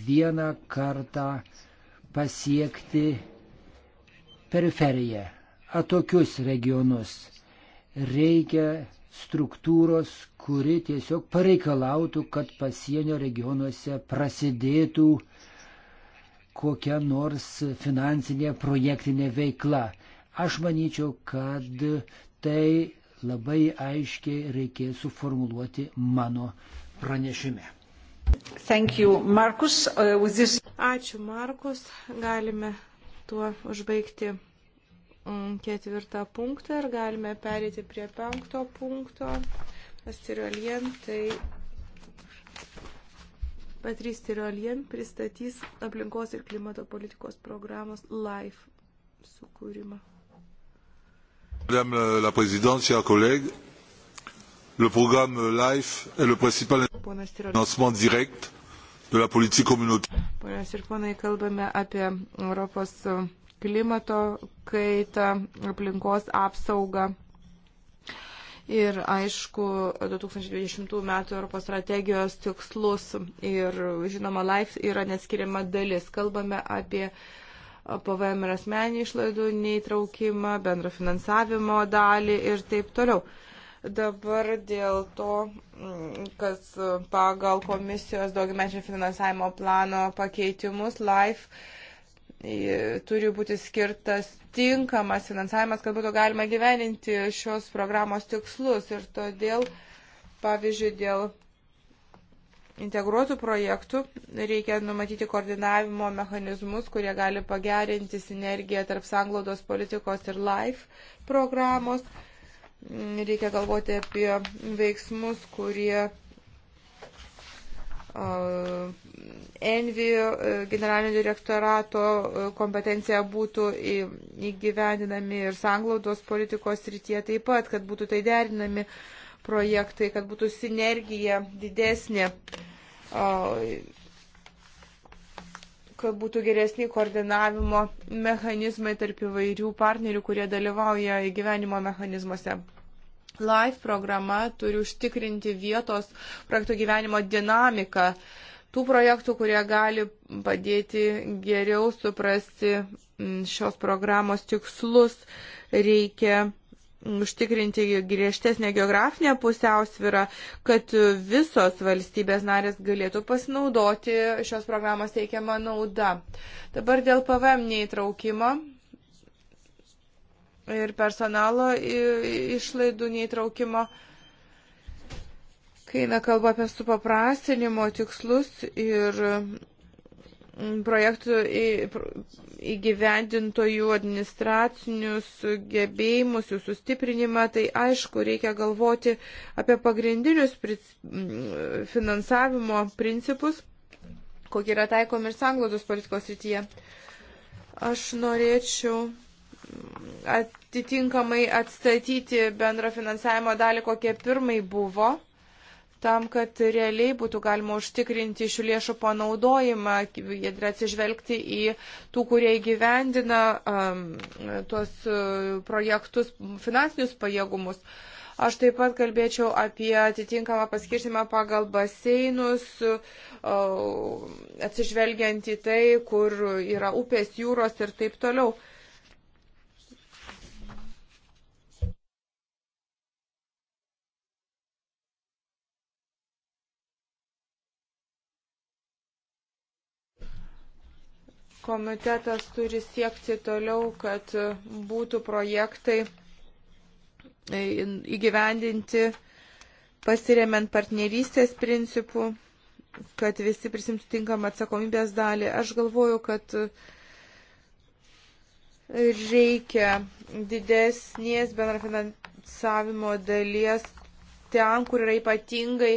vieną kartą pasiekti periferiją, atokius regionus. Reikia struktūros, kuri tiesiog pareikalautų, kad pasienio regionuose prasidėtų kokia nors finansinė projektinė veikla. Aš manyčiau, kad tai labai aiškiai reikės suformuluoti mano pranešime. Thank you, Markus. Uh, this... Ačiū, Markus. Galime tuo užbaigti mm, ketvirtą punktą ir galime perėti prie penkto punkto. Pastirolien, tai Patrys Tirolien pristatys aplinkos ir klimato politikos programos LIFE sukūrimą. Madame la Présidente, chers collègues, le programme LIFE est le principal financement direct de la politique communautaire. Ponas ir ponai, kalbame apie Europos klimato kaitą, aplinkos apsaugą. Ir aišku, 2020 m. Europos strategijos tikslus ir žinoma, LIFE yra neskiriama dalis. Kalbame apie uh, PVM ir asmenį išlaidų neįtraukimą, bendro finansavimo dalį ir taip toliau. Dabar dėl to, mm, kas pagal komisijos daugiamečio finansavimo plano pakeitimus LIFE turi būti skirtas tinkamas finansavimas, kad būtų galima gyveninti šios programos tikslus. Ir todėl, pavyzdžiui, dėl integruotų projektų reikia numatyti koordinavimo mechanizmus, kurie gali pagerinti sinergiją tarp sanglaudos politikos ir LIFE programos. Reikia galvoti apie veiksmus, kurie Envi generalinio direktorato kompetencija būtų įgyvendinami ir sanglaudos politikos rytie taip pat, kad būtų tai derinami uh, projektai, kad būtų sinergija didesnė, kad būtų geresni koordinavimo mechanizmai tarp įvairių partnerių, kurie dalyvauja įgyvenimo mechanizmuose. LIFE programa turi užtikrinti vietos projektų gyvenimo dinamiką, tų projektų, kurie gali padėti geriau suprasti šios programos tikslus, reikia užtikrinti griežtesnę geografinę pusiausvyrą, kad visos valstybės narės galėtų pasinaudoti šios programos teikiamą naudą. Dabar dėl PVM neįtraukimo ir personalo išlaidų neįtraukimo. Kai eina kalba apie supaprastinimo tikslus ir projektų įgyvendintojų administracinius gebėjimus, jų sustiprinimą, tai aišku, reikia galvoti apie pagrindinius finansavimo principus, kokie yra taikomi ir sanglaudos politikos rytyje. Aš norėčiau atitinkamai atstatyti bendro finansavimo dalį, kokie pirmai buvo tam, kad realiai būtų galima užtikrinti šių lėšų panaudojimą ir atsižvelgti į tų, kurie įgyvendina um, tuos e, projektus finansinius pajėgumus. Aš taip pat kalbėčiau apie atitinkamą paskirstimą pagal baseinus, e, atsižvelgiant į tai, kur yra upės, jūros ir taip toliau. komitetas turi siekti toliau, kad būtų projektai įgyvendinti pasiremiant partnerystės principų, kad visi prisimtų tinkamą atsakomybės dalį. Aš galvoju, kad reikia didesnės bendrafinansavimo dalies ten, kur yra ypatingai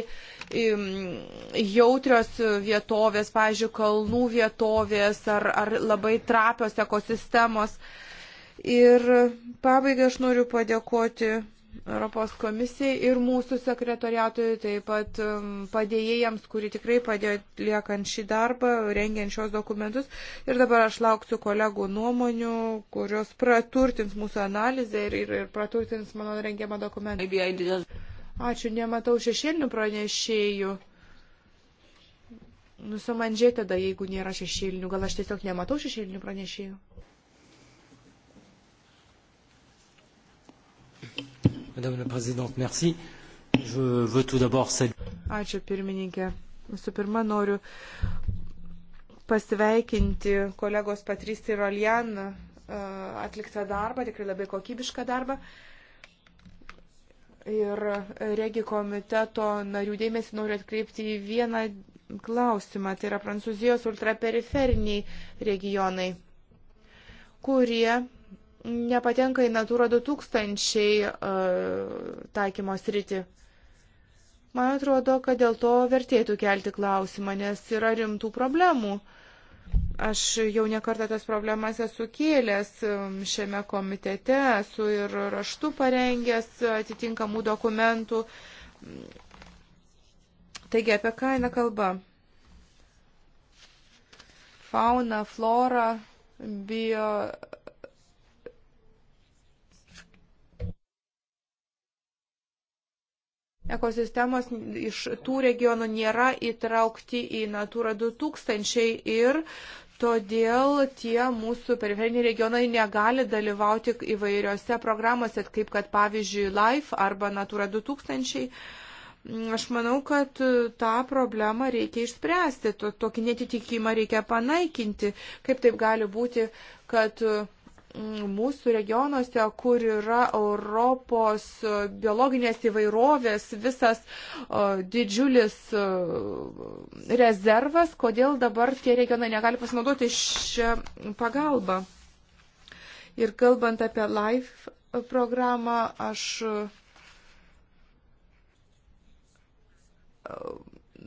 jautrios vietovės, pavyzdžiui, kalnų vietovės ar, ar labai trapios ekosistemos. Ir pabaigai aš noriu padėkoti Europos komisijai ir mūsų sekretoriatui, taip pat padėjėjams, kuri tikrai padėjo liekant šį darbą, rengiant šios dokumentus. Ir dabar aš lauksiu kolegų nuomonių, kurios praturtins mūsų analizę ir, ir, ir praturtins mano rengiamą dokumentą. Ačiū, nematau šešėlinių pranešėjų. Nusumandžiai tada, jeigu nėra šešėlinių. Gal aš tiesiog nematau šešėlinių pranešėjų? Madame la Présidente, merci. Je veux tout d'abord saluer. Ačiū pirmininkė. Visų pirma, noriu pasveikinti kolegos Patristį Rolian uh, atliktą darbą, tikrai labai kokybišką darbą. Uh, ir regi komiteto narių dėmesį noriu atkreipti į vieną klausimą, tai yra Prancūzijos ultraperiferiniai regionai, kurie nepatenka į Natūra 2000 e, taikymo sritį. Man atrodo, kad dėl to vertėtų kelti klausimą, nes yra rimtų problemų. Uh, Aš jau nekartą tas problemas esu kėlęs um, šiame komitete, esu ir raštu parengęs atitinkamų dokumentų. Taigi, apie ką eina kalba? Fauna, flora, bio ekosistemos iš tų regionų nėra įtraukti į Natura 2000 ir todėl tie mūsų periferiniai regionai negali dalyvauti įvairiose programuose, kaip kad pavyzdžiui LIFE arba Natura 2000. Aš manau, kad tą problemą reikia išspręsti, tokį netitikimą reikia panaikinti. Kaip taip gali būti, kad mūsų regionuose, kur yra Europos biologinės įvairovės visas o, didžiulis o, rezervas, kodėl dabar tie regionai negali pasinaudoti šią pagalbą. Ir kalbant apie LIFE programą, aš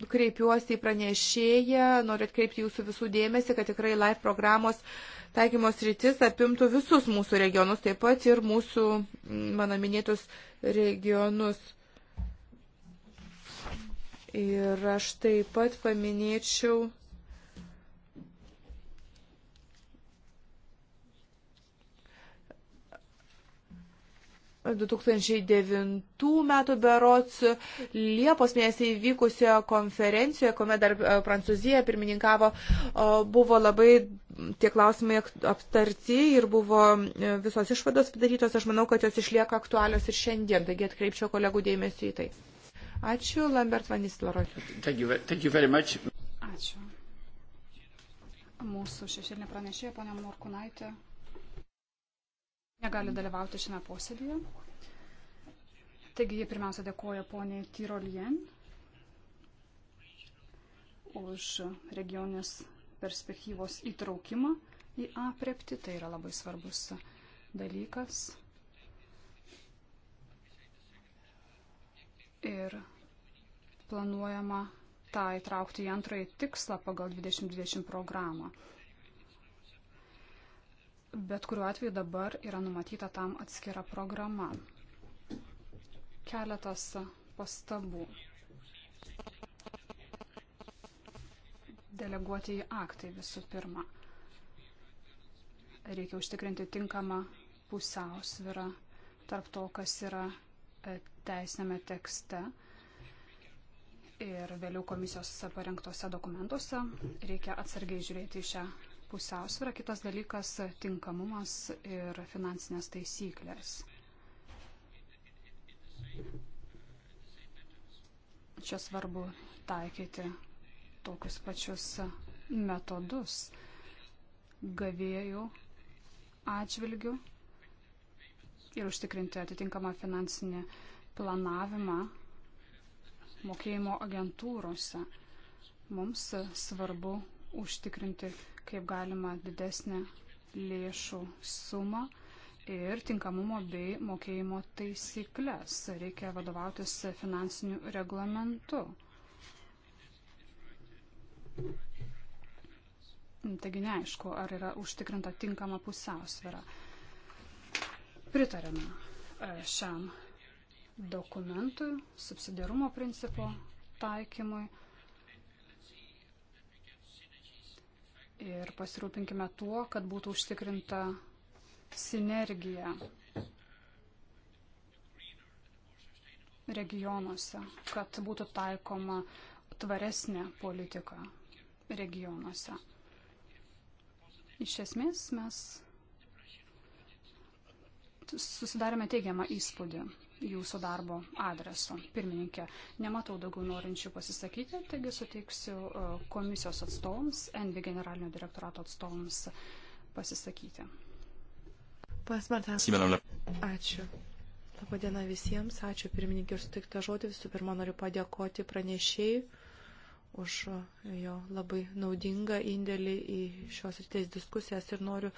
kreipiuosi į pranešėją, noriu atkreipti jūsų visų dėmesį, kad tikrai LIFE programos uh, taikymos rytis apimtų visus mūsų regionus, taip pat ir mūsų, mano minėtus, regionus. Ir aš taip pat paminėčiau du tūkstančiai devintų metų berots Liepos mėnesį įvykusioje konferencijoje, kuomet dar e, Prancūzija pirmininkavo, buvo labai tie klausimai aptarti ir buvo e, visos išvados padarytos. Aš manau, kad jos išlieka aktualios ir šiandien, taigi atkreipčiau kolegų dėmesį į tai. Ačiū, Lambert Vanislaroj. Ačiū. Mūsų šešėlinė pranešėja, ponia Morkunaitė, negali dalyvauti šiame posėdėje. Taigi jie pirmiausia dėkoja poniai Tyrolien už regionės perspektyvos įtraukimą į aprepti. Tai yra labai svarbus dalykas. Ir planuojama tą įtraukti į antrąjį tikslą pagal 2020 programą. Bet kuriuo atveju dabar yra numatyta tam atskira programa. Keletas pastabų. deleguoti į aktai visų pirma. Reikia užtikrinti tinkamą pusiausvirą tarp to, kas yra e, teisinėme tekste ir vėliau komisijos parengtose dokumentuose. Reikia atsargiai žiūrėti į šią pusiausvirą. Kitas dalykas - tinkamumas ir finansinės taisyklės. Čia svarbu taikyti tokius pačius metodus gavėjų atžvilgių ir užtikrinti atitinkamą finansinį planavimą mokėjimo agentūrose. Mums svarbu užtikrinti kaip galima didesnę lėšų sumą ir tinkamumo bei mokėjimo taisyklės. Reikia vadovautis finansiniu reglamentu. Mm, taigi neaišku, ar yra užtikrinta tinkama pusiausvėra. Pritarėme e, šiam dokumentui, subsidiarumo principo taikymui ir pasirūpinkime tuo, kad būtų užtikrinta sinergija regionuose, kad būtų taikoma tvaresnė politika, regionuose. Iš esmės mes susidarėme teigiamą įspūdį jūsų darbo adresu. Pirmininkė, nematau daugiau norinčių pasisakyti, taigi suteiksiu e, komisijos atstovams, NV generalinio direktorato atstovams pasisakyti. Pasmartas. Ačiū. Labadiena visiems, ačiū pirmininkė ir sutiktą žodį. Visų pirma, noriu padėkoti pranešėjai už jo labai naudingą indėlį į šios rytės diskusijas ir noriu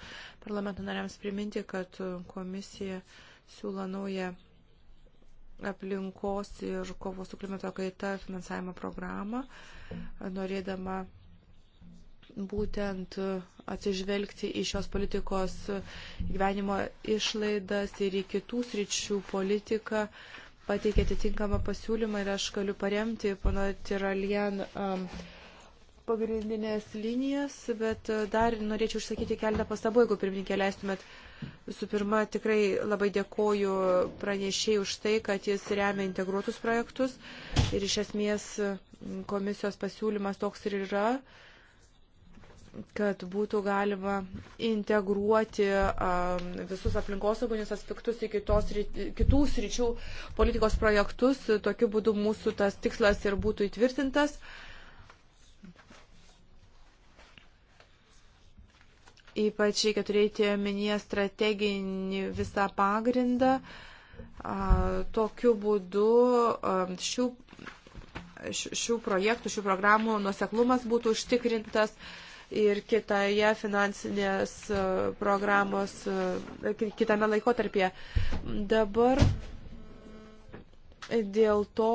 parlamento nariams priminti, kad komisija siūlo naują aplinkos ir kovos su klimato kaita finansavimo programą, norėdama būtent atsižvelgti į šios politikos gyvenimo išlaidas ir į kitų sričių politiką, pateikė atitinkamą pasiūlymą ir aš galiu paremti pono Tiralien um, pagrindinės linijas, bet uh, dar norėčiau užsakyti keletą pastabų, jeigu pirmininkė leistumėt. Visų pirma, tikrai labai dėkoju pranešėjai už tai, kad jis remia integruotus projektus ir iš esmės um, komisijos pasiūlymas toks ir yra. Uh, kad būtų galima integruoti um, visus aplinkosauginius aspektus į kitos, kitų sričių politikos projektus. Tokiu būdu mūsų tas tikslas ir būtų įtvirtintas. Ypač reikia turėti omenyje strateginį visą pagrindą. A, tokiu būdu a, um, šių, šių projektų, šių programų nuseklumas būtų užtikrintas. A, ir kitoje finansinės e, programos, e, kitame laikotarpyje. Dabar dėl to,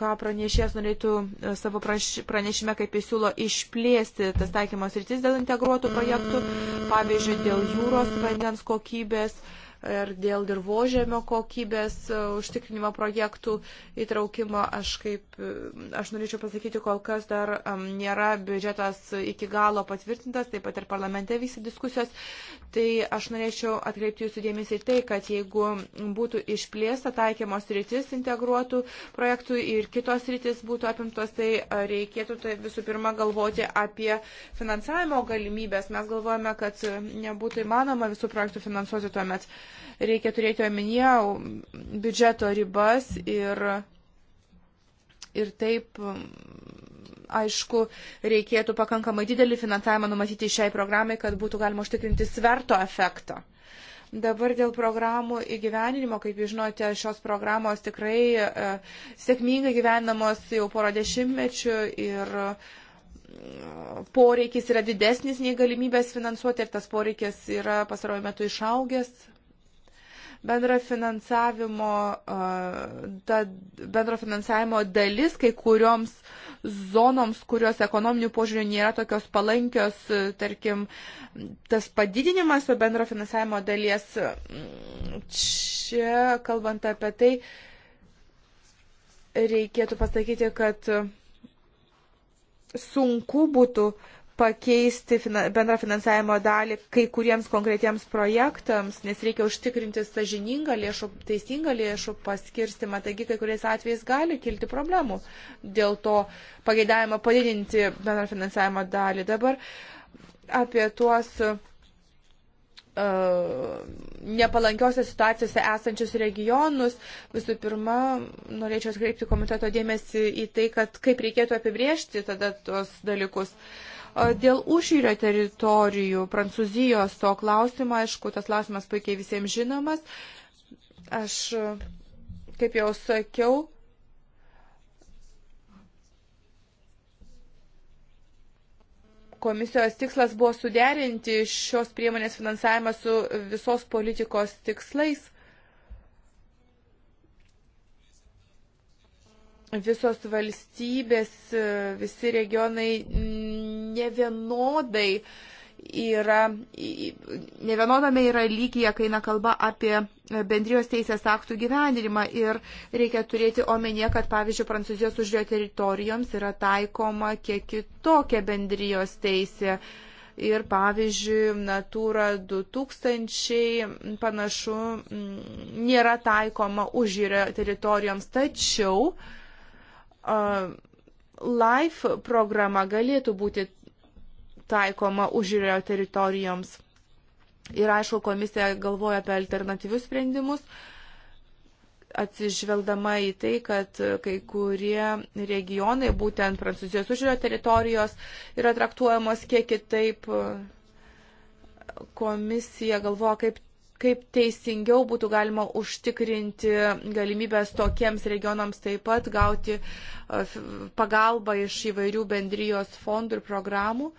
ką pranešėjas norėtų e, savo pranešime, kaip jis siūlo išplėsti tas taikymos rytis dėl integruotų projektų, pavyzdžiui, dėl jūros vandens kokybės. Uh, ir dėl dirbožėmio kokybės e, užtikrinimo projektų įtraukimo. Aš kaip, e, aš norėčiau pasakyti, kol kas dar nėra biudžetas iki galo patvirtintas, taip pat ir parlamente vyksta diskusijos. Tai aš norėčiau atkreipti jūsų dėmesį į tai, kad jeigu būtų išplėsta taikymos rytis integruotų projektų ir kitos rytis būtų apimtos, tai e, reikėtų tai visų pirma galvoti apie finansavimo galimybės. Mes galvojame, kad nebūtų įmanoma visų projektų finansuoti tuomet. Uh, Reikia turėti omenyje biudžeto ribas ir, ir taip, aišku, reikėtų pakankamai didelį finansavimą numatyti šiai programai, kad būtų galima užtikrinti sverto efektą. Dabar dėl programų įgyveninimo, kaip jūs žinote, šios programos tikrai e, sėkmingai gyvenamos jau poro dešimtmečių ir e, poreikis yra didesnis nei galimybės finansuoti ir tas poreikis yra pastaruoju metu išaugęs bendra finansavimo, ta bendro finansavimo dalis kai kurioms zonoms, kurios ekonominių požiūrių nėra tokios palankios, tarkim, tas padidinimas to bendro finansavimo dalies, čia kalbant apie tai, reikėtų pasakyti, kad sunku būtų pakeisti bendrą finansavimo dalį kai kuriems konkretiems projektams, nes reikia užtikrinti sažiningą lėšų, teisingą lėšų paskirstimą, taigi kai kuriais atvejais gali kilti problemų dėl to pageidavimo padidinti bendrą finansavimo dalį. Dabar apie tuos uh, nepalankiose situacijose esančius regionus. Visų pirma, norėčiau atkreipti komiteto dėmesį į tai, kad kaip reikėtų apibriežti tada tuos dalykus. Uh, Dėl užyrio teritorijų, Prancūzijos to klausimo, aišku, tas klausimas puikiai visiems žinomas. Aš, kaip jau sakiau, komisijos tikslas buvo suderinti šios priemonės finansavimą su visos politikos tikslais. Visos valstybės, visi regionai nevienodai yra, nevienodame yra lygyje, kai eina kalba apie bendrijos teisės aktų gyvenimą. Ir reikia turėti omenyje, kad pavyzdžiui, Prancūzijos užjo teritorijoms yra taikoma kiek kitokia bendrijos teisė. Ir pavyzdžiui, Natūra 2000 panašu mm, nėra taikoma užjūrio teritorijoms, tačiau uh, LIFE programa galėtų būti taikoma užžiūrėjo teritorijoms. Ir aišku, komisija galvoja apie alternatyvius sprendimus, atsižvelgdama į tai, kad kai kurie regionai, būtent Prancūzijos užžiūrio teritorijos, yra traktuojamos kiek kitaip. Komisija galvoja, kaip kaip teisingiau būtų galima užtikrinti galimybės tokiems regionams taip pat gauti uh, pagalbą iš įvairių bendrijos fondų ir programų. Uh,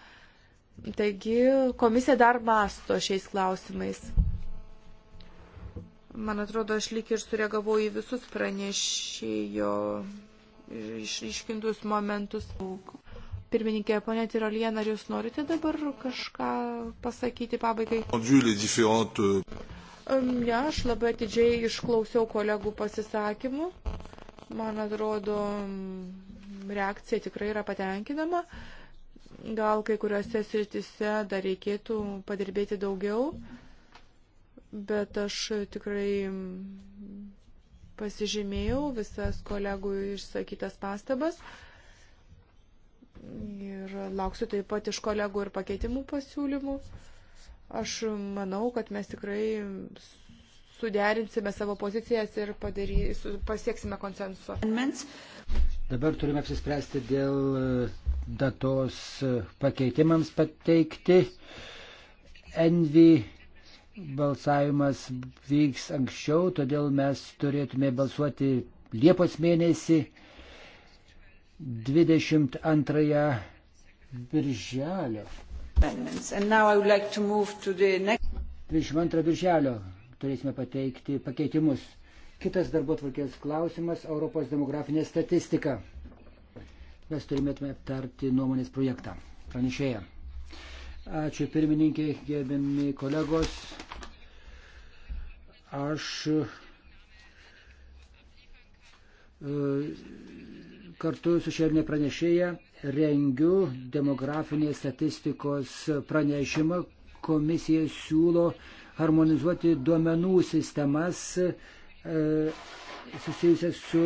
Taigi komisija dar masto šiais klausimais. Man atrodo, aš lyg ir sureagavau į visus pranešėjo išryškintus momentus. Pirmininkė, ponė Tirolien, ar jūs norite dabar kažką pasakyti pabaigai? Ne, aš labai atidžiai išklausiau kolegų pasisakymų. Man atrodo, reakcija tikrai yra patenkinama. Uh, gal kai kuriuose sritise dar reikėtų padirbėti daugiau, bet aš tikrai pasižymėjau visas kolegų išsakytas pastabas. Ir lauksiu taip pat iš kolegų ir pakeitimų pasiūlymų. Aš manau, kad mes tikrai suderinsime savo pozicijas ir padary, pasieksime konsensuso. Dabar turime apsispręsti dėl datos pakeitimams pateikti. Envy balsavimas vyks anksčiau, todėl mes turėtume balsuoti Liepos mėnesį 22 birželio. 22 birželio turėsime pateikti pakeitimus. Kitas darbo tvarkės klausimas - Europos demografinė statistika mes turėtume aptarti nuomonės projektą. Pranešėja. Ačiū pirmininkė, gerbiami kolegos. Aš e, kartu su šernė pranešėja rengiu demografinės statistikos pranešimą. Komisija siūlo harmonizuoti duomenų sistemas e, susijusias su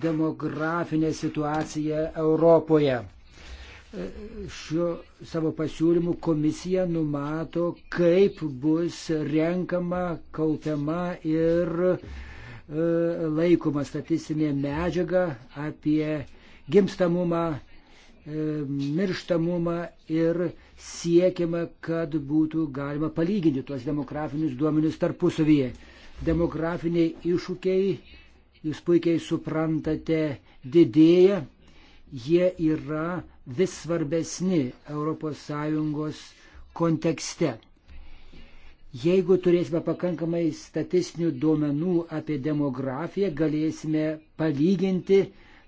demografinę situaciją Europoje. E, šiuo savo pasiūlymu komisija numato, kaip bus renkama, kaupiama ir e, laikoma statistinė medžiaga apie gimstamumą, e, mirštamumą ir siekiama, kad būtų galima palyginti tuos demografinius duomenis tarpusavyje. Demografiniai iššūkiai jūs puikiai suprantate, didėja, jie yra vis svarbesni ES kontekste. Jeigu turėsime pakankamai statistinių duomenų apie demografiją, galėsime palyginti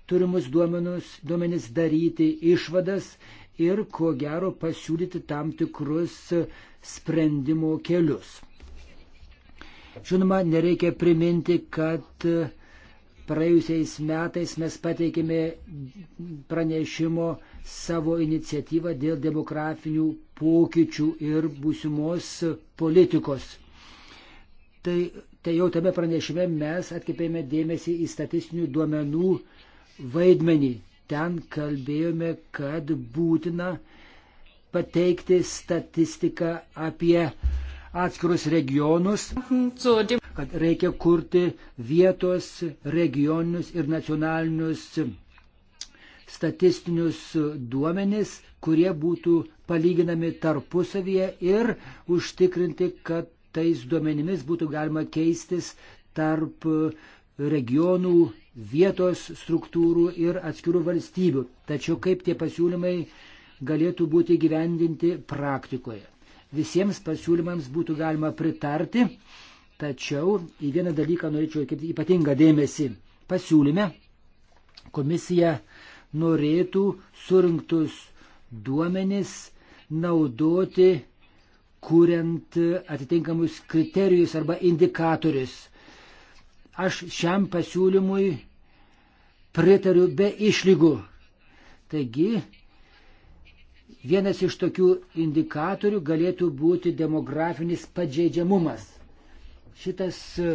turimus duomenus, duomenis daryti išvadas ir ko gero pasiūlyti tam tikrus sprendimo kelius. Žinoma, nereikia priminti, kad Praėjusiais metais mes pateikėme pranešimo savo iniciatyvą dėl demografinių pokyčių ir būsimos politikos. Tai, tai jau tame pranešime mes atkreipėme dėmesį į statistinių duomenų vaidmenį. Ten kalbėjome, kad būtina pateikti statistiką apie atskirus regionus. So, kad reikia kurti vietos, regioninius ir nacionalinius statistinius duomenis, kurie būtų palyginami tarpusavyje ir užtikrinti, kad tais duomenimis būtų galima keistis tarp regionų, vietos struktūrų ir atskirų valstybių. Tačiau kaip tie pasiūlymai galėtų būti gyvendinti praktikoje. Visiems pasiūlymams būtų galima pritarti, Tačiau į vieną dalyką norėčiau atkreipti ypatingą dėmesį. Pasiūlyme komisija norėtų surinktus duomenis naudoti, kuriant atitinkamus kriterijus arba indikatorius. Aš šiam pasiūlymui pritariu be išlygų. Taigi, vienas iš tokių indikatorių galėtų būti demografinis pažeidžiamumas šitas e,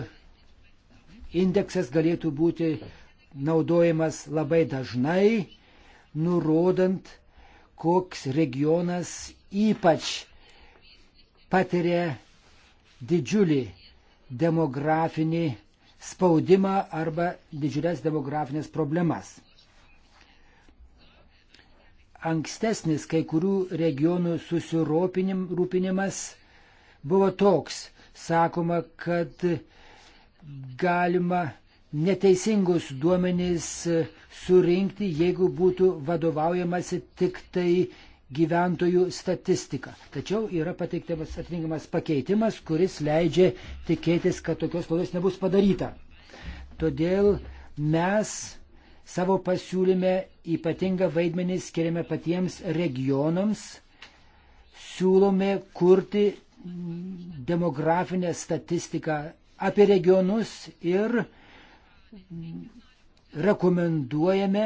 indeksas galėtų būti naudojamas labai dažnai, nurodant, koks regionas ypač patiria didžiulį demografinį spaudimą arba didžiulės demografinės problemas. Ankstesnis kai kurių regionų susirūpinimas buvo toks, sakoma, kad galima neteisingus duomenys surinkti, jeigu būtų vadovaujamasi tik tai gyventojų statistika. Tačiau yra pateiktamas atitinkamas pakeitimas, kuris leidžia tikėtis, kad tokios klaidos nebus padaryta. Todėl mes savo pasiūlyme ypatingą vaidmenį skiriame patiems regionams, siūlome kurti demografinę statistiką apie regionus ir rekomenduojame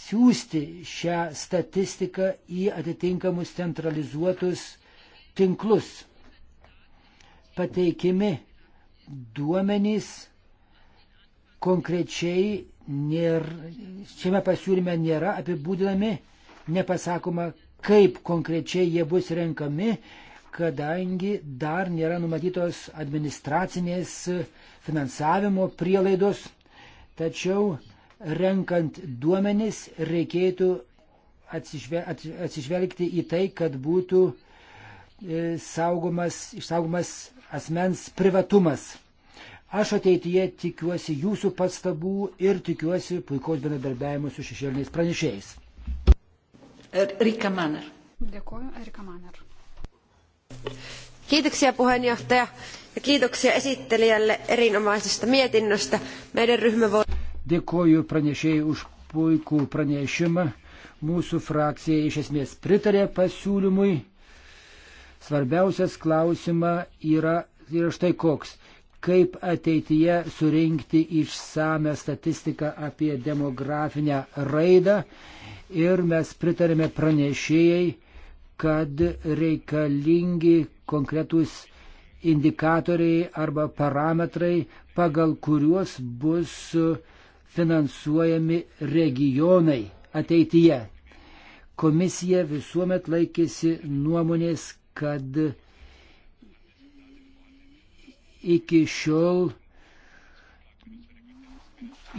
siūsti šią statistiką į atitinkamus centralizuotus tinklus. Pateikimi duomenys konkrečiai nėra, šiame pasiūlyme nėra apibūdinami, nepasakoma, kaip konkrečiai jie bus renkami, kadangi dar nėra numatytos administracinės finansavimo prielaidos, tačiau renkant duomenis reikėtų atsižvelgti į tai, kad būtų e, saugomas, išsaugomas asmens privatumas. Aš ateityje tikiuosi jūsų pastabų ir tikiuosi puikaus bendradarbiavimo su šešėliniais pranešėjais. Rika Manner. Dėkuoju, Erika Manner. Kiitoksia puheenjohtaja ja kiitoksia esittelijälle erinomaisesta mietinnöstä. Meidän ryhmä voi... Dėkuoju pranešėjai už puikų pranešimą. Mūsų frakcija iš esmės pritarė pasiūlymui. Svarbiausias klausimas yra, yra štai koks kaip ateityje surinkti išsame statistiką apie demografinę raidą ir mes pritarėme pranešėjai, kad reikalingi konkretūs indikatoriai arba parametrai, pagal kuriuos bus finansuojami regionai ateityje. Komisija visuomet laikėsi nuomonės, kad iki šiol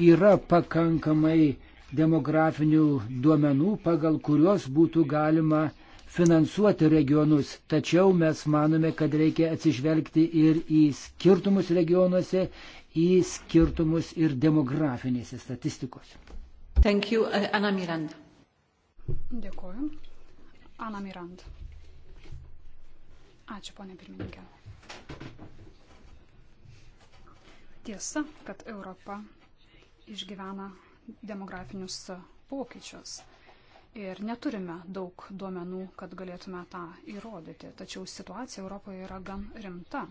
yra pakankamai demografinių duomenų, pagal kuriuos būtų galima finansuoti regionus. Tačiau mes manome, kad reikia atsižvelgti ir į skirtumus regionuose, į skirtumus ir demografinėse statistikose. Thank you, uh, Ana Miranda. Dėkuoju. Ana Miranda. Ačiū, ponė pirmininkė. Tiesa, kad Europa išgyvena demografinius pokyčius. Ir neturime daug duomenų, kad galėtume tą įrodyti. Tačiau situacija Europoje yra gan rimta.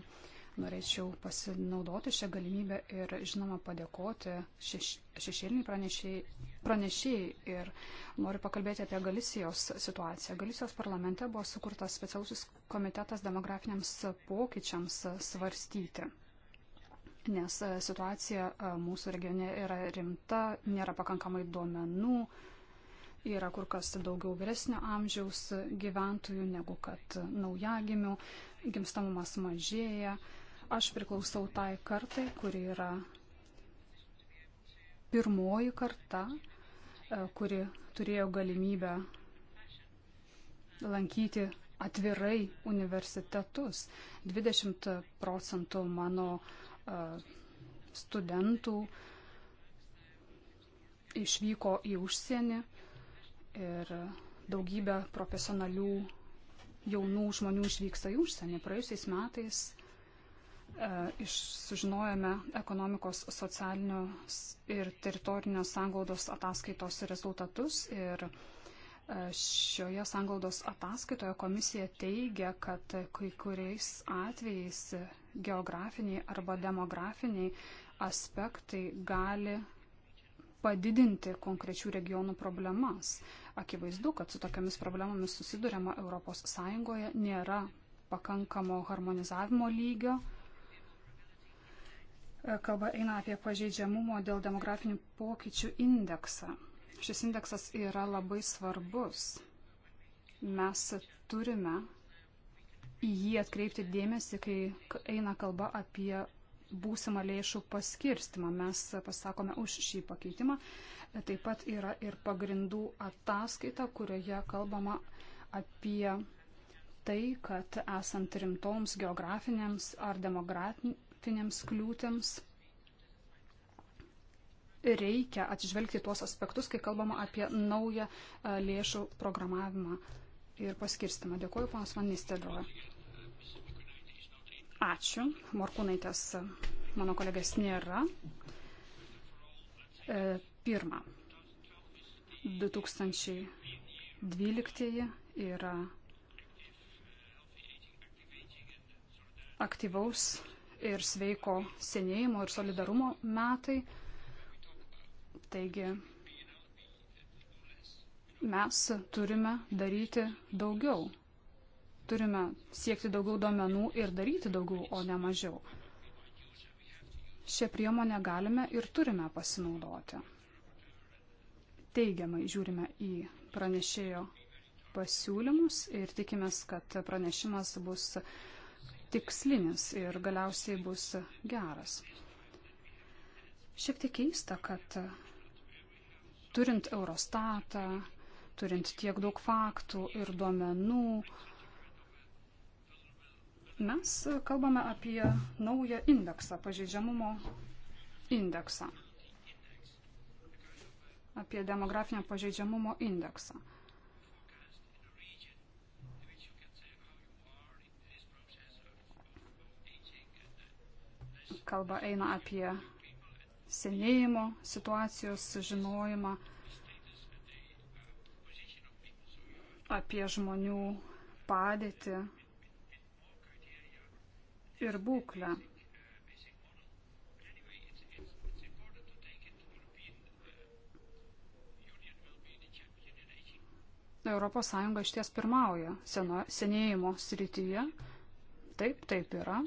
Norėčiau pasinaudoti šią galimybę ir, žinoma, padėkoti šeš, šešėliniai pranešėjai, pranešėjai ir noriu pakalbėti apie Galisijos situaciją. Galisijos parlamente buvo sukurtas specialusis komitetas demografiniams pokyčiams svarstyti nes e, situacija e, mūsų regione yra rimta, nėra pakankamai duomenų, yra kur kas daugiau vyresnio amžiaus gyventojų negu kad naujagimių, gimstamumas mažėja. Aš priklausau tai kartai, kuri yra pirmoji karta, e, kuri turėjo galimybę lankyti atvirai universitetus. 20 procentų mano uh, studentų išvyko į užsienį ir daugybė profesionalių jaunų žmonių išvyksta į užsienį. Praėjusiais metais iš, sužinojame ekonomikos, socialinios ir teritorinės sanglaudos ataskaitos rezultatus. Ir šioje sanglaudos ataskaitoje komisija teigia, kad kai kuriais atvejais geografiniai arba demografiniai aspektai gali padidinti konkrečių regionų problemas. Akivaizdu, kad su tokiamis problemomis susidurima ES nėra pakankamo harmonizavimo lygio. E, kalba eina apie pažeidžiamumo dėl demografinių pokyčių indeksą. Šis indeksas yra labai svarbus. Mes turime į jį atkreipti dėmesį, kai eina kalba apie būsimą lėšų paskirstimą. Mes pasakome už šį pakeitimą. Taip pat yra ir pagrindų ataskaita, kurioje kalbama apie tai, kad esant rimtoms geografinėms ar demografinėms kliūtėms reikia atsižvelgti tuos aspektus, kai kalbama apie naują e, lėšų programavimą ir paskirstimą. Dėkuoju, panas Van Nistelrooy. Ačiū. Morkūnaitės mano kolegės nėra. E, pirma. 2012 yra aktyvaus ir sveiko senėjimo ir solidarumo metai. Taigi mes turime daryti daugiau turime siekti daugiau duomenų ir daryti daugiau, o ne mažiau. Šią priemonę galime ir turime pasinaudoti. Teigiamai žiūrime į pranešėjo pasiūlymus ir tikimės, kad pranešimas bus tikslinis ir galiausiai bus geras. Šiek tiek keista, kad turint Eurostatą, turint tiek daug faktų ir duomenų, Mes kalbame apie naują indeksą, pažeidžiamumo indeksą. Apie demografinio pažeidžiamumo indeksą. kalba eina apie senėjimo situacijos žinojimą, apie žmonių padėtį, ir būklę. Europos Sąjunga išties pirmauja seno, senėjimo srityje. Taip, taip yra.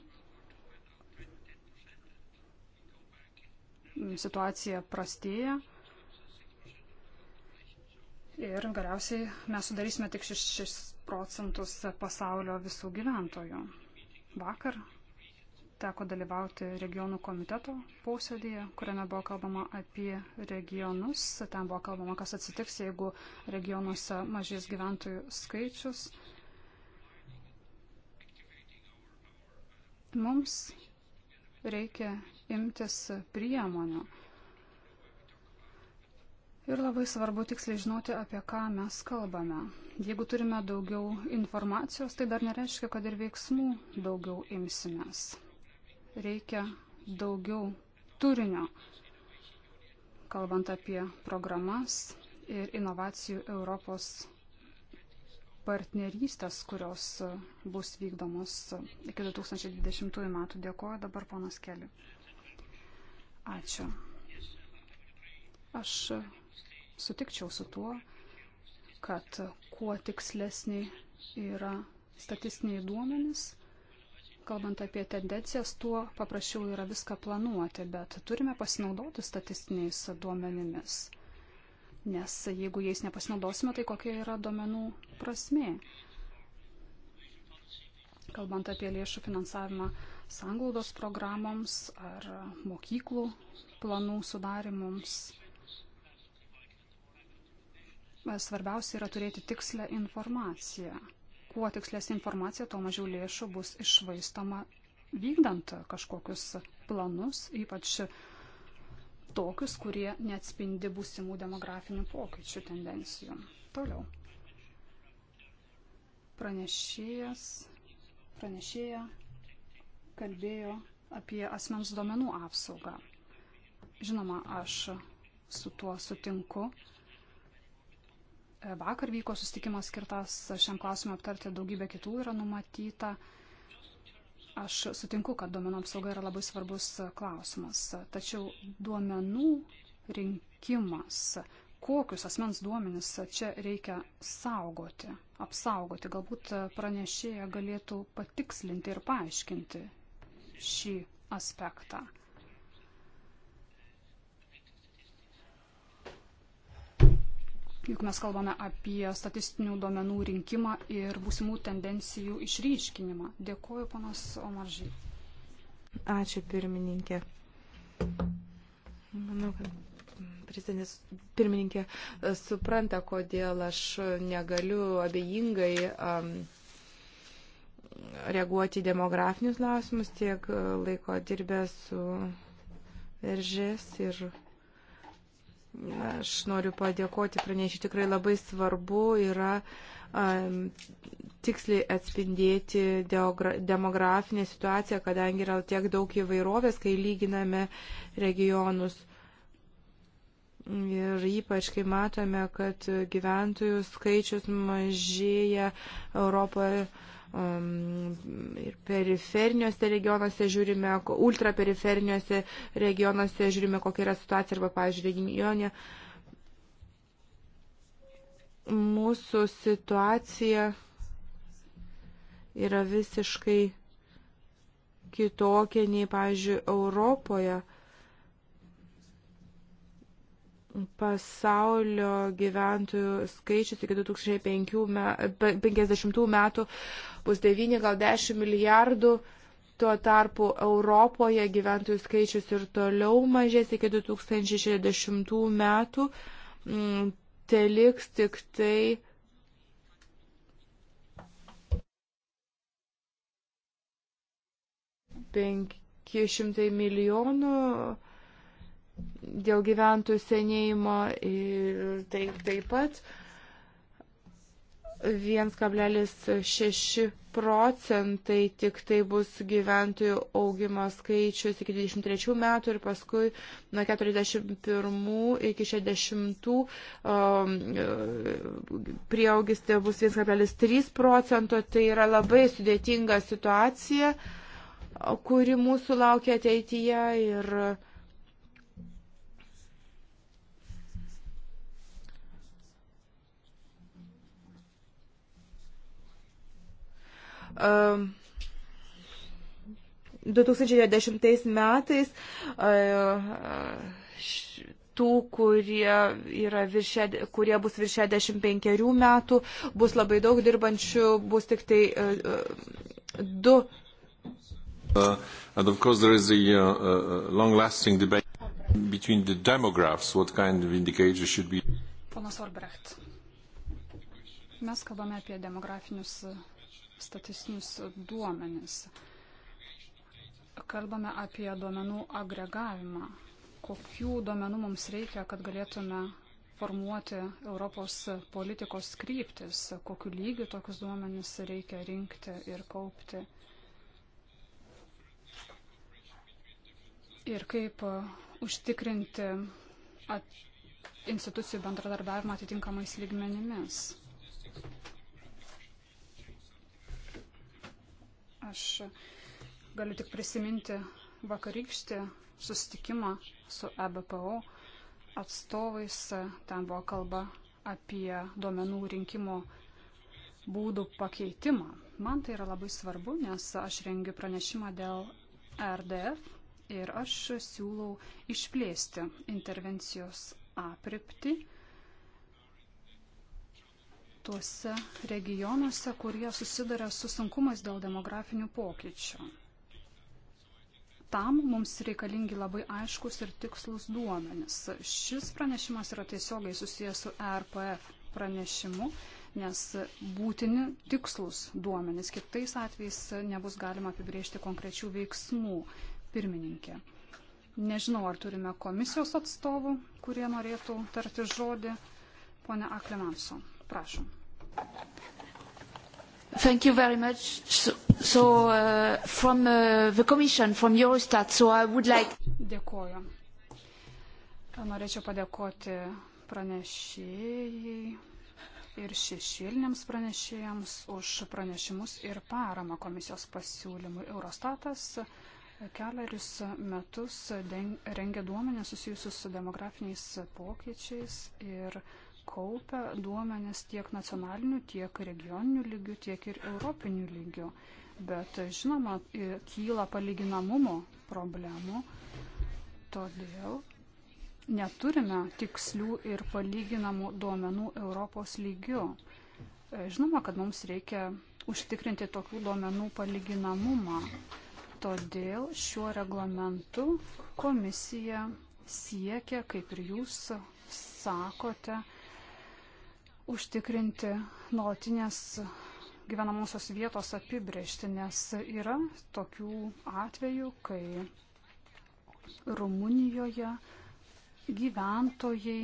Situacija prastėja. Ir galiausiai mes sudarysime tik 6 procentus pasaulio visų gyventojų. Vakar teko dalyvauti regionų komiteto posėdėje, kuriame buvo kalbama apie regionus. Ten buvo kalbama, kas atsitiks, jeigu regionuose mažės gyventojų skaičius. Mums reikia imtis priemonių. Ir labai svarbu tiksliai žinoti, apie ką mes kalbame. Jeigu turime daugiau informacijos, tai dar nereiškia, kad ir veiksmų daugiau imsimės reikia daugiau turinio, kalbant apie programas ir inovacijų Europos partnerystės, kurios bus vykdomos iki 2020 metų. Dėkuoju dabar ponas Keli. Ačiū. Aš sutikčiau su tuo, kad kuo tikslesni yra statistiniai duomenys, Kalbant apie tendencijas, tuo paprasčiau yra viską planuoti, bet turime pasinaudoti statistiniais duomenimis. Nes jeigu jais nepasinaudosime, tai kokia yra duomenų prasmė. Kalbant apie lėšų finansavimą sanglaudos programoms ar mokyklų planų sudarimams, svarbiausia yra turėti tikslę informaciją kuo tikslesnė informacija, tuo mažiau lėšų bus išvaistoma vykdant kažkokius planus, ypač tokius, kurie neatspindi būsimų demografinių pokyčių tendencijų. Toliau. Pranešėjas, pranešėja kalbėjo apie asmens duomenų apsaugą. Žinoma, aš su tuo sutinku. Vakar vyko susitikimas skirtas šiam klausimui aptarti, daugybė kitų yra numatyta. Aš sutinku, kad duomenų apsauga yra labai svarbus klausimas. Tačiau duomenų rinkimas, kokius asmens duomenis čia reikia saugoti, apsaugoti, galbūt pranešėja galėtų patikslinti ir paaiškinti šį aspektą. juk mes kalbame apie statistinių duomenų rinkimą ir būsimų tendencijų išryškinimą. Dėkuoju, panas Omaržiai. Ačiū, pirmininkė. Manau, kad prezidentės pirmininkė e, supranta, kodėl aš negaliu abejingai. Um, reaguoti į demografinius klausimus, tiek e, laiko dirbę su veržės ir Aš noriu padėkoti pranešiui, tikrai labai svarbu yra um, tiksliai atspindėti demografinę situaciją, kadangi yra tiek daug įvairovės, kai lyginame regionus. Ir ypač, kai matome, kad gyventojų skaičius mažėja Europoje ir periferiniuose regionuose žiūrime, ultraperiferiniuose regionuose žiūrime, kokia yra situacija arba, pavyzdžiui, regione. Mūsų situacija yra visiškai kitokia nei, pavyzdžiui, Europoje pasaulio gyventojų skaičius iki 2050 metų bus 9 gal 10 milijardų. Tuo tarpu Europoje gyventojų skaičius ir toliau mažės iki 2060 metų. Tai liks tik tai. penki šimtai milijonų dėl gyventojų senėjimo ir taip, taip pat 1,6 procentai tik tai bus gyventojų augimo skaičius iki 23 metų ir paskui nuo 41 iki 60 um, prieaugis tai bus 1,3 procento. Tai yra labai sudėtinga situacija, kuri mūsų laukia ateityje ir uh, 2010 ehm, metais ehm, tų, kurie, yra viršė, kurie bus virš 65 metų, bus labai daug dirbančių, bus tik tai uh, du. Uh, and of course there is a uh, uh long-lasting debate between the demographs, what kind of indicators should be. Ponas Olbrecht, mes kalbame apie demografinius statistinius duomenis. Kalbame apie duomenų agregavimą. Kokių duomenų mums reikia, kad galėtume formuoti Europos politikos kryptis, kokiu lygiu tokius duomenis reikia rinkti ir kaupti. Ir kaip užtikrinti institucijų bendradarbiavimą atitinkamais lygmenimis. Aš galiu tik prisiminti vakarykštį susitikimą su EBPO atstovais. Ten buvo kalba apie duomenų rinkimo būdų pakeitimą. Man tai yra labai svarbu, nes aš rengiu pranešimą dėl RDF ir aš siūlau išplėsti intervencijos apripti tuose regionuose, kurie susiduria su sunkumais dėl demografinių pokyčių. Tam mums reikalingi labai aiškus ir tikslus duomenis. Šis pranešimas yra tiesiogiai susijęs su RPF pranešimu, nes būtini tikslus duomenis. Kitais atvejais nebus galima apibriežti konkrečių veiksmų pirmininkė. Nežinau, ar turime komisijos atstovų, kurie norėtų tarti žodį. Pone Aklemanson. Prašom. Thank you very much. So, so uh, from uh, the Commission, from Eurostat, so I would like... Dėkuoju. Norėčiau padėkoti pranešėjai ir šešėliniams pranešėjams už pranešimus ir paramą komisijos pasiūlymui. Eurostatas keliarius metus rengia duomenės susijusius su demografiniais pokyčiais ir uh, kaupia duomenis tiek nacionaliniu, tiek regioniniu lygiu, tiek ir europiniu lygiu. Bet žinoma, kyla palyginamumo problemų, todėl neturime tikslių ir palyginamų duomenų Europos lygiu. E, žinoma, kad mums reikia užtikrinti tokių duomenų palyginamumą. Todėl šiuo reglamentu komisija siekia, kaip ir jūs sakote, užtikrinti nuolatinės gyvenamosios vietos apibriežti, nes yra tokių atvejų, kai Rumunijoje gyventojai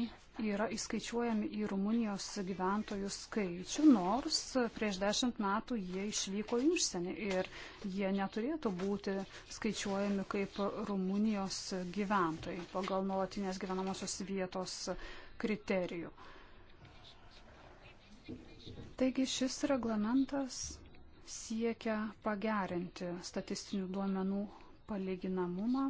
yra įskaičiuojami į Rumunijos gyventojų skaičių, nors prieš dešimt metų jie išvyko į užsienį ir jie neturėtų būti skaičiuojami kaip Rumunijos gyventojai pagal nuolatinės gyvenamosios vietos kriterijų. Uh, Taigi šis reglamentas siekia pagerinti statistinių duomenų palyginamumą,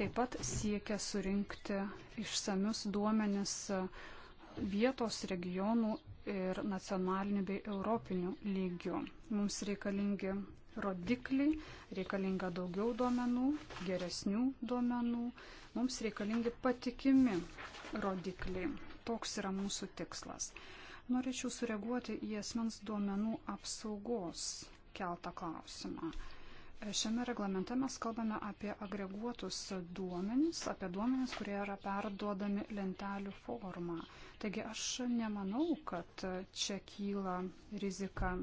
taip pat siekia surinkti išsamius duomenis vietos regionų ir nacionalinių bei europinių lygių. Mums reikalingi rodikliai, reikalinga daugiau duomenų, geresnių duomenų, mums reikalingi patikimi rodikliai. Toks yra mūsų tikslas. Norėčiau sureaguoti į esmens duomenų apsaugos keltą klausimą. Šiame reglamente mes kalbame apie agreguotus duomenys, apie duomenys, kurie yra perduodami lentelių formą. Taigi aš nemanau, kad čia kyla rizika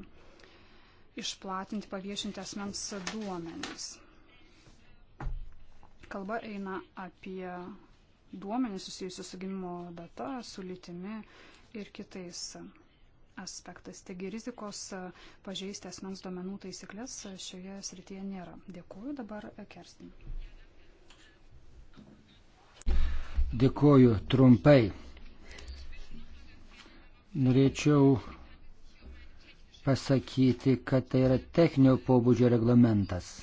išplatinti, paviešinti asmens duomenys. Kalba eina apie duomenys susijusius su gimimo data, su lytimi ir kitais aspektais. Taigi rizikos pažeisti asmens duomenų taisyklės šioje srityje nėra. Dėkuoju dabar Kerstin. Dėkuoju trumpai. Norėčiau pasakyti, kad tai yra techninio pobūdžio reglamentas.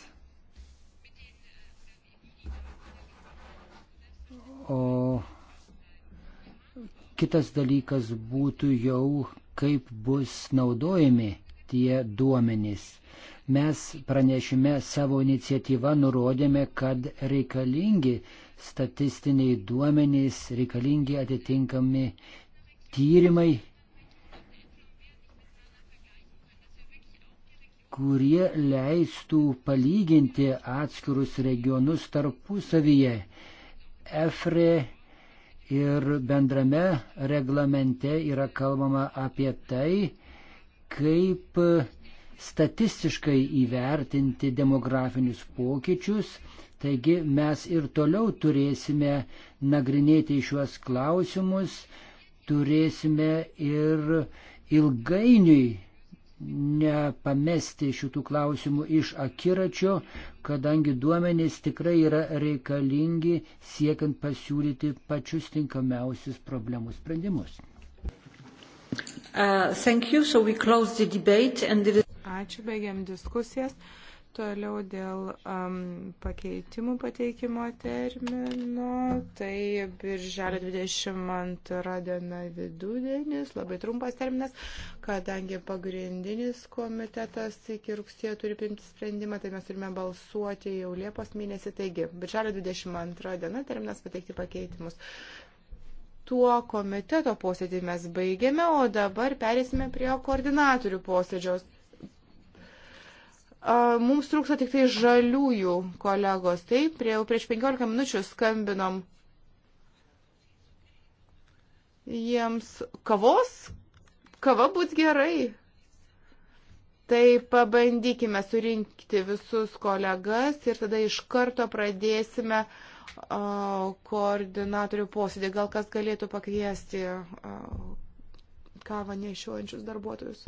O kitas dalykas būtų jau, kaip bus naudojami tie duomenys. Mes pranešime savo iniciatyvą nurodėme, kad reikalingi statistiniai duomenys, reikalingi atitinkami tyrimai, kurie leistų palyginti atskirus regionus tarpusavyje EFRE ir bendrame reglamente yra kalbama apie tai, kaip statistiškai įvertinti demografinius pokyčius. Taigi mes ir toliau turėsime nagrinėti šiuos klausimus, turėsime ir ilgainiui nepamesti šitų klausimų iš akiračio, kadangi duomenys tikrai yra reikalingi siekiant pasiūlyti pačius tinkamiausius problemų sprendimus. Uh, you, so the... Ačiū, baigiam diskusijas. Toliau dėl um, pakeitimų pateikimo termino, tai birželio 22 diena vidudienis, labai trumpas terminas, kadangi pagrindinis komitetas iki rugsėjo turi priimti sprendimą, tai mes turime balsuoti jau Liepos mėnesį, taigi birželio 22 diena terminas pateikti pakeitimus. Tuo komiteto posėdį mes baigėme, o dabar perėsime prie koordinatorių posėdžios. Mums trūksta tik tai žaliųjų kolegos. Taip, prie, prieš 15 minučių skambinom jiems kavos. Kava bus gerai. Tai pabandykime surinkti visus kolegas ir tada iš karto pradėsime uh, koordinatorių posėdį. Gal kas galėtų pakviesti uh, kavą nešiuojančius darbuotojus.